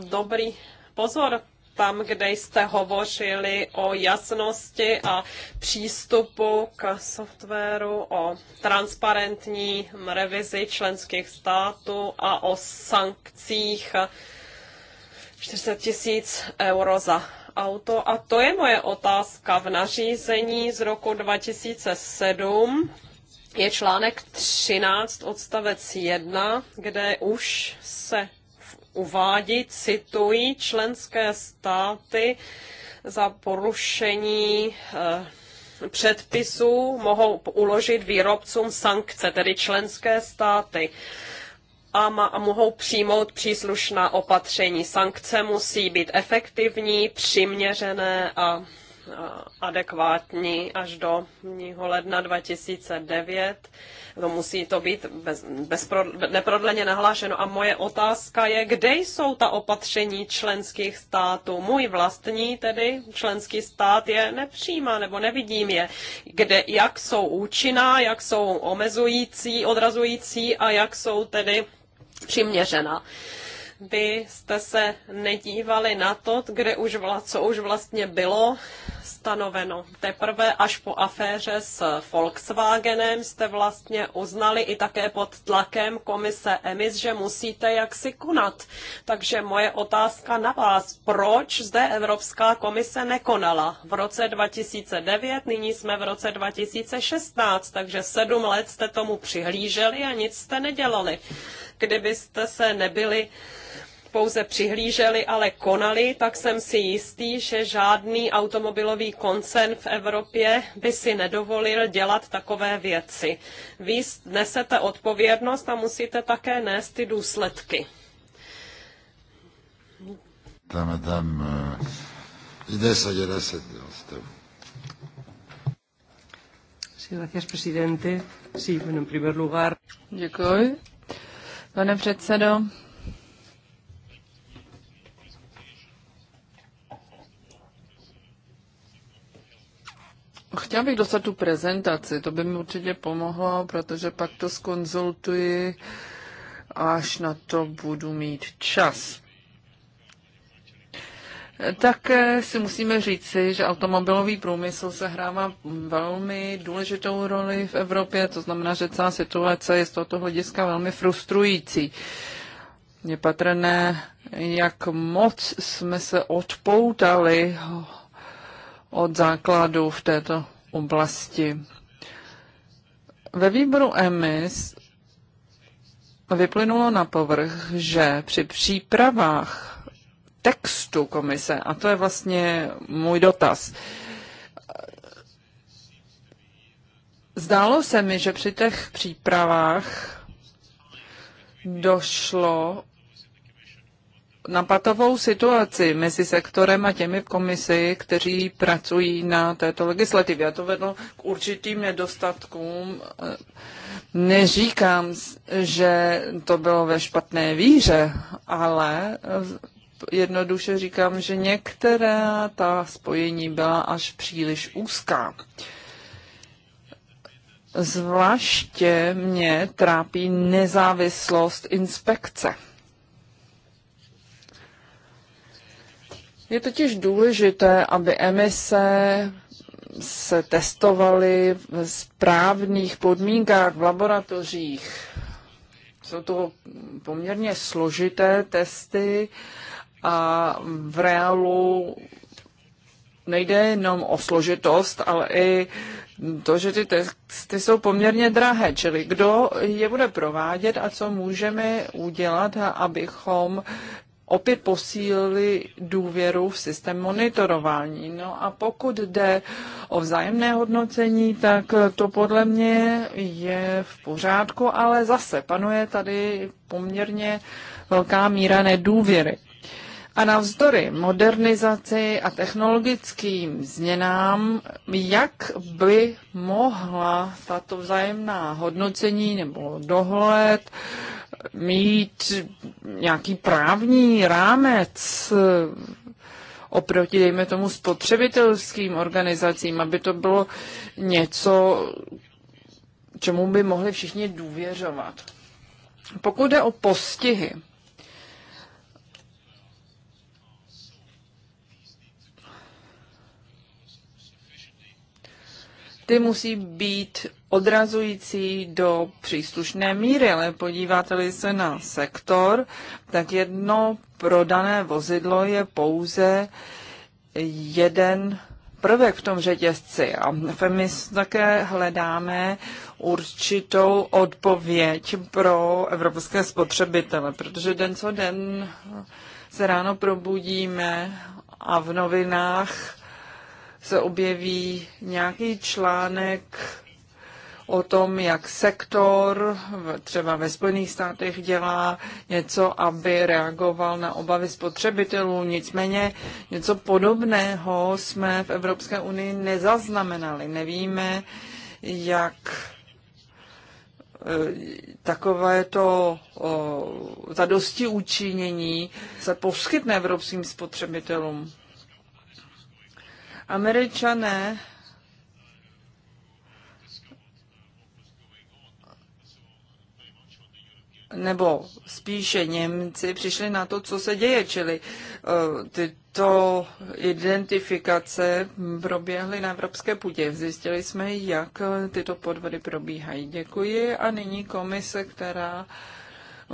dobrý pozor tam, kde jste hovořili o jasnosti a přístupu k softwaru, o transparentní revizi členských států a o sankcích 40 tisíc euro za auto. A to je moje otázka. V nařízení z roku 2007 je článek 13 odstavec 1, kde už se uvádí, citují členské státy za porušení eh, předpisů mohou uložit výrobcům sankce, tedy členské státy a, ma- a mohou přijmout příslušná opatření. Sankce musí být efektivní, přiměřené a Eh, adekvátní až do ledna 2009. To musí to být bez, bezpro, neprodleně nahlášeno. A moje otázka je, kde jsou ta opatření členských států? Můj vlastní tedy členský stát je nepřímá, nebo nevidím je. Kde, jak jsou účinná, jak jsou omezující, odrazující a jak jsou tedy přiměřená. Uh, byste se nedívali na to, kde už vla, co už vlastně bylo stanoveno. Teprve až po aféře s Volkswagenem jste vlastně uznali i také pod tlakem komise EMIS, že musíte jaksi konat. Takže moje otázka na vás, proč zde Evropská komise nekonala v roce 2009, nyní jsme v roce 2016, takže sedm let jste tomu přihlíželi a nic jste nedělali. Kdybyste se nebyli pouze přihlíželi, ale konali, tak jsem si jistý, že žádný automobilový koncern v Evropě by si nedovolil dělat takové věci. Vy nesete odpovědnost a musíte také nést ty důsledky. Ta madame Inés Ayala Děkuji. Pane předsedo, Chtěla bych dostat tu prezentaci, to by mi určitě pomohlo, protože pak to skonzultuji, až na to budu mít čas. Tak si musíme říci, že automobilový průmysl se hrává velmi důležitou roli v Evropě, to znamená, že celá situace je z tohoto hlediska velmi frustrující. Je patrné, jak moc jsme se odpoutali od základů v této oblasti. Ve výboru EMIS vyplynulo na povrch, že při přípravách textu komise, a to je vlastně můj dotaz, zdálo se mi, že při těch přípravách došlo na patovou situaci mezi sektorem a těmi v komisi, kteří pracují na této legislativě. A to vedlo k určitým nedostatkům. Neříkám, že to bylo ve špatné víře, ale jednoduše říkám, že některá ta spojení byla až příliš úzká. Zvláště mě trápí nezávislost inspekce. Je totiž důležité, aby emise se testovaly v správných podmínkách v laboratořích. Jsou to poměrně složité testy a v reálu nejde jenom o složitost, ale i to, že ty testy jsou poměrně drahé, čili kdo je bude provádět a co můžeme udělat, abychom opět posílili důvěru v systém monitorování. No a pokud jde o vzájemné hodnocení, tak to podle mě je v pořádku, ale zase panuje tady poměrně velká míra nedůvěry. A navzdory modernizaci a technologickým změnám, jak by mohla tato vzájemná hodnocení nebo dohled mít nějaký právní rámec eh, oproti, dejme tomu, spotřebitelským organizacím, aby to bylo něco, čemu by mohli všichni důvěřovat. Pokud jde o postihy, Ty musí být odrazující do příslušné míry, ale podíváte-li se na sektor, tak jedno prodané vozidlo je pouze jeden prvek v tom řetězci. A my také hledáme určitou odpověď pro evropské spotřebitele, protože den co den se ráno probudíme a v novinách se objeví nějaký článek o tom, jak sektor třeba ve Spojených státech dělá něco, aby reagoval na obavy spotřebitelů. Nicméně něco podobného jsme v Evropské unii nezaznamenali. Nevíme, jak eh, takové to zadosti učinění se poskytne evropským spotřebitelům. Američané nebo spíše Němci přišli na to, co se děje, čili eh, tyto identifikace proběhly na evropské půdě. Zjistili jsme, jak eh, tyto podvody probíhají. Děkuji a nyní komise, která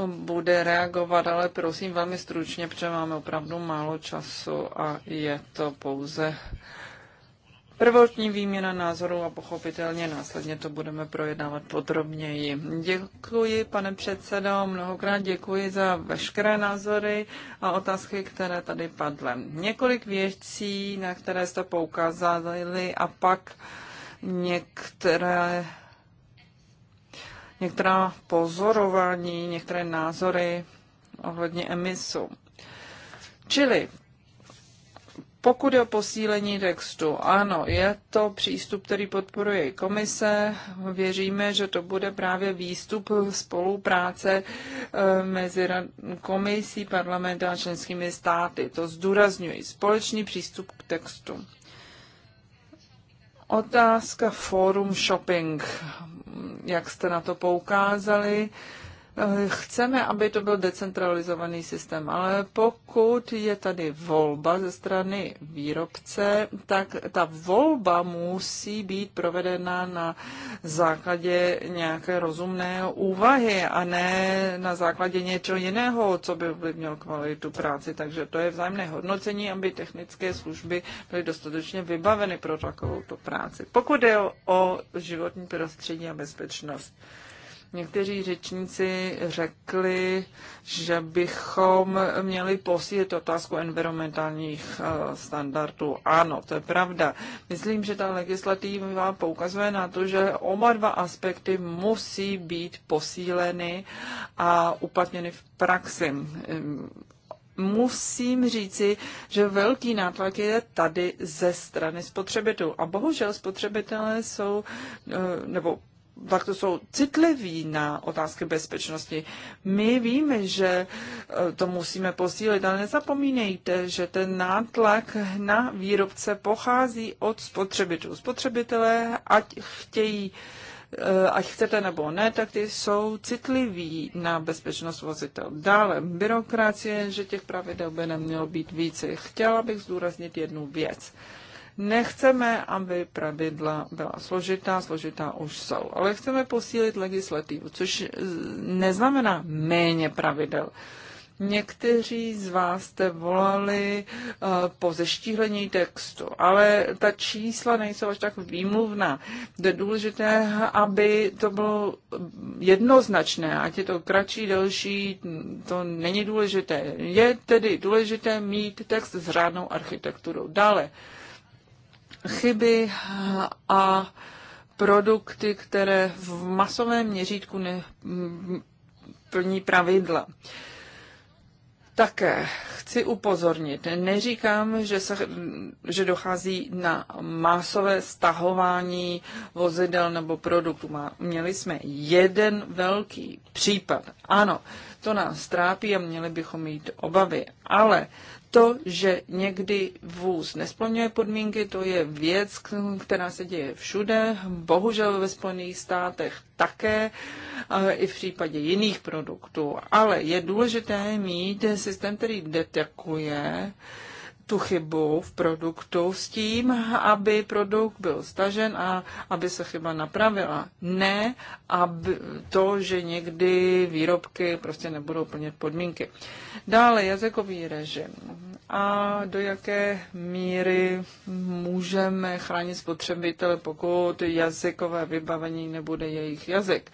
bude reagovat, ale prosím velmi stručně, protože máme opravdu málo času a je to pouze prvotní výměna názorů a pochopitelně následně to budeme projednávat podrobněji. Děkuji, pane předsedo, mnohokrát děkuji za veškeré názory a otázky, které tady padly. Několik věcí, na které jste poukázali a pak některé některá pozorování, některé názory ohledně emisu. Čili pokud je o posílení textu, ano, je to přístup, který podporuje komise. Věříme, že to bude právě výstup spolupráce eh, mezi komisí, parlamentem a členskými státy. To zdůrazňuji. Společný přístup k textu. Otázka forum shopping. Jak jste na to poukázali? Eh, chceme, aby to byl decentralizovaný systém, ale pokud je tady volba ze strany výrobce, tak ta volba musí být provedena na základě nějaké rozumné úvahy a ne na základě něčeho jiného, co by ovlivnilo kvalitu práci. Takže to je vzájemné hodnocení, aby technické služby byly dostatečně vybaveny pro takovouto práci. Pokud je o životní prostředí a bezpečnost. Někteří řečníci řekli, že bychom měli posílit otázku environmentálních eh, standardů. Ano, to je pravda. Myslím, že ta legislativa poukazuje na to, že oba dva aspekty musí být posíleny a uplatněny v praxi ehm, musím říci, že velký nátlak je tady ze strany spotřebitelů. A bohužel spotřebitelé jsou, eh, nebo takto jsou citliví na otázky bezpečnosti. My víme, že eh, to musíme posílit, ale nezapomínejte, že ten nátlak na výrobce pochází od spotřebitelů. Spotřebitelé, ať chtějí eh, ať chcete nebo ne, tak ty jsou citliví na bezpečnost vozitel. Dále byrokracie, že těch pravidel by nemělo být více. Chtěla bych zdůraznit jednu věc. Nechceme, aby pravidla byla složitá, složitá už jsou, ale chceme posílit legislativu, což neznamená méně pravidel. Někteří z vás jste volali uh, po zeštíhlení textu, ale ta čísla nejsou až tak výmluvná. Je důležité, aby to bylo jednoznačné, ať je to kratší, delší, to není důležité. Je tedy důležité mít text s řádnou architekturou. Dále, uh, chyby a produkty, které v masovém měřítku neplní pravidla. Také chci upozornit, neříkám, že, se, že dochází na masové stahování vozidel nebo produktů. Měli jsme jeden velký případ. Ano, to nás trápí a měli bychom mít obavy. Ale to, že někdy vůz nesplňuje podmínky, to je věc, která se děje všude, bohužel ve Spojených státech také, i v případě jiných produktů. Ale je důležité mít systém, který detekuje, tu chybu v produktu s tím, aby produkt byl stažen a aby se chyba napravila. Ne aby to, že někdy výrobky prostě nebudou plnit podmínky. Dále jazykový režim. A do jaké míry můžeme chránit spotřebitele, pokud jazykové vybavení nebude jejich jazyk.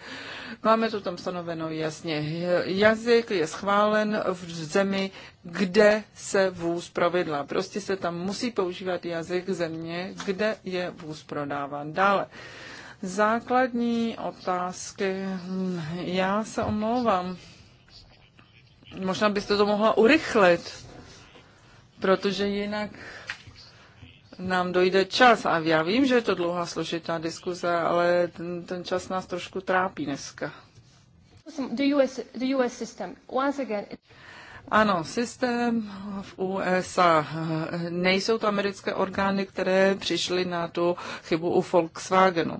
Máme to tam stanoveno jasně. Jazyk je schválen v zemi, kde se vůz pravidla prostě se tam musí používat jazyk země, kde je vůz prodáván dále. Základní otázky. Já se omlouvám. Možná byste to mohla urychlit, protože jinak nám dojde čas. A já vím, že je to dlouhá složitá diskuze, ale ten, ten čas nás trošku trápí dneska. The US, the US system. Once again, it... Ano, systém v USA. Nejsou to americké orgány, které přišly na tu chybu u Volkswagenu.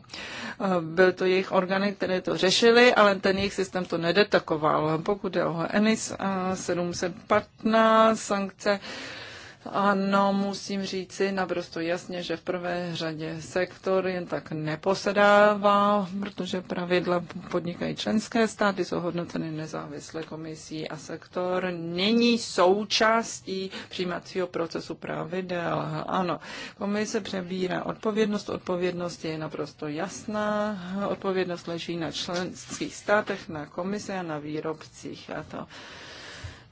Byl to jejich orgány, které to řešily, ale ten jejich systém to nedetekoval. Pokud je o ENIS 715 sankce, ano, musím říci naprosto jasně, že v prvé řadě sektor jen tak neposedává, protože pravidla podnikají členské státy, jsou hodnoceny nezávisle komisí a sektor není součástí přijímacího procesu pravidel. Ano, komise přebírá odpovědnost, odpovědnost je naprosto jasná, odpovědnost leží na členských státech, na komise a na výrobcích. A to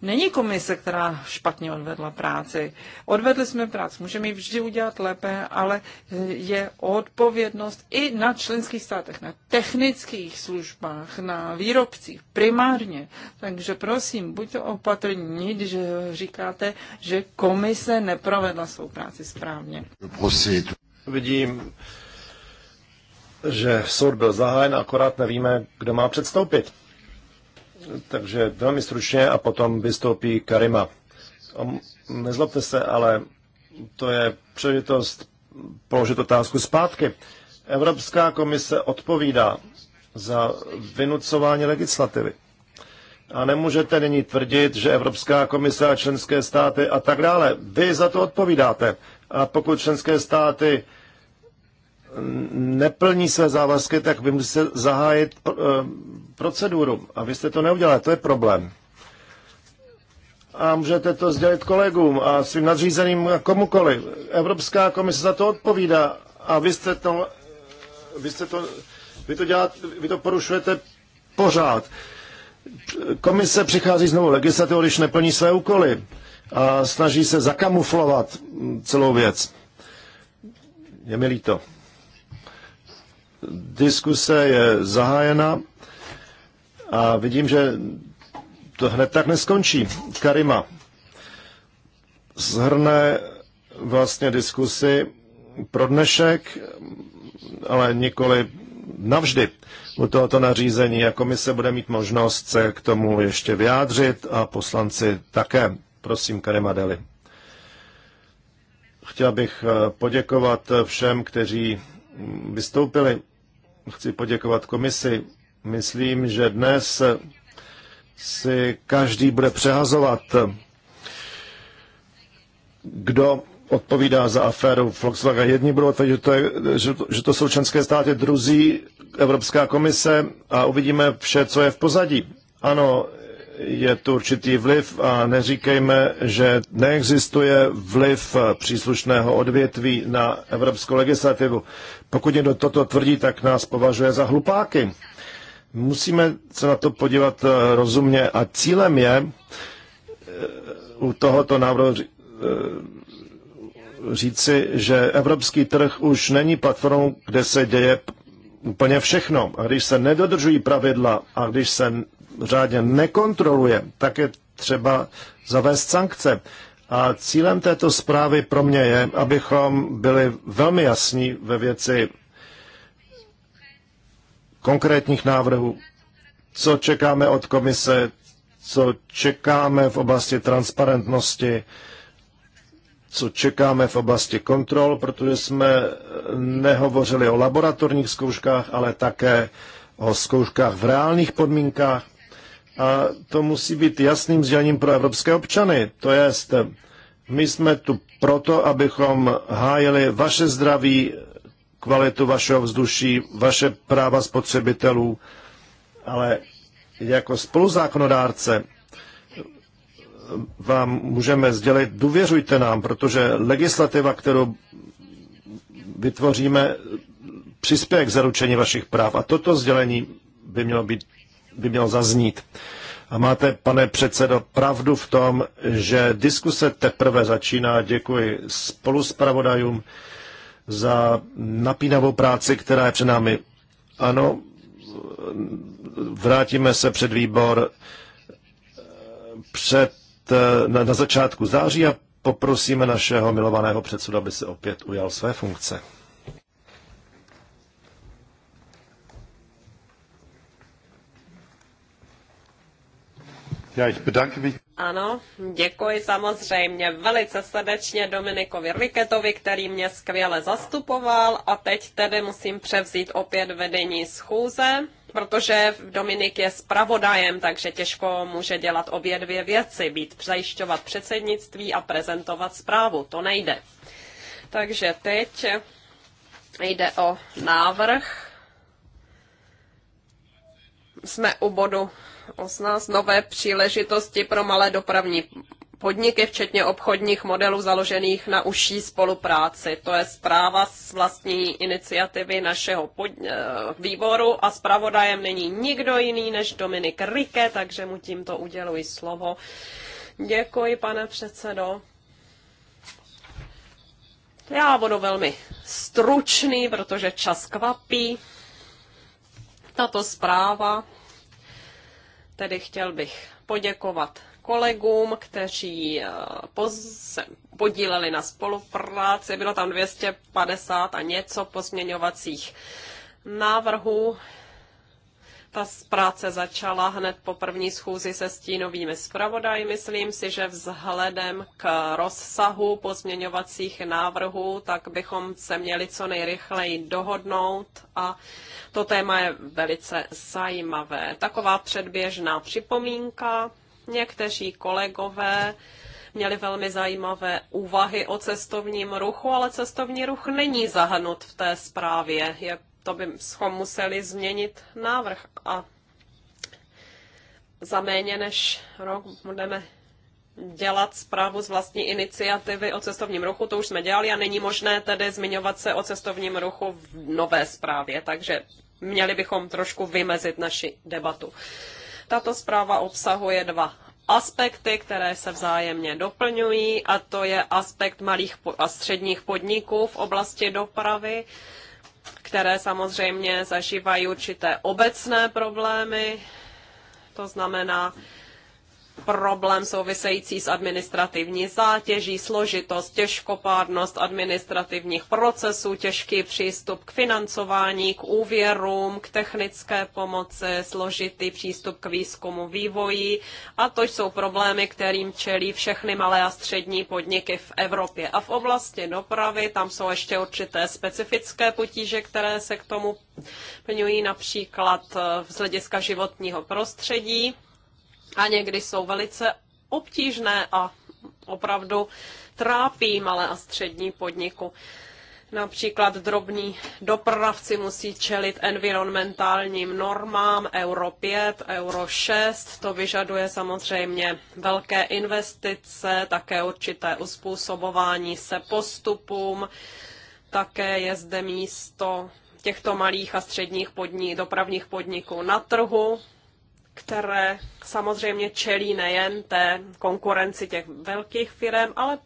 není komise, která špatně odvedla práci. Odvedli jsme práci, můžeme ji vždy udělat lépe, ale je odpovědnost i na členských státech, na technických službách, na výrobcích primárně. Takže prosím, buďte opatrní, když říkáte, že komise neprovedla svou práci správně. Prosím. Vidím, že soud byl zahájen, akorát nevíme, kdo má předstoupit. Takže velmi stručně a potom vystoupí Karima. Nezlobte se, ale to je příležitost položit otázku zpátky. Evropská komise odpovídá za vynucování legislativy. A nemůžete nyní tvrdit, že Evropská komise a členské státy a tak dále. Vy za to odpovídáte. A pokud členské státy neplní své závazky, tak by musel zahájit eh, proceduru. A vy jste to neudělali, to je problém. A můžete to sdělit kolegům a svým nadřízeným a komukoliv. Evropská komise za to odpovídá a vy jste to, vy jste to, vy to, děláte, vy to porušujete pořád. Komise přichází s novou legislativou, když neplní své úkoly a snaží se zakamuflovat celou věc. Je mi líto. Diskuse je zahájena a vidím, že to hned tak neskončí. Karima zhrne vlastně diskusi pro dnešek, ale nikoli navždy u tohoto nařízení a komise bude mít možnost se k tomu ještě vyjádřit a poslanci také. Prosím, Karima Deli. Chtěl bych eh, poděkovat eh, všem, kteří vystoupili. Chci poděkovat komisi. Myslím, že dnes si každý bude přehazovat, kdo odpovídá za aféru Volkswagen. Jedni budou tvrdit, že to, je, že, to, že to jsou členské státy, druzí Evropská komise a uvidíme vše, co je v pozadí. Ano, je tu určitý vliv a neříkejme, že neexistuje vliv příslušného odvětví na evropskou legislativu. Pokud někdo toto tvrdí, tak nás považuje za hlupáky. Musíme se na to podívat eh, rozumně a cílem je eh, u tohoto návrhu eh, říci, že evropský trh už není platformou, kde se děje úplně všechno. A když se nedodržují pravidla a když se řádně nekontroluje, tak je třeba zavést sankce. A cílem této zprávy pro mě je, abychom byli velmi jasní ve věci konkrétních návrhů, co čekáme od komise, co čekáme v oblasti transparentnosti, co čekáme v oblasti kontrol, protože jsme nehovořili o laboratorních zkouškách, ale také o zkouškách v reálných podmínkách. A to musí být jasným sdělením pro evropské občany. To je, my jsme tu proto, abychom hájili vaše zdraví, kvalitu vašeho vzduší, vaše práva spotřebitelů, ale jako spoluzákonodárce vám můžeme sdělit, důvěřujte nám, protože legislativa, kterou vytvoříme, přispěje k zaručení vašich práv. A toto sdělení by mělo být by měl zaznít. A máte, pane předsedo, pravdu v tom, že diskuse teprve začíná. Děkuji spolu s pravodajům za napínavou práci, která je před námi. Ano, vrátíme se před výbor eh, před, eh, na, na začátku září a poprosíme našeho milovaného předsedu, aby se opět ujal své funkce. Já ich bedanke mich. Ano, děkuji samozřejmě velice srdečně Dominikovi Riketovi, který mě skvěle zastupoval a teď tedy musím převzít opět vedení schůze, protože Dominik je zpravodajem, takže těžko může dělat obě dvě věci, být zajišťovat předsednictví a prezentovat zprávu, to nejde. Takže teď jde o návrh. Jsme u bodu 18 nové příležitosti pro malé dopravní podniky, včetně obchodních modelů založených na užší spolupráci. To je zpráva z vlastní iniciativy našeho pod, eh, výboru a zpravodajem není nikdo jiný než Dominik Rike, takže mu tímto uděluji slovo. Děkuji, pane předsedo. Já budu velmi stručný, protože čas kvapí. Tato zpráva Tedy chtěl bych poděkovat kolegům, kteří eh, se podíleli na spolupráci. Bylo tam 250 a něco pozměňovacích návrhů. Ta práce začala hned po první schůzi se stínovými zpravodaji. Myslím si, že vzhledem k rozsahu pozměňovacích návrhů, tak bychom se měli co nejrychleji dohodnout a to téma je velice zajímavé. Taková předběžná připomínka. Někteří kolegové měli velmi zajímavé úvahy o cestovním ruchu, ale cestovní ruch není zahrnut v té zprávě. Je to bychom museli změnit návrh a za méně než rok budeme dělat zprávu z vlastní iniciativy o cestovním ruchu, to už jsme dělali a není možné tedy zmiňovat se o cestovním ruchu v nové zprávě, takže měli bychom trošku vymezit naši debatu. Tato zpráva obsahuje dva aspekty, které se vzájemně doplňují, a to je aspekt malých a středních podniků v oblasti dopravy které samozřejmě zažívají určité obecné problémy, to znamená problém související s administrativní zátěží, složitost, těžkopádnost administrativních procesů, těžký přístup k financování, k úvěrům, k technické pomoci, složitý přístup k výzkumu vývoji. A to jsou problémy, kterým čelí všechny malé a střední podniky v Evropě. A v oblasti dopravy tam jsou ještě určité specifické potíže, které se k tomu plňují například eh, z hlediska životního prostředí a někdy jsou velice obtížné a opravdu trápí malé a střední podniku. Například drobní dopravci musí čelit environmentálním normám Euro 5, Euro 6. To vyžaduje samozřejmě velké investice, také určité uspůsobování se postupům. Také je zde místo těchto malých a středních podní, dopravních podniků na trhu které samozřejmě čelí nejen té konkurenci těch velkých firm, ale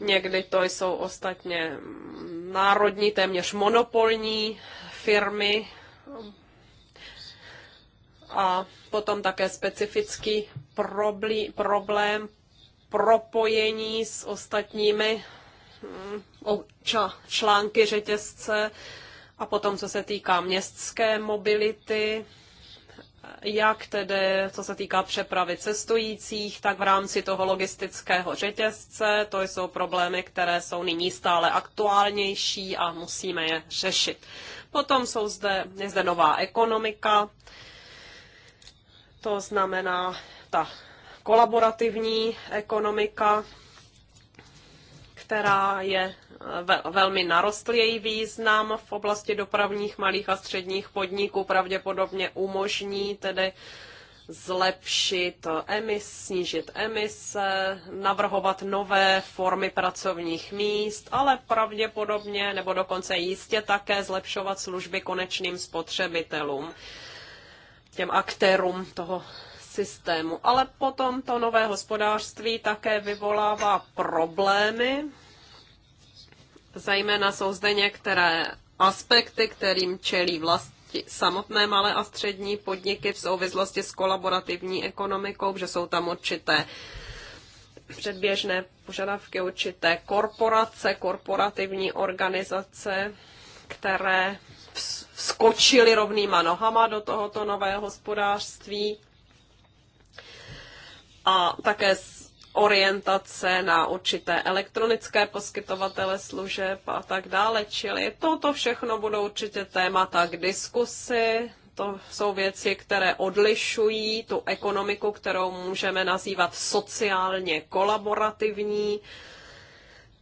někdy to jsou ostatně národní, téměř monopolní firmy a potom také specifický problém, problém propojení s ostatními mm, články řetězce, a potom, co se týká městské mobility, jak tedy, co se týká přepravy cestujících, tak v rámci toho logistického řetězce, to jsou problémy, které jsou nyní stále aktuálnější a musíme je řešit. Potom jsou zde, je zde nová ekonomika, to znamená ta kolaborativní ekonomika, která je eh, ve, velmi narostl její význam v oblasti dopravních malých a středních podniků, pravděpodobně umožní tedy zlepšit eh, emis, snížit emise, navrhovat nové formy pracovních míst, ale pravděpodobně nebo dokonce jistě také zlepšovat služby konečným spotřebitelům, těm aktérům toho systému. Ale potom to nové hospodářství také vyvolává problémy. Zajména jsou zde některé aspekty, kterým čelí vlast samotné malé a střední podniky v souvislosti s kolaborativní ekonomikou, že jsou tam určité předběžné požadavky, určité korporace, korporativní organizace, které vskočily rovnýma nohama do tohoto nového hospodářství a také orientace na určité elektronické poskytovatele služeb a tak dále. Čili toto všechno budou určitě témata k diskusi. To jsou věci, které odlišují tu ekonomiku, kterou můžeme nazývat sociálně kolaborativní,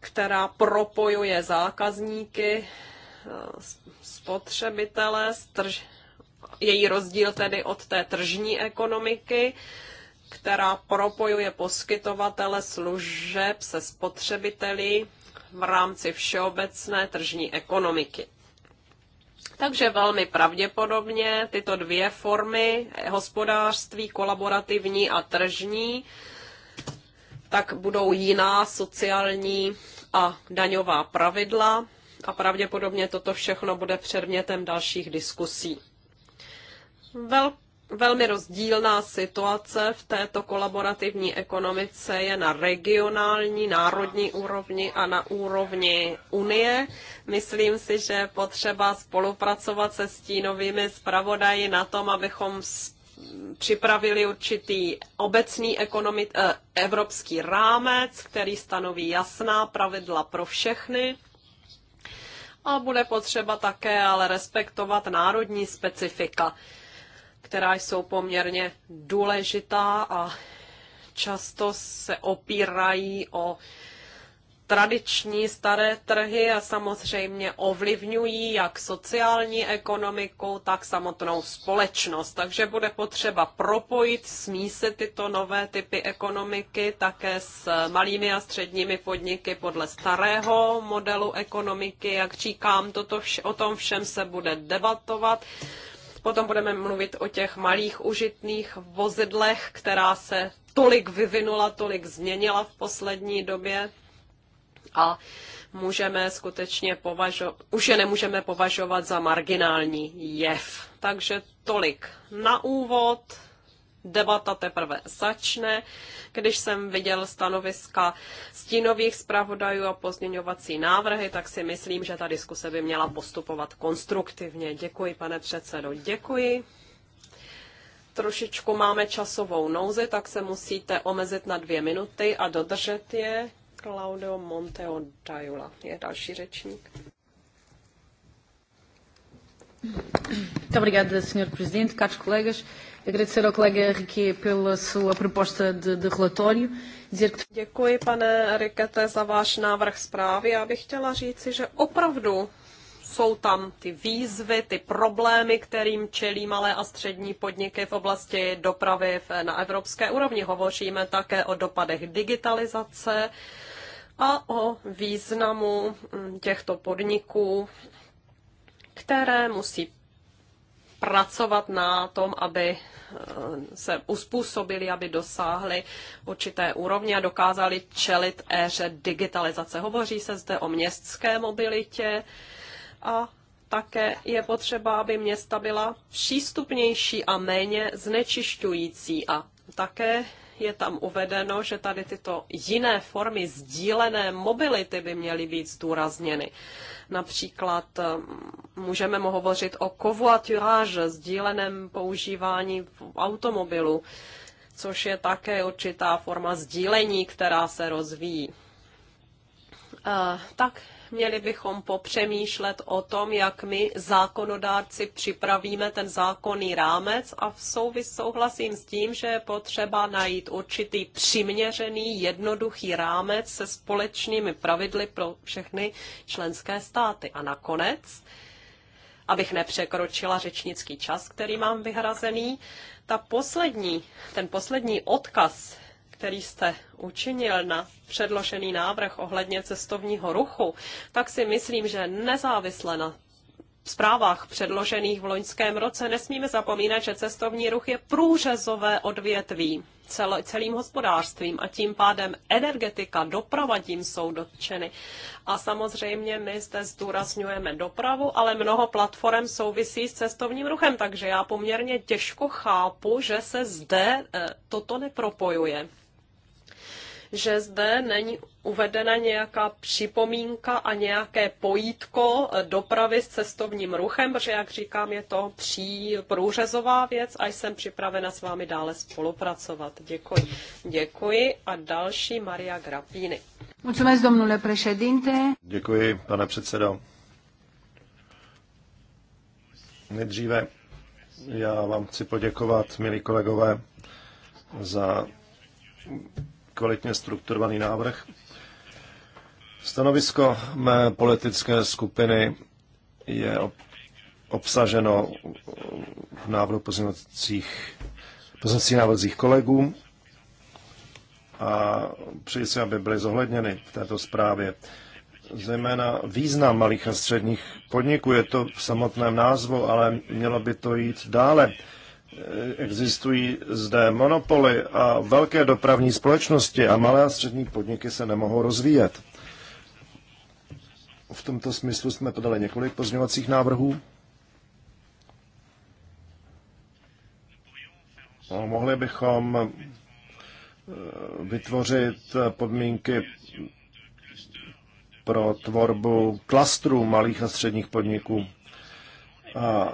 která propojuje zákazníky, eh, spotřebitele, strž... její rozdíl tedy od té tržní ekonomiky která propojuje poskytovatele služeb se spotřebiteli v rámci všeobecné tržní ekonomiky. Takže velmi pravděpodobně tyto dvě formy hospodářství, kolaborativní a tržní, tak budou jiná sociální a daňová pravidla a pravděpodobně toto všechno bude předmětem dalších diskusí. Velká velmi rozdílná situace v této kolaborativní ekonomice je na regionální, národní úrovni a na úrovni Unie. Myslím si, že potřeba spolupracovat se stínovými zpravodaji na tom, abychom připravili určitý obecný ekonomit, eh, evropský rámec, který stanoví jasná pravidla pro všechny a bude potřeba také ale respektovat národní specifika která jsou poměrně důležitá a často se opírají o tradiční staré trhy a samozřejmě ovlivňují jak sociální ekonomiku, tak samotnou společnost. Takže bude potřeba propojit, smísit tyto nové typy ekonomiky také s malými a středními podniky podle starého modelu ekonomiky. Jak říkám, toto vše, o tom všem se bude debatovat. Potom budeme mluvit o těch malých užitných vozidlech, která se tolik vyvinula, tolik změnila v poslední době. A můžeme skutečně považovat, už je nemůžeme považovat za marginální jev. Takže tolik na úvod debata teprve začne. Když jsem viděl stanoviska stínových zpravodajů a pozměňovací návrhy, tak si myslím, že ta diskuse by měla postupovat konstruktivně. Děkuji, pane předsedo. Děkuji. Trošičku máme časovou nouzi, tak se musíte omezit na dvě minuty a dodržet je. Claudio Monteo Dajula je další řečník. Muito obrigada, Sr. Presidente, caros colegas agradecer ao colega Riquet pela sua proposta de, de relatório. Dizer que... Děkuji, pane Rikete, za váš návrh zprávy. Já bych chtěla říci, že opravdu jsou tam ty výzvy, ty problémy, kterým čelí malé a střední podniky v oblasti dopravy na evropské úrovni. Hovoříme také o dopadech digitalizace a o významu mm, těchto podniků, které musí pracovat na tom, aby eh, se uspůsobili, aby dosáhli určité úrovně a dokázali čelit éře digitalizace. Hovoří se zde o městské mobilitě a také je potřeba, aby města byla přístupnější a méně znečišťující. A také je tam uvedeno, že tady tyto jiné formy sdílené mobility by měly být zdůrazněny. Například eh, můžeme hovořit o covoiturage, sdíleném používání v automobilu, což je také určitá forma sdílení, která se rozvíjí. Eh, tak měli bychom popřemýšlet o tom, jak my zákonodárci připravíme ten zákonný rámec a v souvis souhlasím s tím, že je potřeba najít určitý přiměřený, jednoduchý rámec se společnými pravidly pro všechny členské státy. A nakonec, abych nepřekročila řečnický čas, který mám vyhrazený, ta poslední, ten poslední odkaz který jste učinil na předložený návrh ohledně cestovního ruchu, tak si myslím, že nezávisle na zprávách předložených v loňském roce nesmíme zapomínat, že cestovní ruch je průřezové odvětví cel, celým hospodářstvím a tím pádem energetika, doprava tím jsou dotčeny. A samozřejmě my zde zdůrazňujeme dopravu, ale mnoho platform souvisí s cestovním ruchem, takže já poměrně těžko chápu, že se zde eh, toto nepropojuje že zde není uvedena nějaká připomínka a nějaké pojítko dopravy s cestovním ruchem, protože, jak říkám, je to pří průřezová věc a jsem připravena s vámi dále spolupracovat. Děkuji. Děkuji a další Maria Grapíny. Děkuji, pane předsedo. Nejdříve já vám chci poděkovat, milí kolegové, za kvalitně strukturovaný návrh. Stanovisko mé politické skupiny je obsaženo v návrhu pozměnacích pozměňovacích návrzích kolegů a přeji si, aby byly zohledněny v této zprávě. Zejména význam malých a středních podniků je to v samotném názvu, ale mělo by to jít dále existují zde monopoly a velké dopravní společnosti a malé a střední podniky se nemohou rozvíjet. V tomto smyslu jsme podali několik pozměňovacích návrhů. No, mohli bychom eh, vytvořit podmínky pro tvorbu klastrů malých a středních podniků. A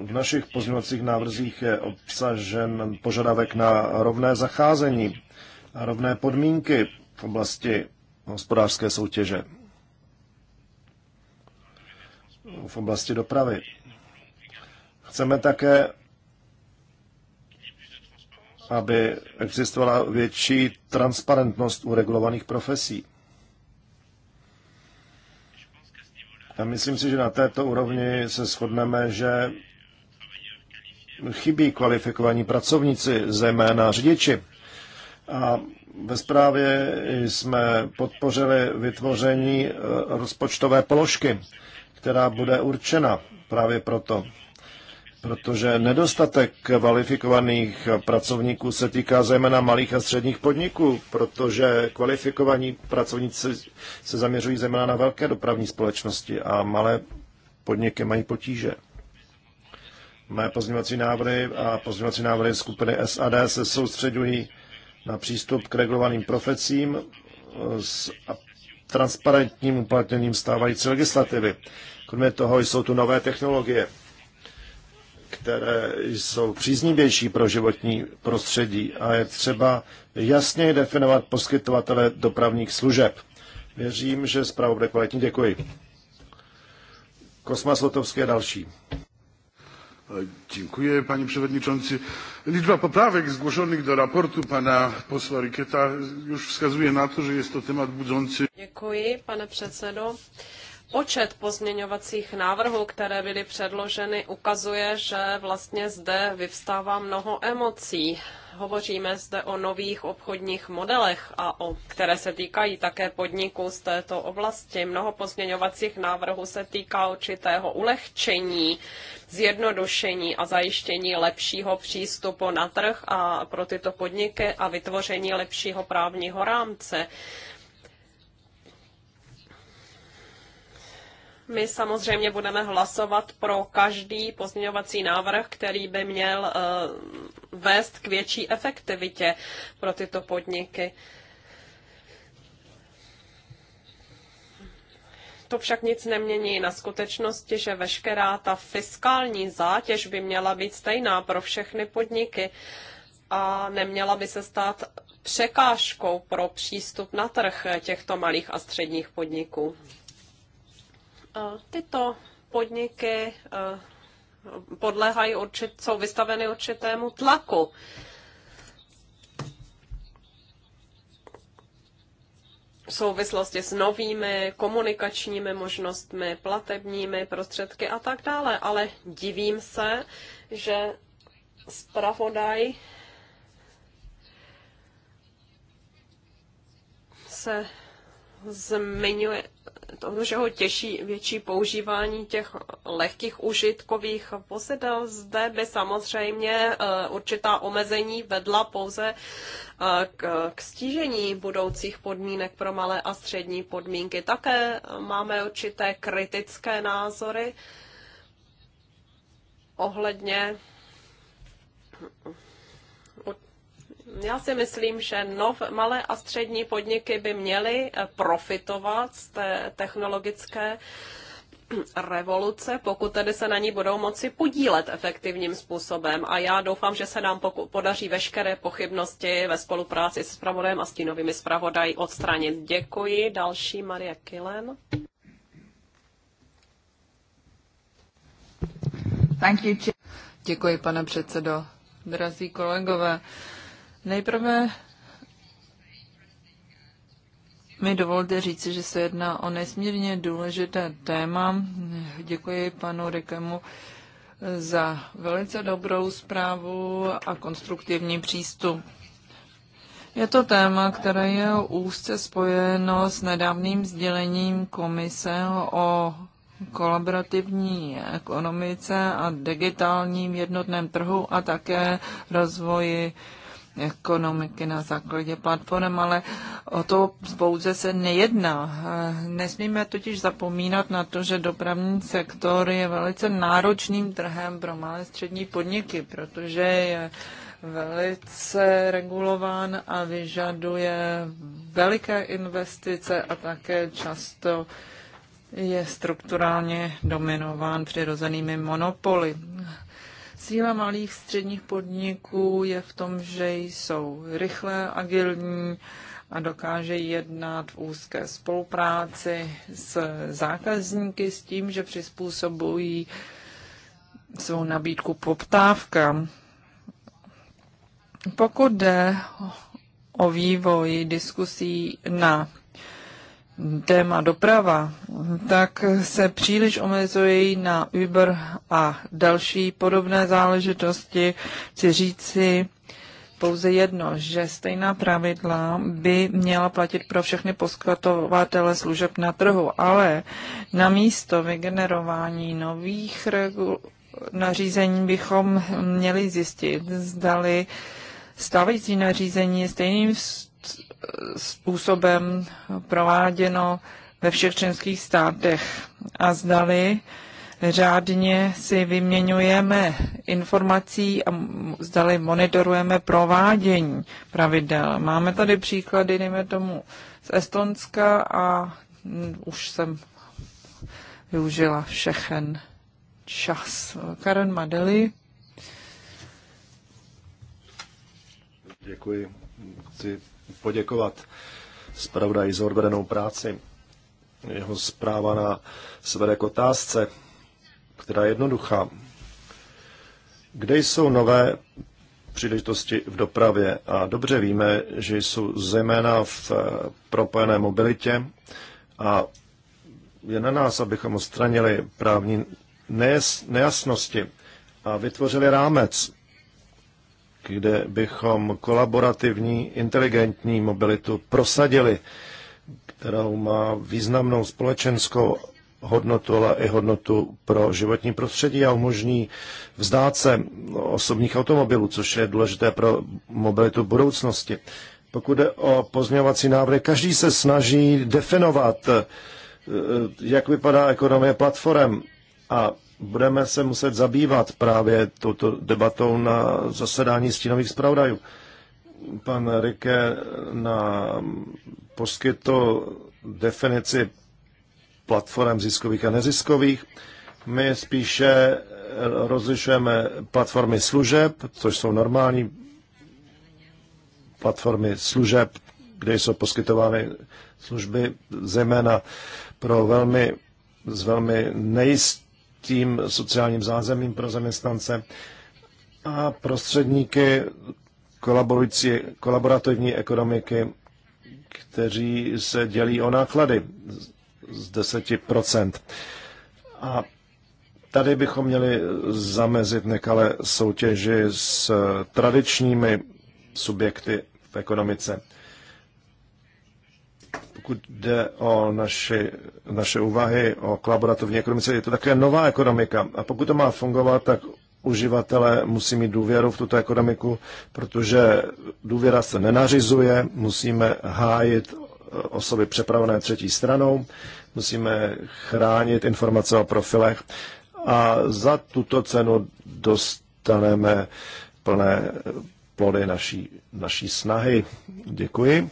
v našich pozměňovacích návrzích je obsažen požadavek na rovné zacházení a rovné podmínky v oblasti hospodářské soutěže, v oblasti dopravy. Chceme také, aby existovala větší transparentnost u regulovaných profesí. A myslím si, že na této úrovni se shodneme, že chybí kvalifikovaní pracovníci, zejména řidiči. A ve zprávě jsme podpořili vytvoření e, rozpočtové položky, která bude určena právě proto, protože nedostatek kvalifikovaných pracovníků se týká zejména malých a středních podniků, protože kvalifikovaní pracovníci se zaměřují zejména na velké dopravní společnosti a malé podniky mají potíže. Mé pozměňovací návrhy a pozměňovací návrhy skupiny SAD se soustředují na přístup k regulovaným profesím eh, s transparentním uplatněním stávající legislativy. Kromě toho jsou tu nové technologie, které jsou příznivější pro životní prostředí a je třeba jasně definovat poskytovatele dopravních služeb. Věřím, že zprávu bude kvalitní. Děkuji. Kosmas Lotovský je další. Dziękuję panie przewodniczący. Liczba poprawek zgłoszonych do raportu pana posła Riketa już wskazuje na to, że jest to temat budzący. Děkuji, pane předsedo. Počet pozměňovacích návrhů, které byly předloženy, ukazuje, že vlastně zde vyvstává mnoho emocí. Hovoříme zde o nových obchodních modelech, a o, které se týkají také podniků z této oblasti. Mnoho pozměňovacích návrhů se týká určitého ulehčení, zjednodušení a zajištění lepšího přístupu na trh a pro tyto podniky a vytvoření lepšího právního rámce. My samozřejmě budeme hlasovat pro každý pozměňovací návrh, který by měl eh, vést k větší efektivitě pro tyto podniky. To však nic nemění na skutečnosti, že veškerá ta fiskální zátěž by měla být stejná pro všechny podniky a neměla by se stát překážkou pro přístup na trh těchto malých a středních podniků. Eh, tyto podniky eh, podléhají určit, jsou vystaveny určitému tlaku. v souvislosti s novými komunikačními možnostmi, platebními prostředky a tak dále. Ale divím se, že zpravodaj se zmiňuje, to, že ho těší větší používání těch lehkých užitkových vozidel. Zde by samozřejmě eh, určitá omezení vedla pouze eh, k, k stížení budoucích podmínek pro malé a střední podmínky. Také eh, máme určité kritické názory ohledně já si myslím, že nov, malé a střední podniky by měly eh, profitovat z té technologické eh, revoluce, pokud tedy se na ní budou moci podílet efektivním způsobem. A já doufám, že se nám podaří veškeré pochybnosti ve spolupráci s Spravodajem a s novými zpravodají odstranit. Děkuji. Další Maria Kilen. Thank you. Děkuji, pane předsedo. Drazí kolegové, Nejprve mi dovolte říci, že se jedná o nesmírně důležité téma. Děkuji panu Rikemu za velice dobrou zprávu a konstruktivní přístup. Je to téma, které je úzce spojeno s nedávným sdělením komise o kolaborativní ekonomice a digitálním jednotném trhu a také rozvoji ekonomiky na základě platform, ale o to pouze se nejedná. Nesmíme totiž zapomínat na to, že dopravní sektor je velice náročným trhem pro malé střední podniky, protože je velice regulován a vyžaduje veliké investice a také často je strukturálně dominován přirozenými monopoly. Síla malých středních podniků je v tom, že jsou rychle agilní a dokáže jednat v úzké spolupráci s zákazníky s tím, že přizpůsobují svou nabídku poptávkám. Pokud jde o vývoj diskusí na téma doprava, tak se příliš omezují na Uber a další podobné záležitosti. Chci říci pouze jedno, že stejná pravidla by měla platit pro všechny poskytovatele služeb na trhu, ale na místo vygenerování nových nařízení bychom měli zjistit, zdali stávající nařízení stejným způsobem prováděno ve všech členských státech a zdali řádně si vyměňujeme informací a zdali monitorujeme provádění pravidel. Máme tady příklady, dejme tomu, z Estonska a už jsem využila všechen čas. Karen Madeli. Děkuji. Chci poděkovat zpravodaji za odvedenou práci. Jeho zpráva na svede k otázce, která je jednoduchá. Kde jsou nové příležitosti v dopravě? A dobře víme, že jsou zejména v eh, propojené mobilitě a je na nás, abychom odstranili právní nejasnosti a vytvořili rámec kde bychom kolaborativní, inteligentní mobilitu prosadili, kterou má významnou společenskou hodnotu, ale i hodnotu pro životní prostředí a umožní vzdát se osobních automobilů, což je důležité pro mobilitu budoucnosti. Pokud jde o pozměňovací návrhy, každý se snaží definovat, eh, jak vypadá ekonomie platform a budeme se muset zabývat právě touto debatou na zasedání stínových zpravodajů. Pan Rike na poskytl definici platform ziskových a neziskových. My spíše rozlišujeme platformy služeb, což jsou normální platformy služeb, kde jsou poskytovány služby zejména pro velmi, z velmi nejistých tím sociálním zázemím pro zaměstnance a prostředníky kolaborující, kolaborativní ekonomiky, kteří se dělí o náklady z 10%. A tady bychom měli zamezit nekalé soutěži s tradičními subjekty v ekonomice pokud jde o naši, naše úvahy o kolaborativní ekonomice, je to také nová ekonomika. A pokud to má fungovat, tak uživatelé musí mít důvěru v tuto ekonomiku, protože důvěra se nenařizuje, musíme hájit e, osoby přepravené třetí stranou, musíme chránit informace o profilech a za tuto cenu dostaneme plné plody naší, naší snahy. Děkuji.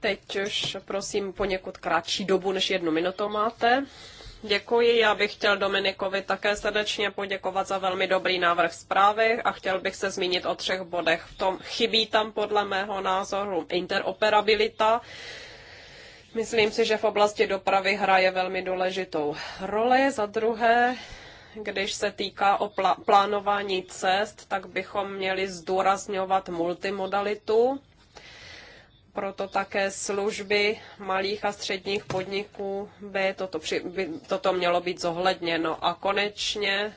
Teď už prosím poněkud kratší dobu než jednu minutu máte. Děkuji, já bych chtěl Dominikovi také srdečně poděkovat za velmi dobrý návrh zprávy a chtěl bych se zmínit o třech bodech. V tom chybí tam podle mého názoru interoperabilita. Myslím si, že v oblasti dopravy hraje velmi důležitou roli. Za druhé, když se týká o plánování cest, tak bychom měli zdůrazňovat multimodalitu proto také služby malých a středních podniků by toto, při, by toto mělo být zohledněno. A konečně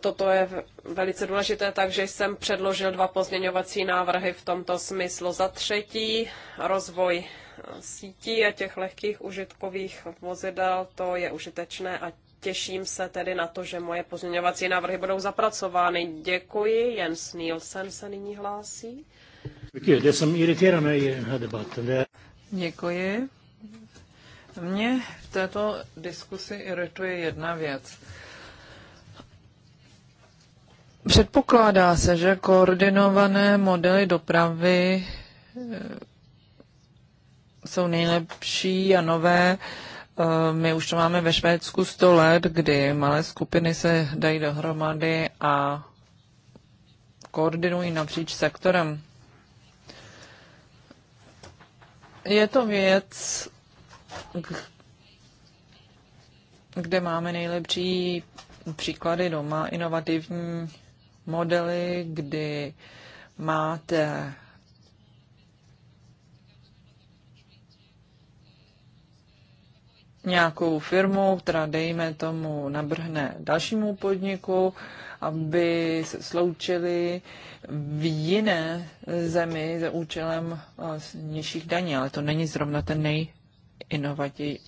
Toto je velice důležité, takže jsem předložil dva pozměňovací návrhy v tomto smyslu. Za třetí, rozvoj sítí a těch lehkých užitkových vozidel, to je užitečné a těším se tedy na to, že moje pozměňovací návrhy budou zapracovány. Děkuji. Jens Nielsen se nyní hlásí. Děkuji, Děkuji. Mě v této diskusi irituje jedna věc. Předpokládá se, že koordinované modely dopravy eh, jsou nejlepší a nové Eh, my už to máme ve Švédsku 100 let, kdy malé skupiny se dají dohromady a koordinují napříč sektorem. Je to věc, kde máme nejlepší příklady doma, inovativní modely, kdy máte nějakou firmu, která dejme tomu nabrhne dalšímu podniku, aby se sloučili v jiné zemi za účelem eh, nižších daní, ale to není zrovna ten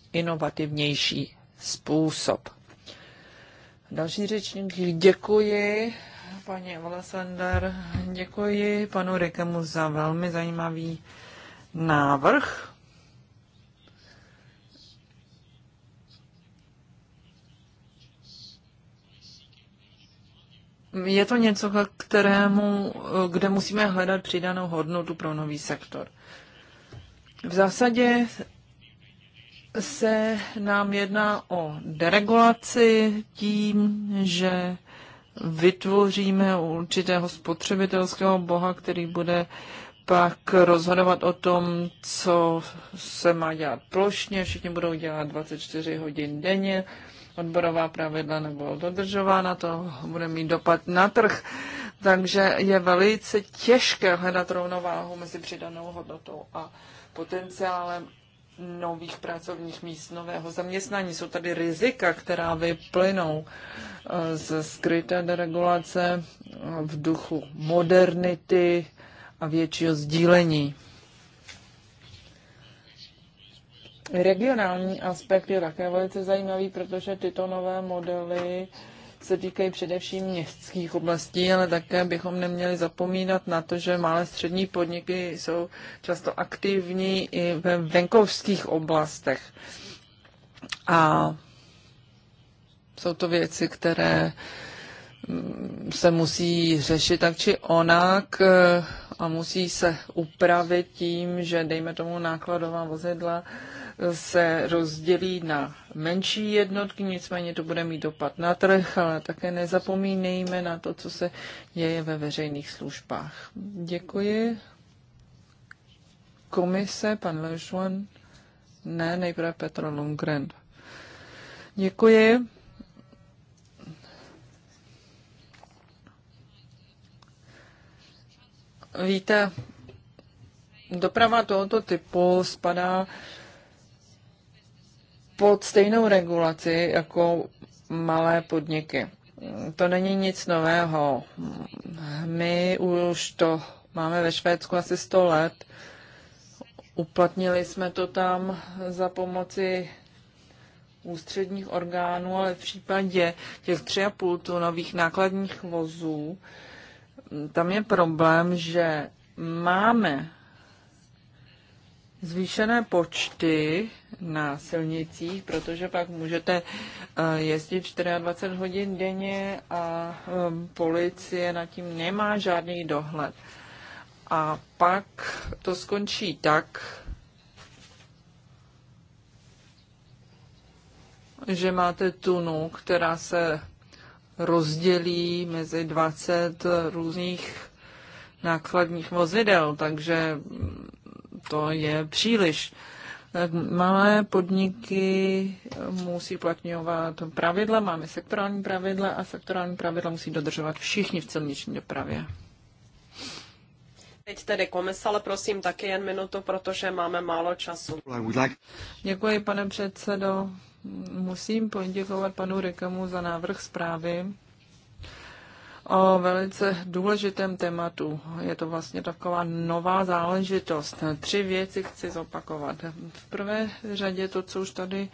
nejinovativnější způsob. Další řečník, děkuji paní Olasander, děkuji panu Rekemu za velmi zajímavý návrh je to něco, kterému, kde musíme hledat přidanou hodnotu pro nový sektor. V zásadě se nám jedná o deregulaci tím, že vytvoříme určitého spotřebitelského boha, který bude pak rozhodovat o tom, co se má dělat plošně, všichni budou dělat 24 hodin denně, odborová pravidla nebudou dodržována, to bude mít dopad na trh. Takže je velice těžké hledat rovnováhu mezi přidanou hodnotou a potenciálem nových pracovních míst, nového zaměstnání. Jsou tady rizika, která vyplynou eh, ze skryté deregulace v duchu modernity a většího sdílení. Regionální aspekt je také velice zajímavý, protože tyto nové modely se týkají především městských oblastí, ale také bychom neměli zapomínat na to, že malé střední podniky jsou často aktivní i ve venkovských oblastech. A jsou to věci, které se musí řešit tak či onak eh, a musí se upravit tím, že dejme tomu nákladová vozidla eh, se rozdělí na menší jednotky, nicméně to bude mít dopad na trh, ale také nezapomínejme na to, co se děje ve veřejných službách. Děkuji. Komise, pan Ležuan, ne, nejprve Petr Lundgren. Děkuji. Víte, doprava tohoto typu spadá pod stejnou regulaci jako malé podniky. To není nic nového. My už to máme ve Švédsku asi 100 let. Uplatnili jsme to tam za pomoci ústředních orgánů, ale v případě těch 3,5 tunových nákladních vozů tam je problém, že máme zvýšené počty na silnicích, protože pak můžete eh, jezdit 24 hodin denně a eh, policie nad tím nemá žádný dohled. A pak to skončí tak, že máte tunu, která se rozdělí mezi 20 různých nákladních vozidel, takže to je příliš. Malé podniky musí platňovat pravidla, máme sektorální pravidla a sektorální pravidla musí dodržovat všichni v celniční dopravě. Teď tedy komise, ale prosím taky jen minutu, protože máme málo času. Děkuji, pane předsedo. Musím poděkovat panu Rikemu za návrh zprávy o velice důležitém tématu. Je to vlastně taková nová záležitost. Tři věci chci zopakovat. V prvé řadě to, co už tady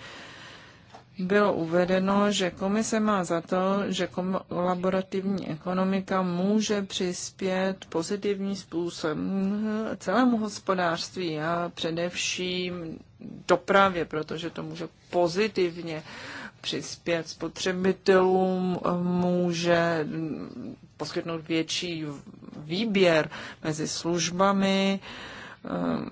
bylo uvedeno, že komise má za to, že kolaborativní ekonomika může přispět pozitivním způsobem celému hospodářství a především dopravě, protože to může pozitivně přispět spotřebitelům, může poskytnout větší výběr mezi službami, ehm,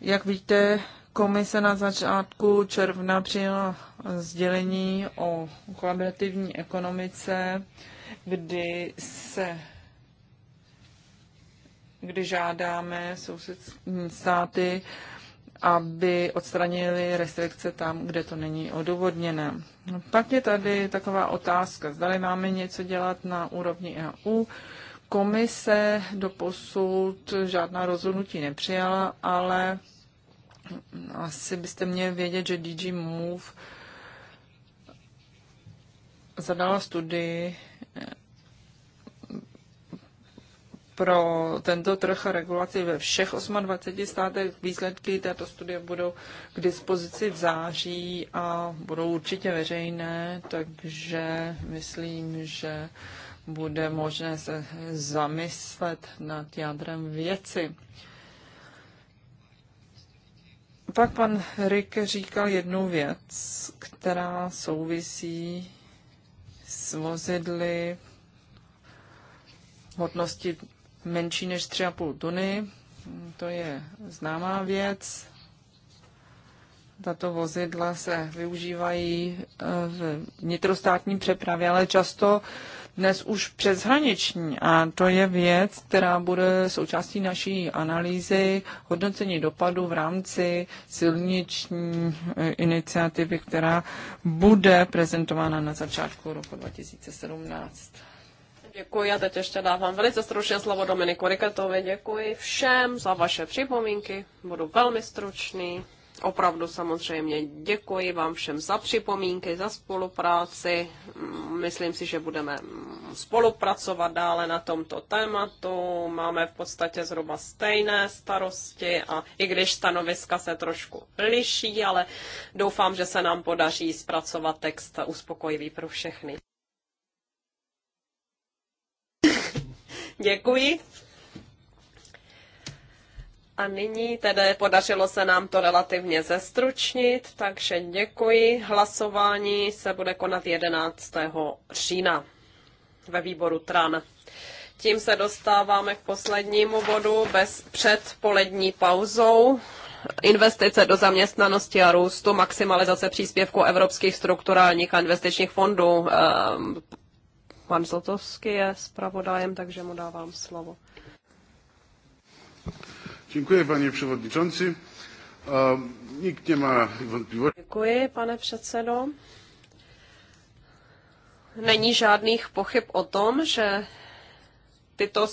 jak víte, Komise na začátku června přijela sdělení o kolaborativní ekonomice, kdy se kdy žádáme sousední státy, aby odstranili restrikce tam, kde to není odůvodněné. No, pak je tady taková otázka, zdali máme něco dělat na úrovni EU. Komise do posud žádná rozhodnutí nepřijala, ale asi byste měli vědět, že DG Move zadala studii eh, pro tento trh regulaci ve všech 28 státech. Výsledky této studie budou k dispozici v září a budou určitě veřejné, takže myslím, že bude možné se zamyslet nad jádrem věci. Pak pan Rik říkal jednu věc, která souvisí s vozidly hodnosti menší než 3,5 tuny. To je známá věc. Tato vozidla se využívají eh, v nitrostátní přepravě, ale často dnes už přeshraniční a to je věc, která bude součástí naší analýzy hodnocení dopadu v rámci silniční eh, iniciativy, která bude prezentována na začátku roku 2017. Děkuji a teď ještě dávám velice stručně slovo Dominiku Riketovi. Děkuji všem za vaše připomínky, budu velmi stručný. Opravdu samozřejmě děkuji vám všem za připomínky, za spolupráci. Myslím si, že budeme spolupracovat dále na tomto tématu. Máme v podstatě zhruba stejné starosti a i když stanoviska se trošku liší, ale doufám, že se nám podaří zpracovat text uspokojivý pro všechny. děkuji. A nyní tedy podařilo se nám to relativně zestručnit, takže děkuji. Hlasování se bude konat 11. října ve výboru TRAN. Tím se dostáváme k poslednímu bodu bez předpolední pauzou. Investice do zaměstnanosti a růstu, maximalizace příspěvku evropských strukturálních a investičních fondů. Ehm, pan Zlotovský je zpravodajem, takže mu dávám slovo. Děkuji, paní předsedající. Nikt nemá vątpliwości. Děkuji, pane předsedo. Není žádných pochyb o tom, že tyto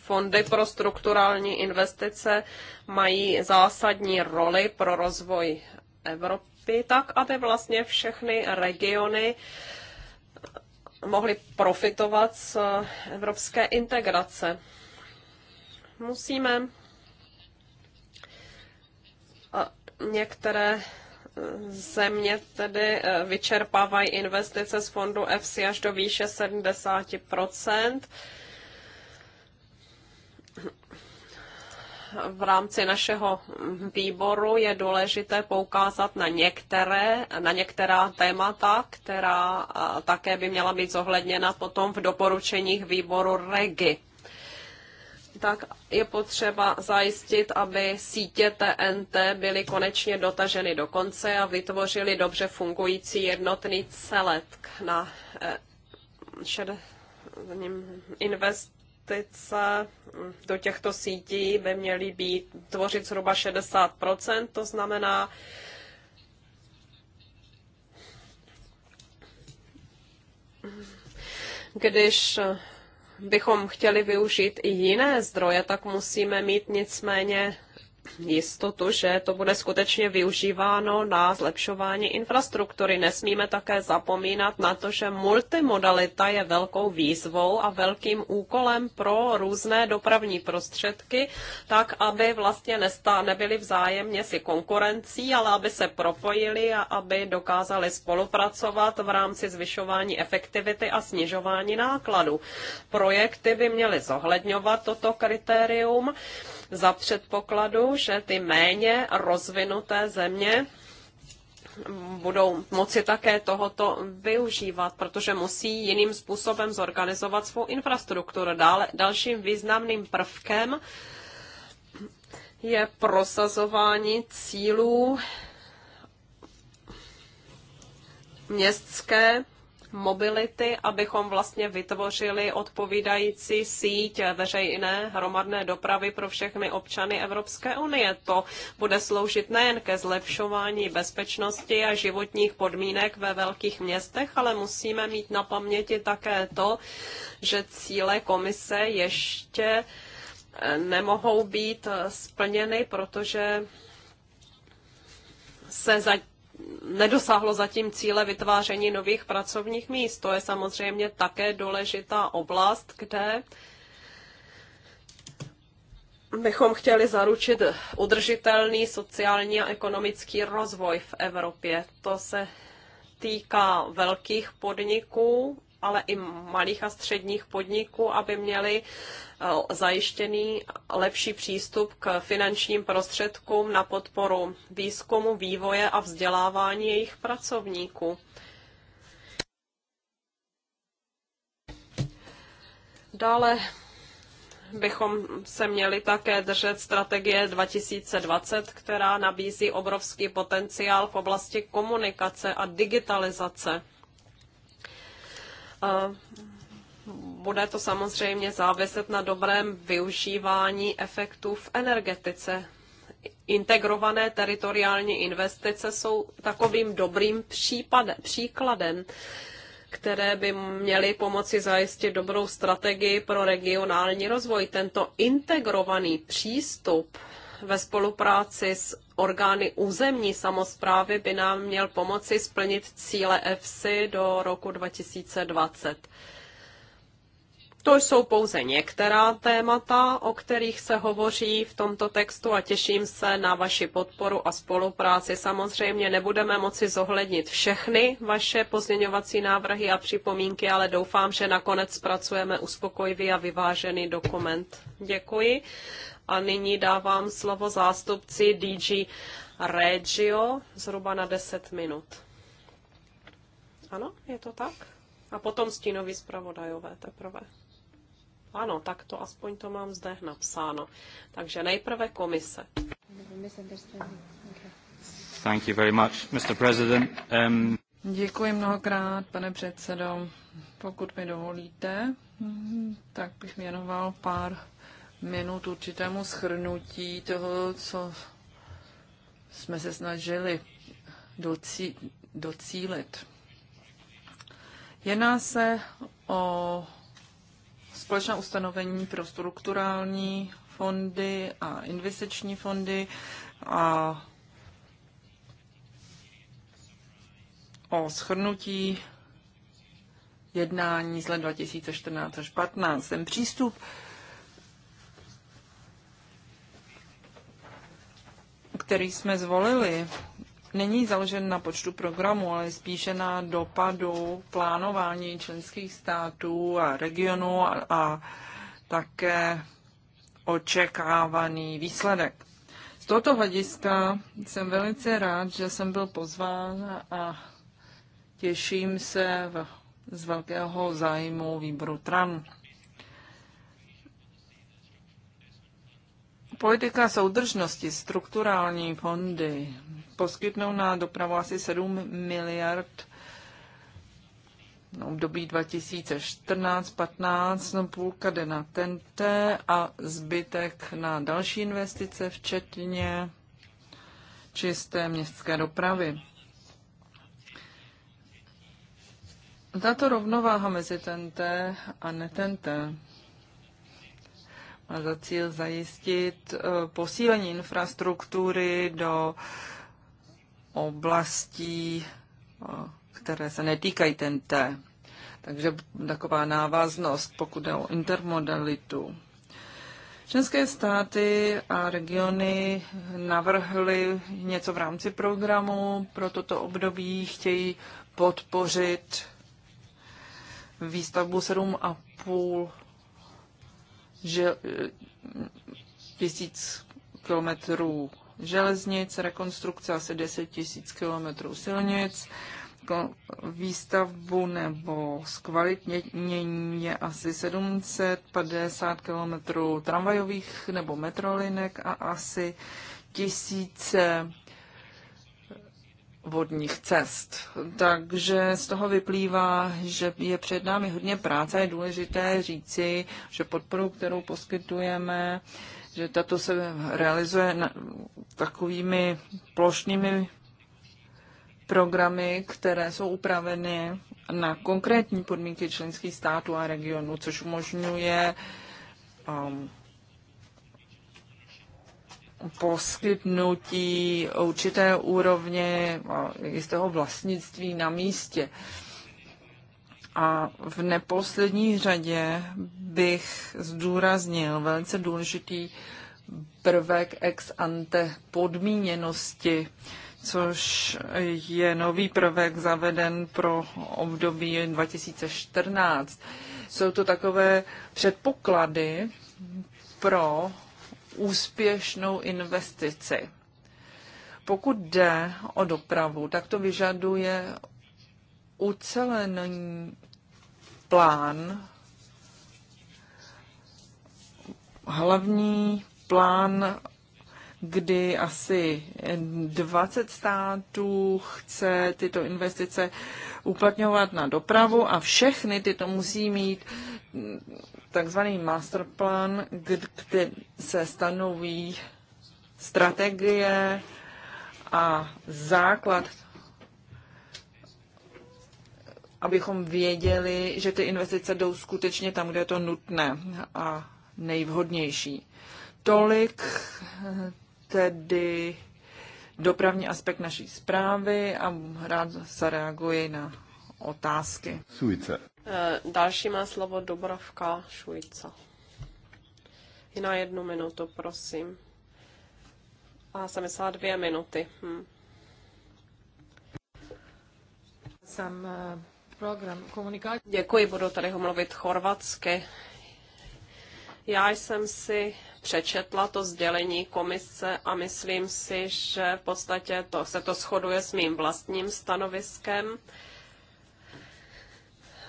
fondy pro strukturální investice mají zásadní roli pro rozvoj Evropy, tak aby vlastně všechny regiony mohly profitovat z evropské integrace. Musíme některé eh, země tedy eh, vyčerpávají investice z fondu EFSI až do výše 70 v rámci našeho výboru je důležité poukázat na některé, na některá témata, která eh, také by měla být zohledněna potom v doporučeních výboru REGI tak je potřeba zajistit, aby sítě TNT byly konečně dotaženy do konce a vytvořily dobře fungující jednotný celek na eh, šed, investice do těchto sítí by měly být tvořit zhruba 60%, to znamená, když bychom chtěli využít i jiné zdroje, tak musíme mít nicméně jistotu, že to bude skutečně využíváno na zlepšování infrastruktury. Nesmíme také zapomínat na to, že multimodalita je velkou výzvou a velkým úkolem pro různé dopravní prostředky, tak aby vlastně nestá, nebyly vzájemně si konkurencí, ale aby se propojili a aby dokázali spolupracovat v rámci zvyšování efektivity a snižování nákladů. Projekty by měly zohledňovat toto kritérium za předpokladu, že ty méně rozvinuté země budou moci také tohoto využívat, protože musí jiným způsobem zorganizovat svou infrastrukturu. Dále, dalším významným prvkem je prosazování cílů městské mobility, abychom vlastně vytvořili odpovídající síť veřejné hromadné dopravy pro všechny občany Evropské unie. To bude sloužit nejen ke zlepšování bezpečnosti a životních podmínek ve velkých městech, ale musíme mít na paměti také to, že cíle komise ještě eh, nemohou být splněny, protože se zatím nedosáhlo zatím cíle vytváření nových pracovních míst. To je samozřejmě také důležitá oblast, kde bychom chtěli zaručit udržitelný sociální a ekonomický rozvoj v Evropě. To se týká velkých podniků, ale i malých a středních podniků, aby měli eh, zajištěný lepší přístup k finančním prostředkům na podporu výzkumu, vývoje a vzdělávání jejich pracovníků. Dále bychom se měli také držet strategie 2020, která nabízí obrovský potenciál v oblasti komunikace a digitalizace bude to samozřejmě záviset na dobrém využívání efektů v energetice. Integrované teritoriální investice jsou takovým dobrým případe, příkladem které by měly pomoci zajistit dobrou strategii pro regionální rozvoj. Tento integrovaný přístup ve spolupráci s orgány územní samozprávy by nám měl pomoci splnit cíle EFSI do roku 2020. To jsou pouze některá témata, o kterých se hovoří v tomto textu a těším se na vaši podporu a spolupráci. Samozřejmě nebudeme moci zohlednit všechny vaše pozměňovací návrhy a připomínky, ale doufám, že nakonec zpracujeme uspokojivý a vyvážený dokument. Děkuji. A nyní dávám slovo zástupci DG Regio zhruba na 10 minut. Ano, je to tak? A potom stínový zpravodajové teprve. Ano, tak to aspoň to mám zde napsáno. Takže nejprve komise. Thank you very much, Mr. President. Um... Děkuji mnohokrát, pane předsedo. Pokud mi dovolíte, tak bych věnoval pár minut určitému schrnutí toho, co jsme se snažili docí, docílit. Jedná se o společná ustanovení pro strukturální fondy a investiční fondy a o schrnutí jednání z let 2014 až 2015. Ten přístup který jsme zvolili, není založen na počtu programů, ale spíše na dopadu plánování členských států a regionů a, a také očekávaný výsledek. Z tohoto hlediska jsem velice rád, že jsem byl pozván a těším se v, z velkého zájmu výboru TRAN. Politika soudržnosti, strukturální fondy poskytnou na dopravu asi 7 miliard no, dobí 2014-15, no, půlka jde na TNT a zbytek na další investice, včetně čisté městské dopravy. Tato rovnováha mezi TNT a netente za cíl zajistit e, posílení infrastruktury do oblastí, e, které se netýkají TNT. Takže taková návaznost, pokud jde o intermodalitu. České státy a regiony navrhly něco v rámci programu pro toto období, chtějí podpořit výstavbu 7,5 žel, eh, tisíc kilometrů železnic, rekonstrukce asi 10 tisíc kilometrů silnic, výstavbu nebo zkvalitnění je asi 750 kilometrů tramvajových nebo metrolinek a asi tisíce vodních cest. Takže z toho vyplývá, že je před námi hodně práce. Je důležité říci, že podporu, kterou poskytujeme, že tato se realizuje na, takovými plošnými programy, které jsou upraveny na konkrétní podmínky členských států a regionů, což umožňuje um, poskytnutí určité úrovně jistého vlastnictví na místě. A v neposlední řadě bych zdůraznil velice důležitý prvek ex ante podmíněnosti, což je nový prvek zaveden pro období 2014. Jsou to takové předpoklady pro úspěšnou investici. Pokud jde o dopravu, tak to vyžaduje ucelený plán, hlavní plán, kdy asi 20 států chce tyto investice uplatňovat na dopravu a všechny tyto musí mít takzvaný masterplan, kde se stanoví strategie a základ, abychom věděli, že ty investice jdou skutečně tam, kde je to nutné a nejvhodnější. Tolik eh, tedy dopravní aspekt naší zprávy a rád zareaguji na otázky. Suice. E, další má slovo Dobravka Šujica. I na jednu minutu, prosím. A 72 minuty. Hm. Jsem e, program komunikace. Děkuji, budu tady mluvit chorvatsky. Já jsem si přečetla to sdělení komise a myslím si, že v podstatě to, se to shoduje s mým vlastním stanoviskem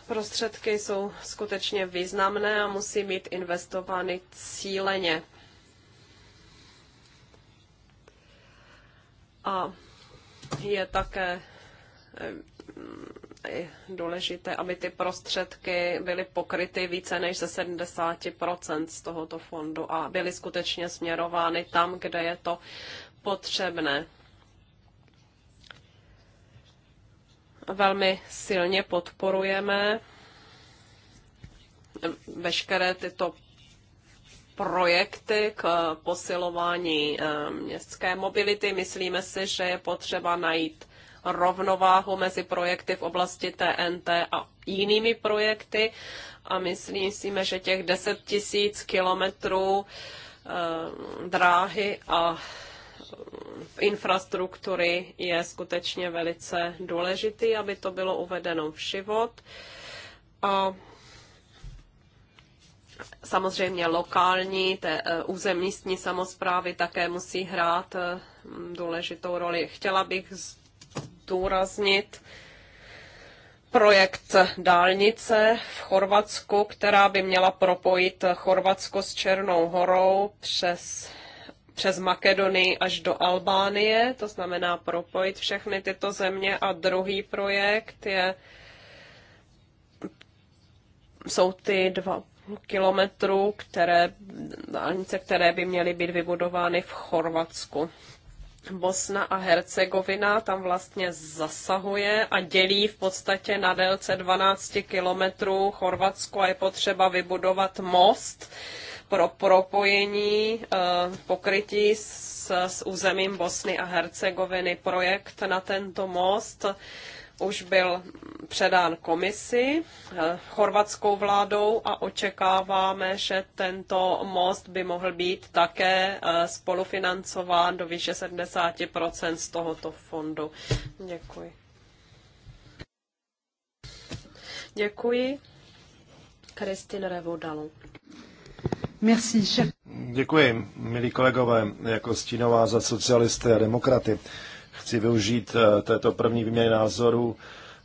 prostředky jsou skutečně významné a musí být investovány cíleně. A je také eh, důležité, aby ty prostředky byly pokryty více než ze 70 z tohoto fondu a byly skutečně směrovány tam, kde je to potřebné. velmi silně podporujeme veškeré tyto projekty k posilování eh, městské mobility. Myslíme si, že je potřeba najít rovnováhu mezi projekty v oblasti TNT a jinými projekty a myslíme, že těch 10 tisíc kilometrů eh, dráhy a infrastruktury je skutečně velice důležitý, aby to bylo uvedeno v život. A samozřejmě lokální, té e, územní samozprávy také musí hrát e, důležitou roli. Chtěla bych zdůraznit projekt dálnice v Chorvatsku, která by měla propojit Chorvatsko s Černou horou přes přes Makedonii až do Albánie, to znamená propojit všechny tyto země. A druhý projekt je, jsou ty dva kilometrů, které, dálnice, které by měly být vybudovány v Chorvatsku. Bosna a Hercegovina tam vlastně zasahuje a dělí v podstatě na délce 12 kilometrů Chorvatsko a je potřeba vybudovat most pro propojení eh, pokrytí s, s územím Bosny a Hercegoviny. Projekt na tento most už byl předán komisi eh, chorvatskou vládou a očekáváme, že tento most by mohl být také eh, spolufinancován do výše 70 z tohoto fondu. Děkuji. Děkuji. Kristin Revodalu. Merci, cher... Děkuji, milí kolegové, jako stínová za socialisty a demokraty. Chci využít eh, této první výměny názorů,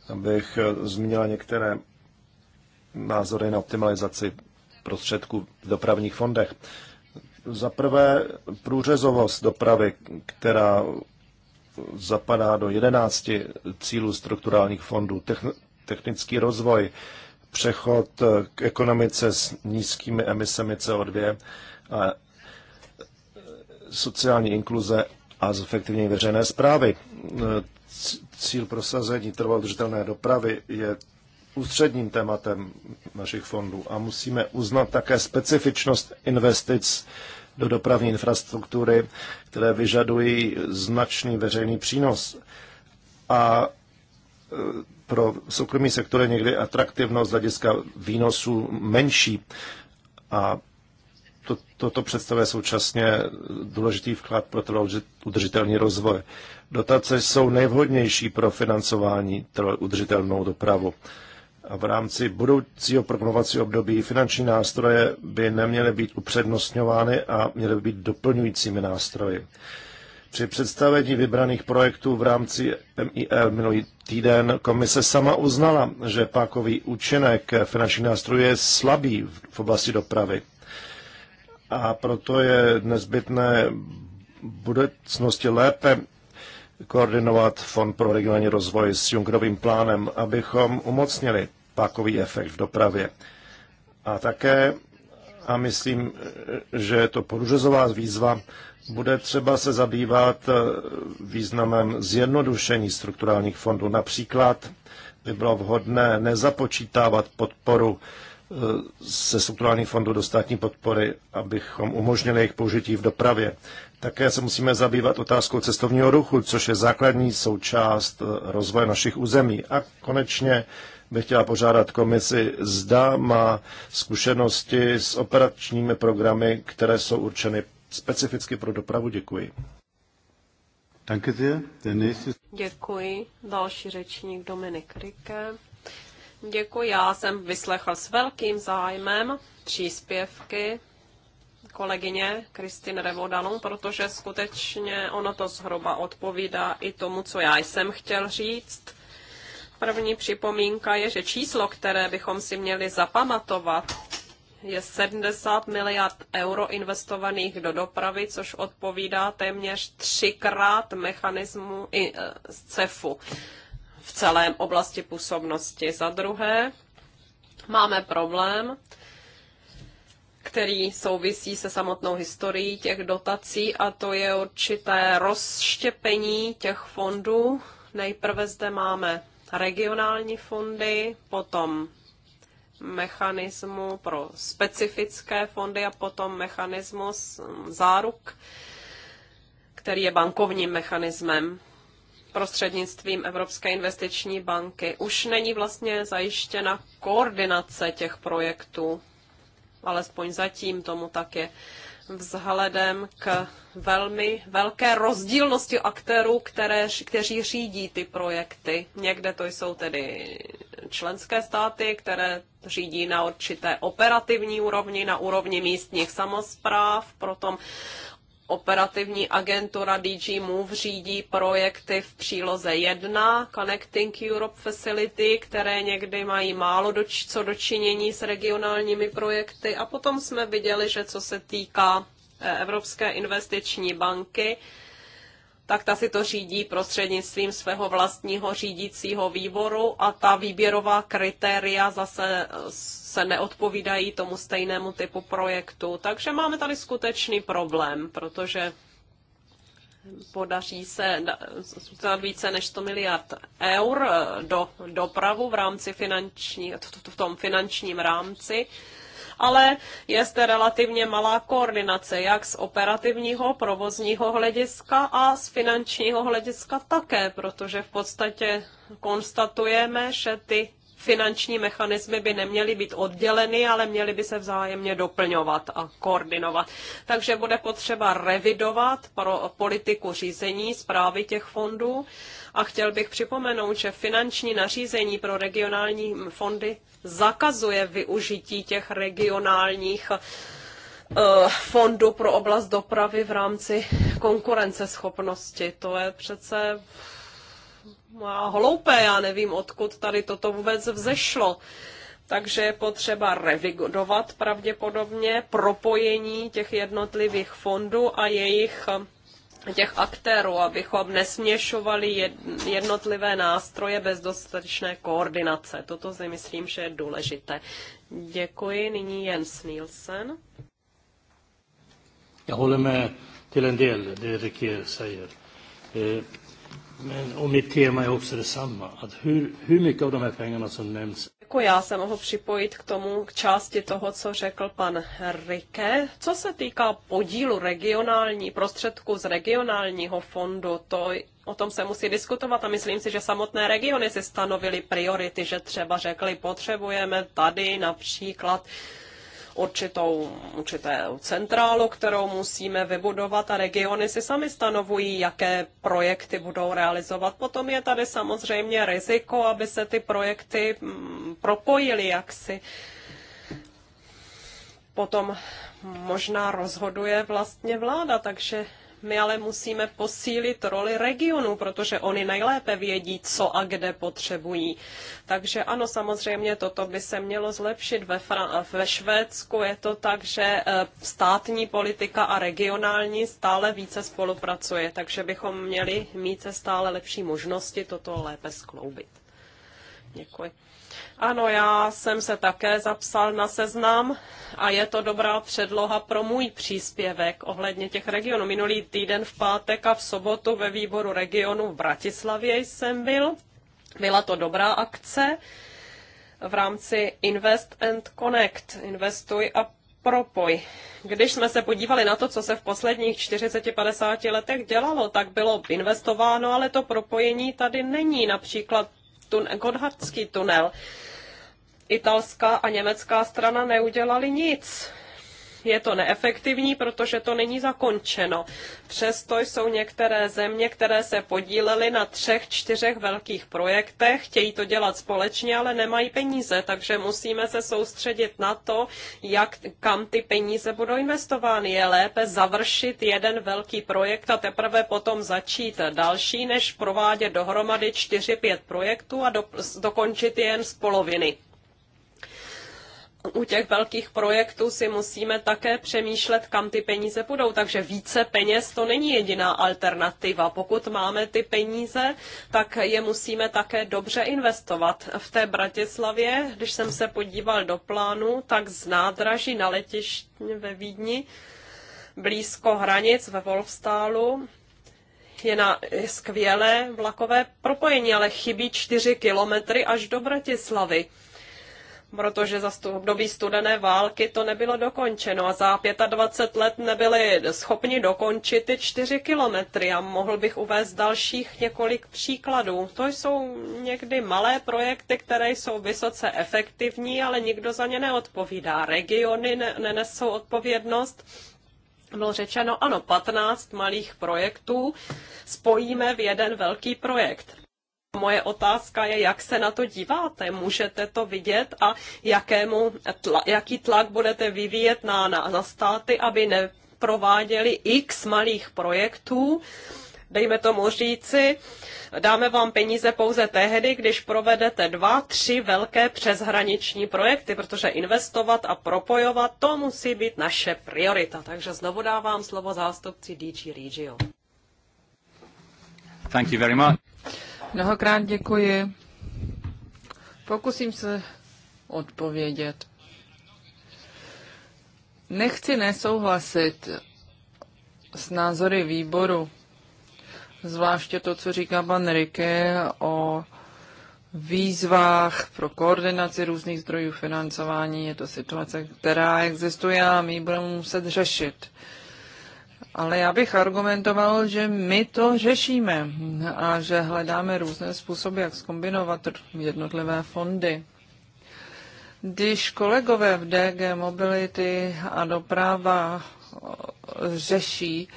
abych eh, zmínila některé názory na optimalizaci prostředků v dopravních fondech. Za prvé průřezovost dopravy, která zapadá do 11 cílů strukturálních fondů, technický rozvoj, přechod k ekonomice s nízkými emisemi CO2 a sociální inkluze a zefektivnění veřejné zprávy. Cíl prosazení trvalo udržitelné dopravy je ústředním tématem našich fondů a musíme uznat také specifičnost investic do dopravní infrastruktury, které vyžadují značný veřejný přínos. A e, pro soukromý sektor je někdy atraktivnost z hlediska výnosů menší a to, toto představuje současně důležitý vklad pro udržitelný rozvoj. Dotace jsou nejvhodnější pro financování udržitelnou dopravu. A v rámci budoucího programovacího období finanční nástroje by neměly být upřednostňovány a měly by být doplňujícími nástroji. Při představení vybraných projektů v rámci MIR minulý týden komise sama uznala, že pákový účinek finančních nástrojů je slabý v oblasti dopravy. A proto je nezbytné budoucnosti lépe koordinovat Fond pro regionální rozvoj s Junckerovým plánem, abychom umocnili pákový efekt v dopravě. A také, a myslím, že je to podřezová výzva, bude třeba se zabývat eh, významem zjednodušení strukturálních fondů. Například by bylo vhodné nezapočítávat podporu se eh, strukturálních fondů do státní podpory, abychom umožnili jejich použití v dopravě. Také se musíme zabývat otázkou cestovního ruchu, což je základní součást eh, rozvoje našich území. A konečně bych chtěla požádat komisi, zda má zkušenosti s operačními programy, které jsou určeny specificky pro dopravu. Děkuji. Děkuji. Další řečník Dominik Rike. Děkuji. Já jsem vyslechl s velkým zájmem příspěvky kolegyně Kristin Revodanou, protože skutečně ono to zhruba odpovídá i tomu, co já jsem chtěl říct. První připomínka je, že číslo, které bychom si měli zapamatovat, je 70 miliard euro investovaných do dopravy, což odpovídá téměř třikrát mechanismu e, z CEFu v celém oblasti působnosti. Za druhé, máme problém, který souvisí se samotnou historií těch dotací a to je určité rozštěpení těch fondů. Nejprve zde máme regionální fondy, potom mechanismu pro specifické fondy a potom mechanismus záruk, který je bankovním mechanismem prostřednictvím Evropské investiční banky. Už není vlastně zajištěna koordinace těch projektů, alespoň zatím tomu tak je vzhledem k velmi velké rozdílnosti aktérů, které, kteří řídí ty projekty. Někde to jsou tedy členské státy, které řídí na určité operativní úrovni, na úrovni místních samozpráv, potom operativní agentura DG Move řídí projekty v příloze 1 Connecting Europe Facility, které někdy mají málo doč- co dočinění s regionálními projekty. A potom jsme viděli, že co se týká eh, Evropské investiční banky, tak ta si to řídí prostřednictvím svého vlastního řídícího výboru a ta výběrová kritéria zase eh, se neodpovídají tomu stejnému typu projektu. Takže máme tady skutečný problém, protože podaří se dát více než 100 miliard eur eh, do dopravu v rámci finanční, v tom finančním rámci ale je zde relativně malá koordinace, jak z operativního, provozního hlediska a z finančního hlediska také, protože v podstatě konstatujeme, že ty finanční mechanismy by neměly být odděleny, ale měly by se vzájemně doplňovat a koordinovat. Takže bude potřeba revidovat pro politiku řízení zprávy těch fondů. A chtěl bych připomenout, že finanční nařízení pro regionální fondy zakazuje využití těch regionálních eh, fondu pro oblast dopravy v rámci konkurenceschopnosti. To je přece No hloupé, já nevím, odkud tady toto vůbec vzešlo. Takže je potřeba revidovat pravděpodobně propojení těch jednotlivých fondů a jejich těch aktérů, abychom nesměšovali jednotlivé nástroje bez dostatečné koordinace. Toto si myslím, že je důležité. Děkuji. Nyní Jens Nielsen. Já håller med till en del det säger. Eh, Men, och mitt tema är också detsamma, att hur, hur mycket av de här pengarna som nämns jako já se mohu připojit k tomu, k části toho, co řekl pan Rike. Co se týká podílu regionální prostředku z regionálního fondu, to o tom se musí diskutovat a myslím si, že samotné regiony si stanovily priority, že třeba řekli, potřebujeme tady například určitou, určitou centrálu, kterou musíme vybudovat a regiony si sami stanovují, jaké projekty budou realizovat. Potom je tady samozřejmě riziko, aby se ty projekty mm, propojily jaksi. Potom možná rozhoduje vlastně vláda, takže my ale musíme posílit roli regionu, protože oni nejlépe vědí, co a kde potřebují. Takže ano, samozřejmě toto by se mělo zlepšit. Ve, Fra- ve Švédsku je to tak, že eh, státní politika a regionální stále více spolupracuje, takže bychom měli mít se stále lepší možnosti toto lépe skloubit. Děkuji. Ano, já jsem se také zapsal na seznam a je to dobrá předloha pro můj příspěvek ohledně těch regionů. Minulý týden v pátek a v sobotu ve výboru regionu v Bratislavě jsem byl. Byla to dobrá akce v rámci Invest and Connect, investuj a propoj. Když jsme se podívali na to, co se v posledních 40-50 letech dělalo, tak bylo investováno, ale to propojení tady není. Například tun, Godhardský tunel. Italská a německá strana neudělali nic je to neefektivní, protože to není zakončeno. Přesto jsou některé země, které se podílely na třech, čtyřech velkých projektech, chtějí to dělat společně, ale nemají peníze, takže musíme se soustředit na to, jak, kam ty peníze budou investovány. Je lépe završit jeden velký projekt a teprve potom začít další, než provádět dohromady čtyři pět projektů a do, dokončit je jen z poloviny u těch velkých projektů si musíme také přemýšlet, kam ty peníze půjdou. Takže více peněz to není jediná alternativa. Pokud máme ty peníze, tak je musíme také dobře investovat. V té Bratislavě, když jsem se podíval do plánu, tak z nádraží na letišti ve Vídni, blízko hranic ve Wolfstálu, je na skvělé vlakové propojení, ale chybí 4 kilometry až do Bratislavy protože za období studené války to nebylo dokončeno a za 25 let nebyli schopni dokončit ty 4 kilometry a mohl bych uvést dalších několik příkladů. To jsou někdy malé projekty, které jsou vysoce efektivní, ale nikdo za ně neodpovídá. Regiony ne- nenesou odpovědnost. Bylo řečeno, ano, 15 malých projektů spojíme v jeden velký projekt Moje otázka je, jak se na to díváte, můžete to vidět a jakému, tla, jaký tlak budete vyvíjet na, na, na státy, aby neprováděli x malých projektů, dejme tomu říci, dáme vám peníze pouze tehdy, když provedete dva, tři velké přeshraniční projekty, protože investovat a propojovat, to musí být naše priorita. Takže znovu dávám slovo zástupci DG Regio. Thank you very much. Mnohokrát děkuji. Pokusím se odpovědět. Nechci nesouhlasit s názory výboru, zvláště to, co říká pan Rike o výzvách pro koordinaci různých zdrojů financování. Je to situace, která existuje a my budeme muset řešit. Uh, ale já bych argumentoval, že my to řešíme a že hledáme různé způsoby, jak zkombinovat jednotlivé fondy. Když kolegové v DG Mobility a doprava řeší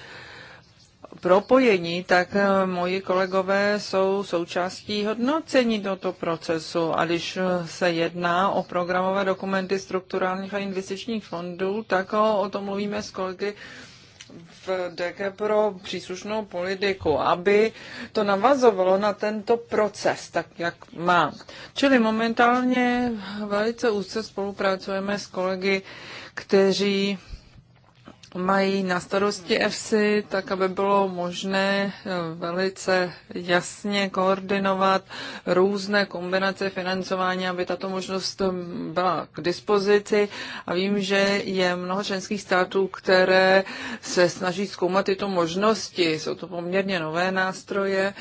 propojení, tak moji kolegové jsou součástí hodnocení tohoto procesu. A když se jedná o programové dokumenty strukturálních a investičních fondů, tak o, o tom mluvíme s kolegy v DG pro příslušnou politiku, aby to navazovalo na tento proces, tak jak má. Čili momentálně velice úzce spolupracujeme s kolegy, kteří mají na starosti EFSI, tak aby bylo možné eh, velice jasně koordinovat různé kombinace financování, aby tato možnost eh, byla k dispozici. A vím, že je mnoho členských států, které se snaží zkoumat tyto možnosti. Jsou to poměrně nové nástroje,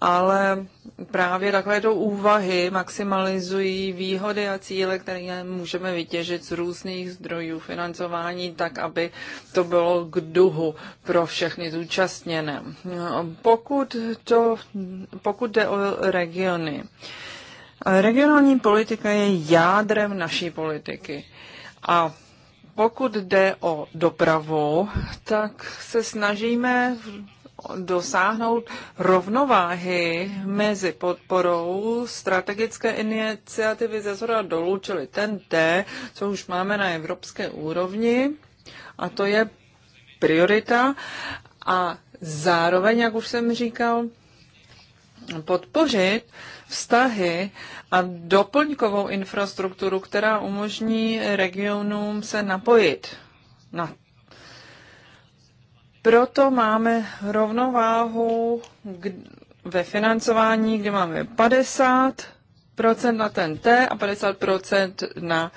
ale právě takovéto úvahy maximalizují výhody a cíle, které můžeme vytěžit z různých zdrojů financování, tak aby to bylo k duhu pro všechny zúčastněné. Pokud, to, pokud jde o regiony, regionální politika je jádrem naší politiky. A pokud jde o dopravu, tak se snažíme dosáhnout rovnováhy mezi podporou strategické iniciativy ze zhora dolů, čili ten T, co už máme na evropské úrovni, a to je priorita. A zároveň, jak už jsem říkal, podpořit vztahy a doplňkovou infrastrukturu, která umožní regionům se napojit na proto máme rovnováhu ve financování, kde máme 50% na ten T a 50% na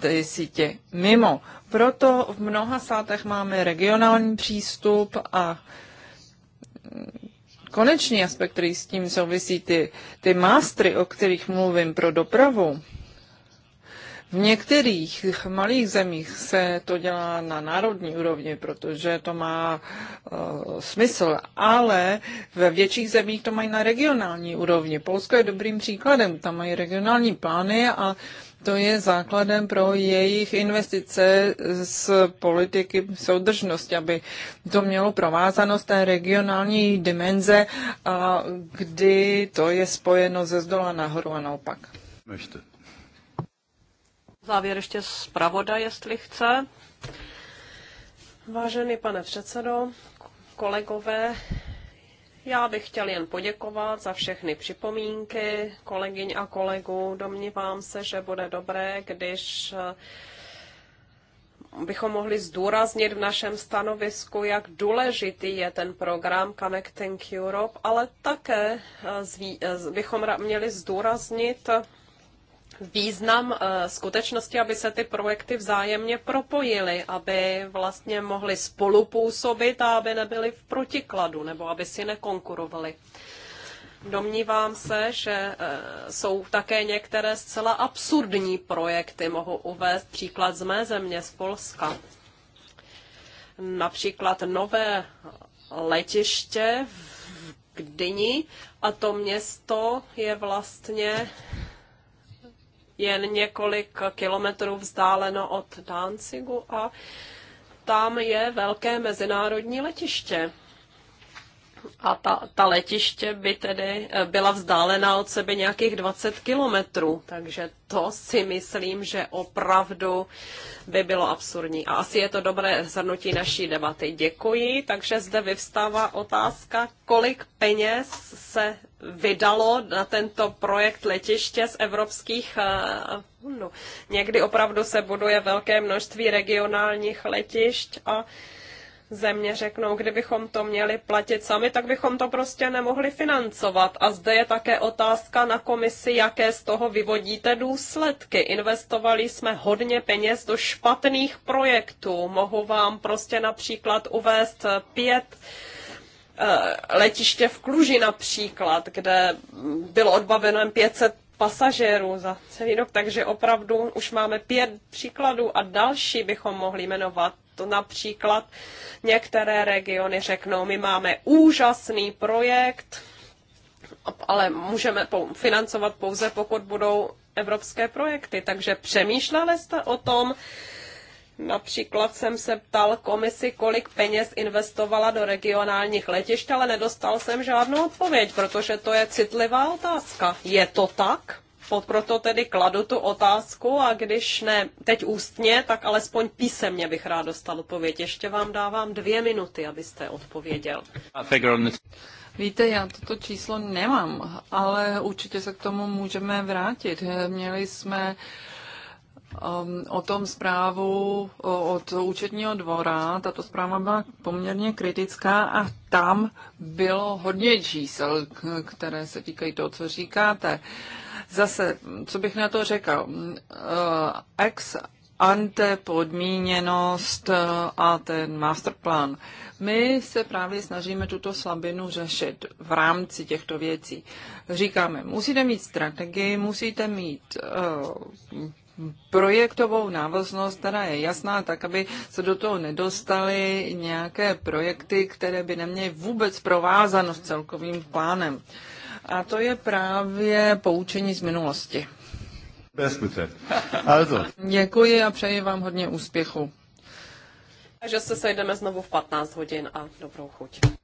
ty sítě mimo. Proto v mnoha státech máme regionální přístup a konečný aspekt, který s tím souvisí, ty, ty mástry, o kterých mluvím pro dopravu, v některých malých zemích se to dělá na národní úrovni, protože to má uh, smysl, ale ve větších zemích to mají na regionální úrovni. Polsko je dobrým příkladem, tam mají regionální plány a to je základem pro jejich investice z politiky soudržnosti, aby to mělo provázanost té regionální dimenze, a kdy to je spojeno ze zdola nahoru a naopak. Ještě. Závěr ještě zpravoda, jestli chce. Vážený pane předsedo, kolegové, já bych chtěl jen poděkovat za všechny připomínky kolegyň a kolegů. Domnívám se, že bude dobré, když eh, bychom mohli zdůraznit v našem stanovisku, jak důležitý je ten program Connecting Europe, ale také eh, eh, bychom měli zdůraznit význam eh, skutečnosti, aby se ty projekty vzájemně propojily, aby vlastně mohly spolupůsobit a aby nebyly v protikladu nebo aby si nekonkurovaly. Domnívám se, že eh, jsou také některé zcela absurdní projekty. Mohu uvést příklad z mé země, z Polska. Například nové letiště v Gdyni a to město je vlastně jen několik kilometrů vzdáleno od Danzigu a tam je velké mezinárodní letiště. A ta, ta letiště by tedy eh, byla vzdálena od sebe nějakých 20 kilometrů, takže to si myslím, že opravdu by bylo absurdní. A asi je to dobré zhrnutí naší debaty. Děkuji, takže zde vyvstává otázka, kolik peněz se vydalo na tento projekt letiště z evropských eh, no, Někdy opravdu se buduje velké množství regionálních letišť a země řeknou, kdybychom to měli platit sami, tak bychom to prostě nemohli financovat. A zde je také otázka na komisi, jaké z toho vyvodíte důsledky. Investovali jsme hodně peněz do špatných projektů. Mohu vám prostě například uvést eh, pět Eh, letiště v Kluži například, kde bylo odbaveno 500 pasažérů za celý rok, takže opravdu už máme pět příkladů a další bychom mohli jmenovat. To například některé regiony řeknou, my máme úžasný projekt, ale můžeme financovat pouze, pokud budou evropské projekty. Takže přemýšleli jste o tom, Například jsem se ptal komisi, kolik peněz investovala do regionálních letišť, ale nedostal jsem žádnou odpověď, protože to je citlivá otázka. Je to tak? Proto tedy kladu tu otázku a když ne teď ústně, tak alespoň písemně bych rád dostal odpověď. Ještě vám dávám dvě minuty, abyste odpověděl. Víte, já toto číslo nemám, ale určitě se k tomu můžeme vrátit. Měli jsme uh, Ehm, o tom zprávu od účetního dvora. Tato zpráva byla poměrně kritická a tam bylo hodně čísel, které se týkají toho, co říkáte. Zase, co bych na to řekl? Ehm, ex ante podmíněnost eh, a ten masterplan. My se právě snažíme tuto slabinu řešit v rámci těchto věcí. Říkáme, musíte mít strategii, musíte mít uh, projektovou návaznost, která je jasná, tak aby se do toho nedostaly nějaké projekty, které by neměly vůbec provázanost s celkovým plánem. A to je právě poučení z minulosti. Děkuji a přeji vám hodně úspěchu. Takže se sejdeme znovu v 15 hodin a dobrou chuť.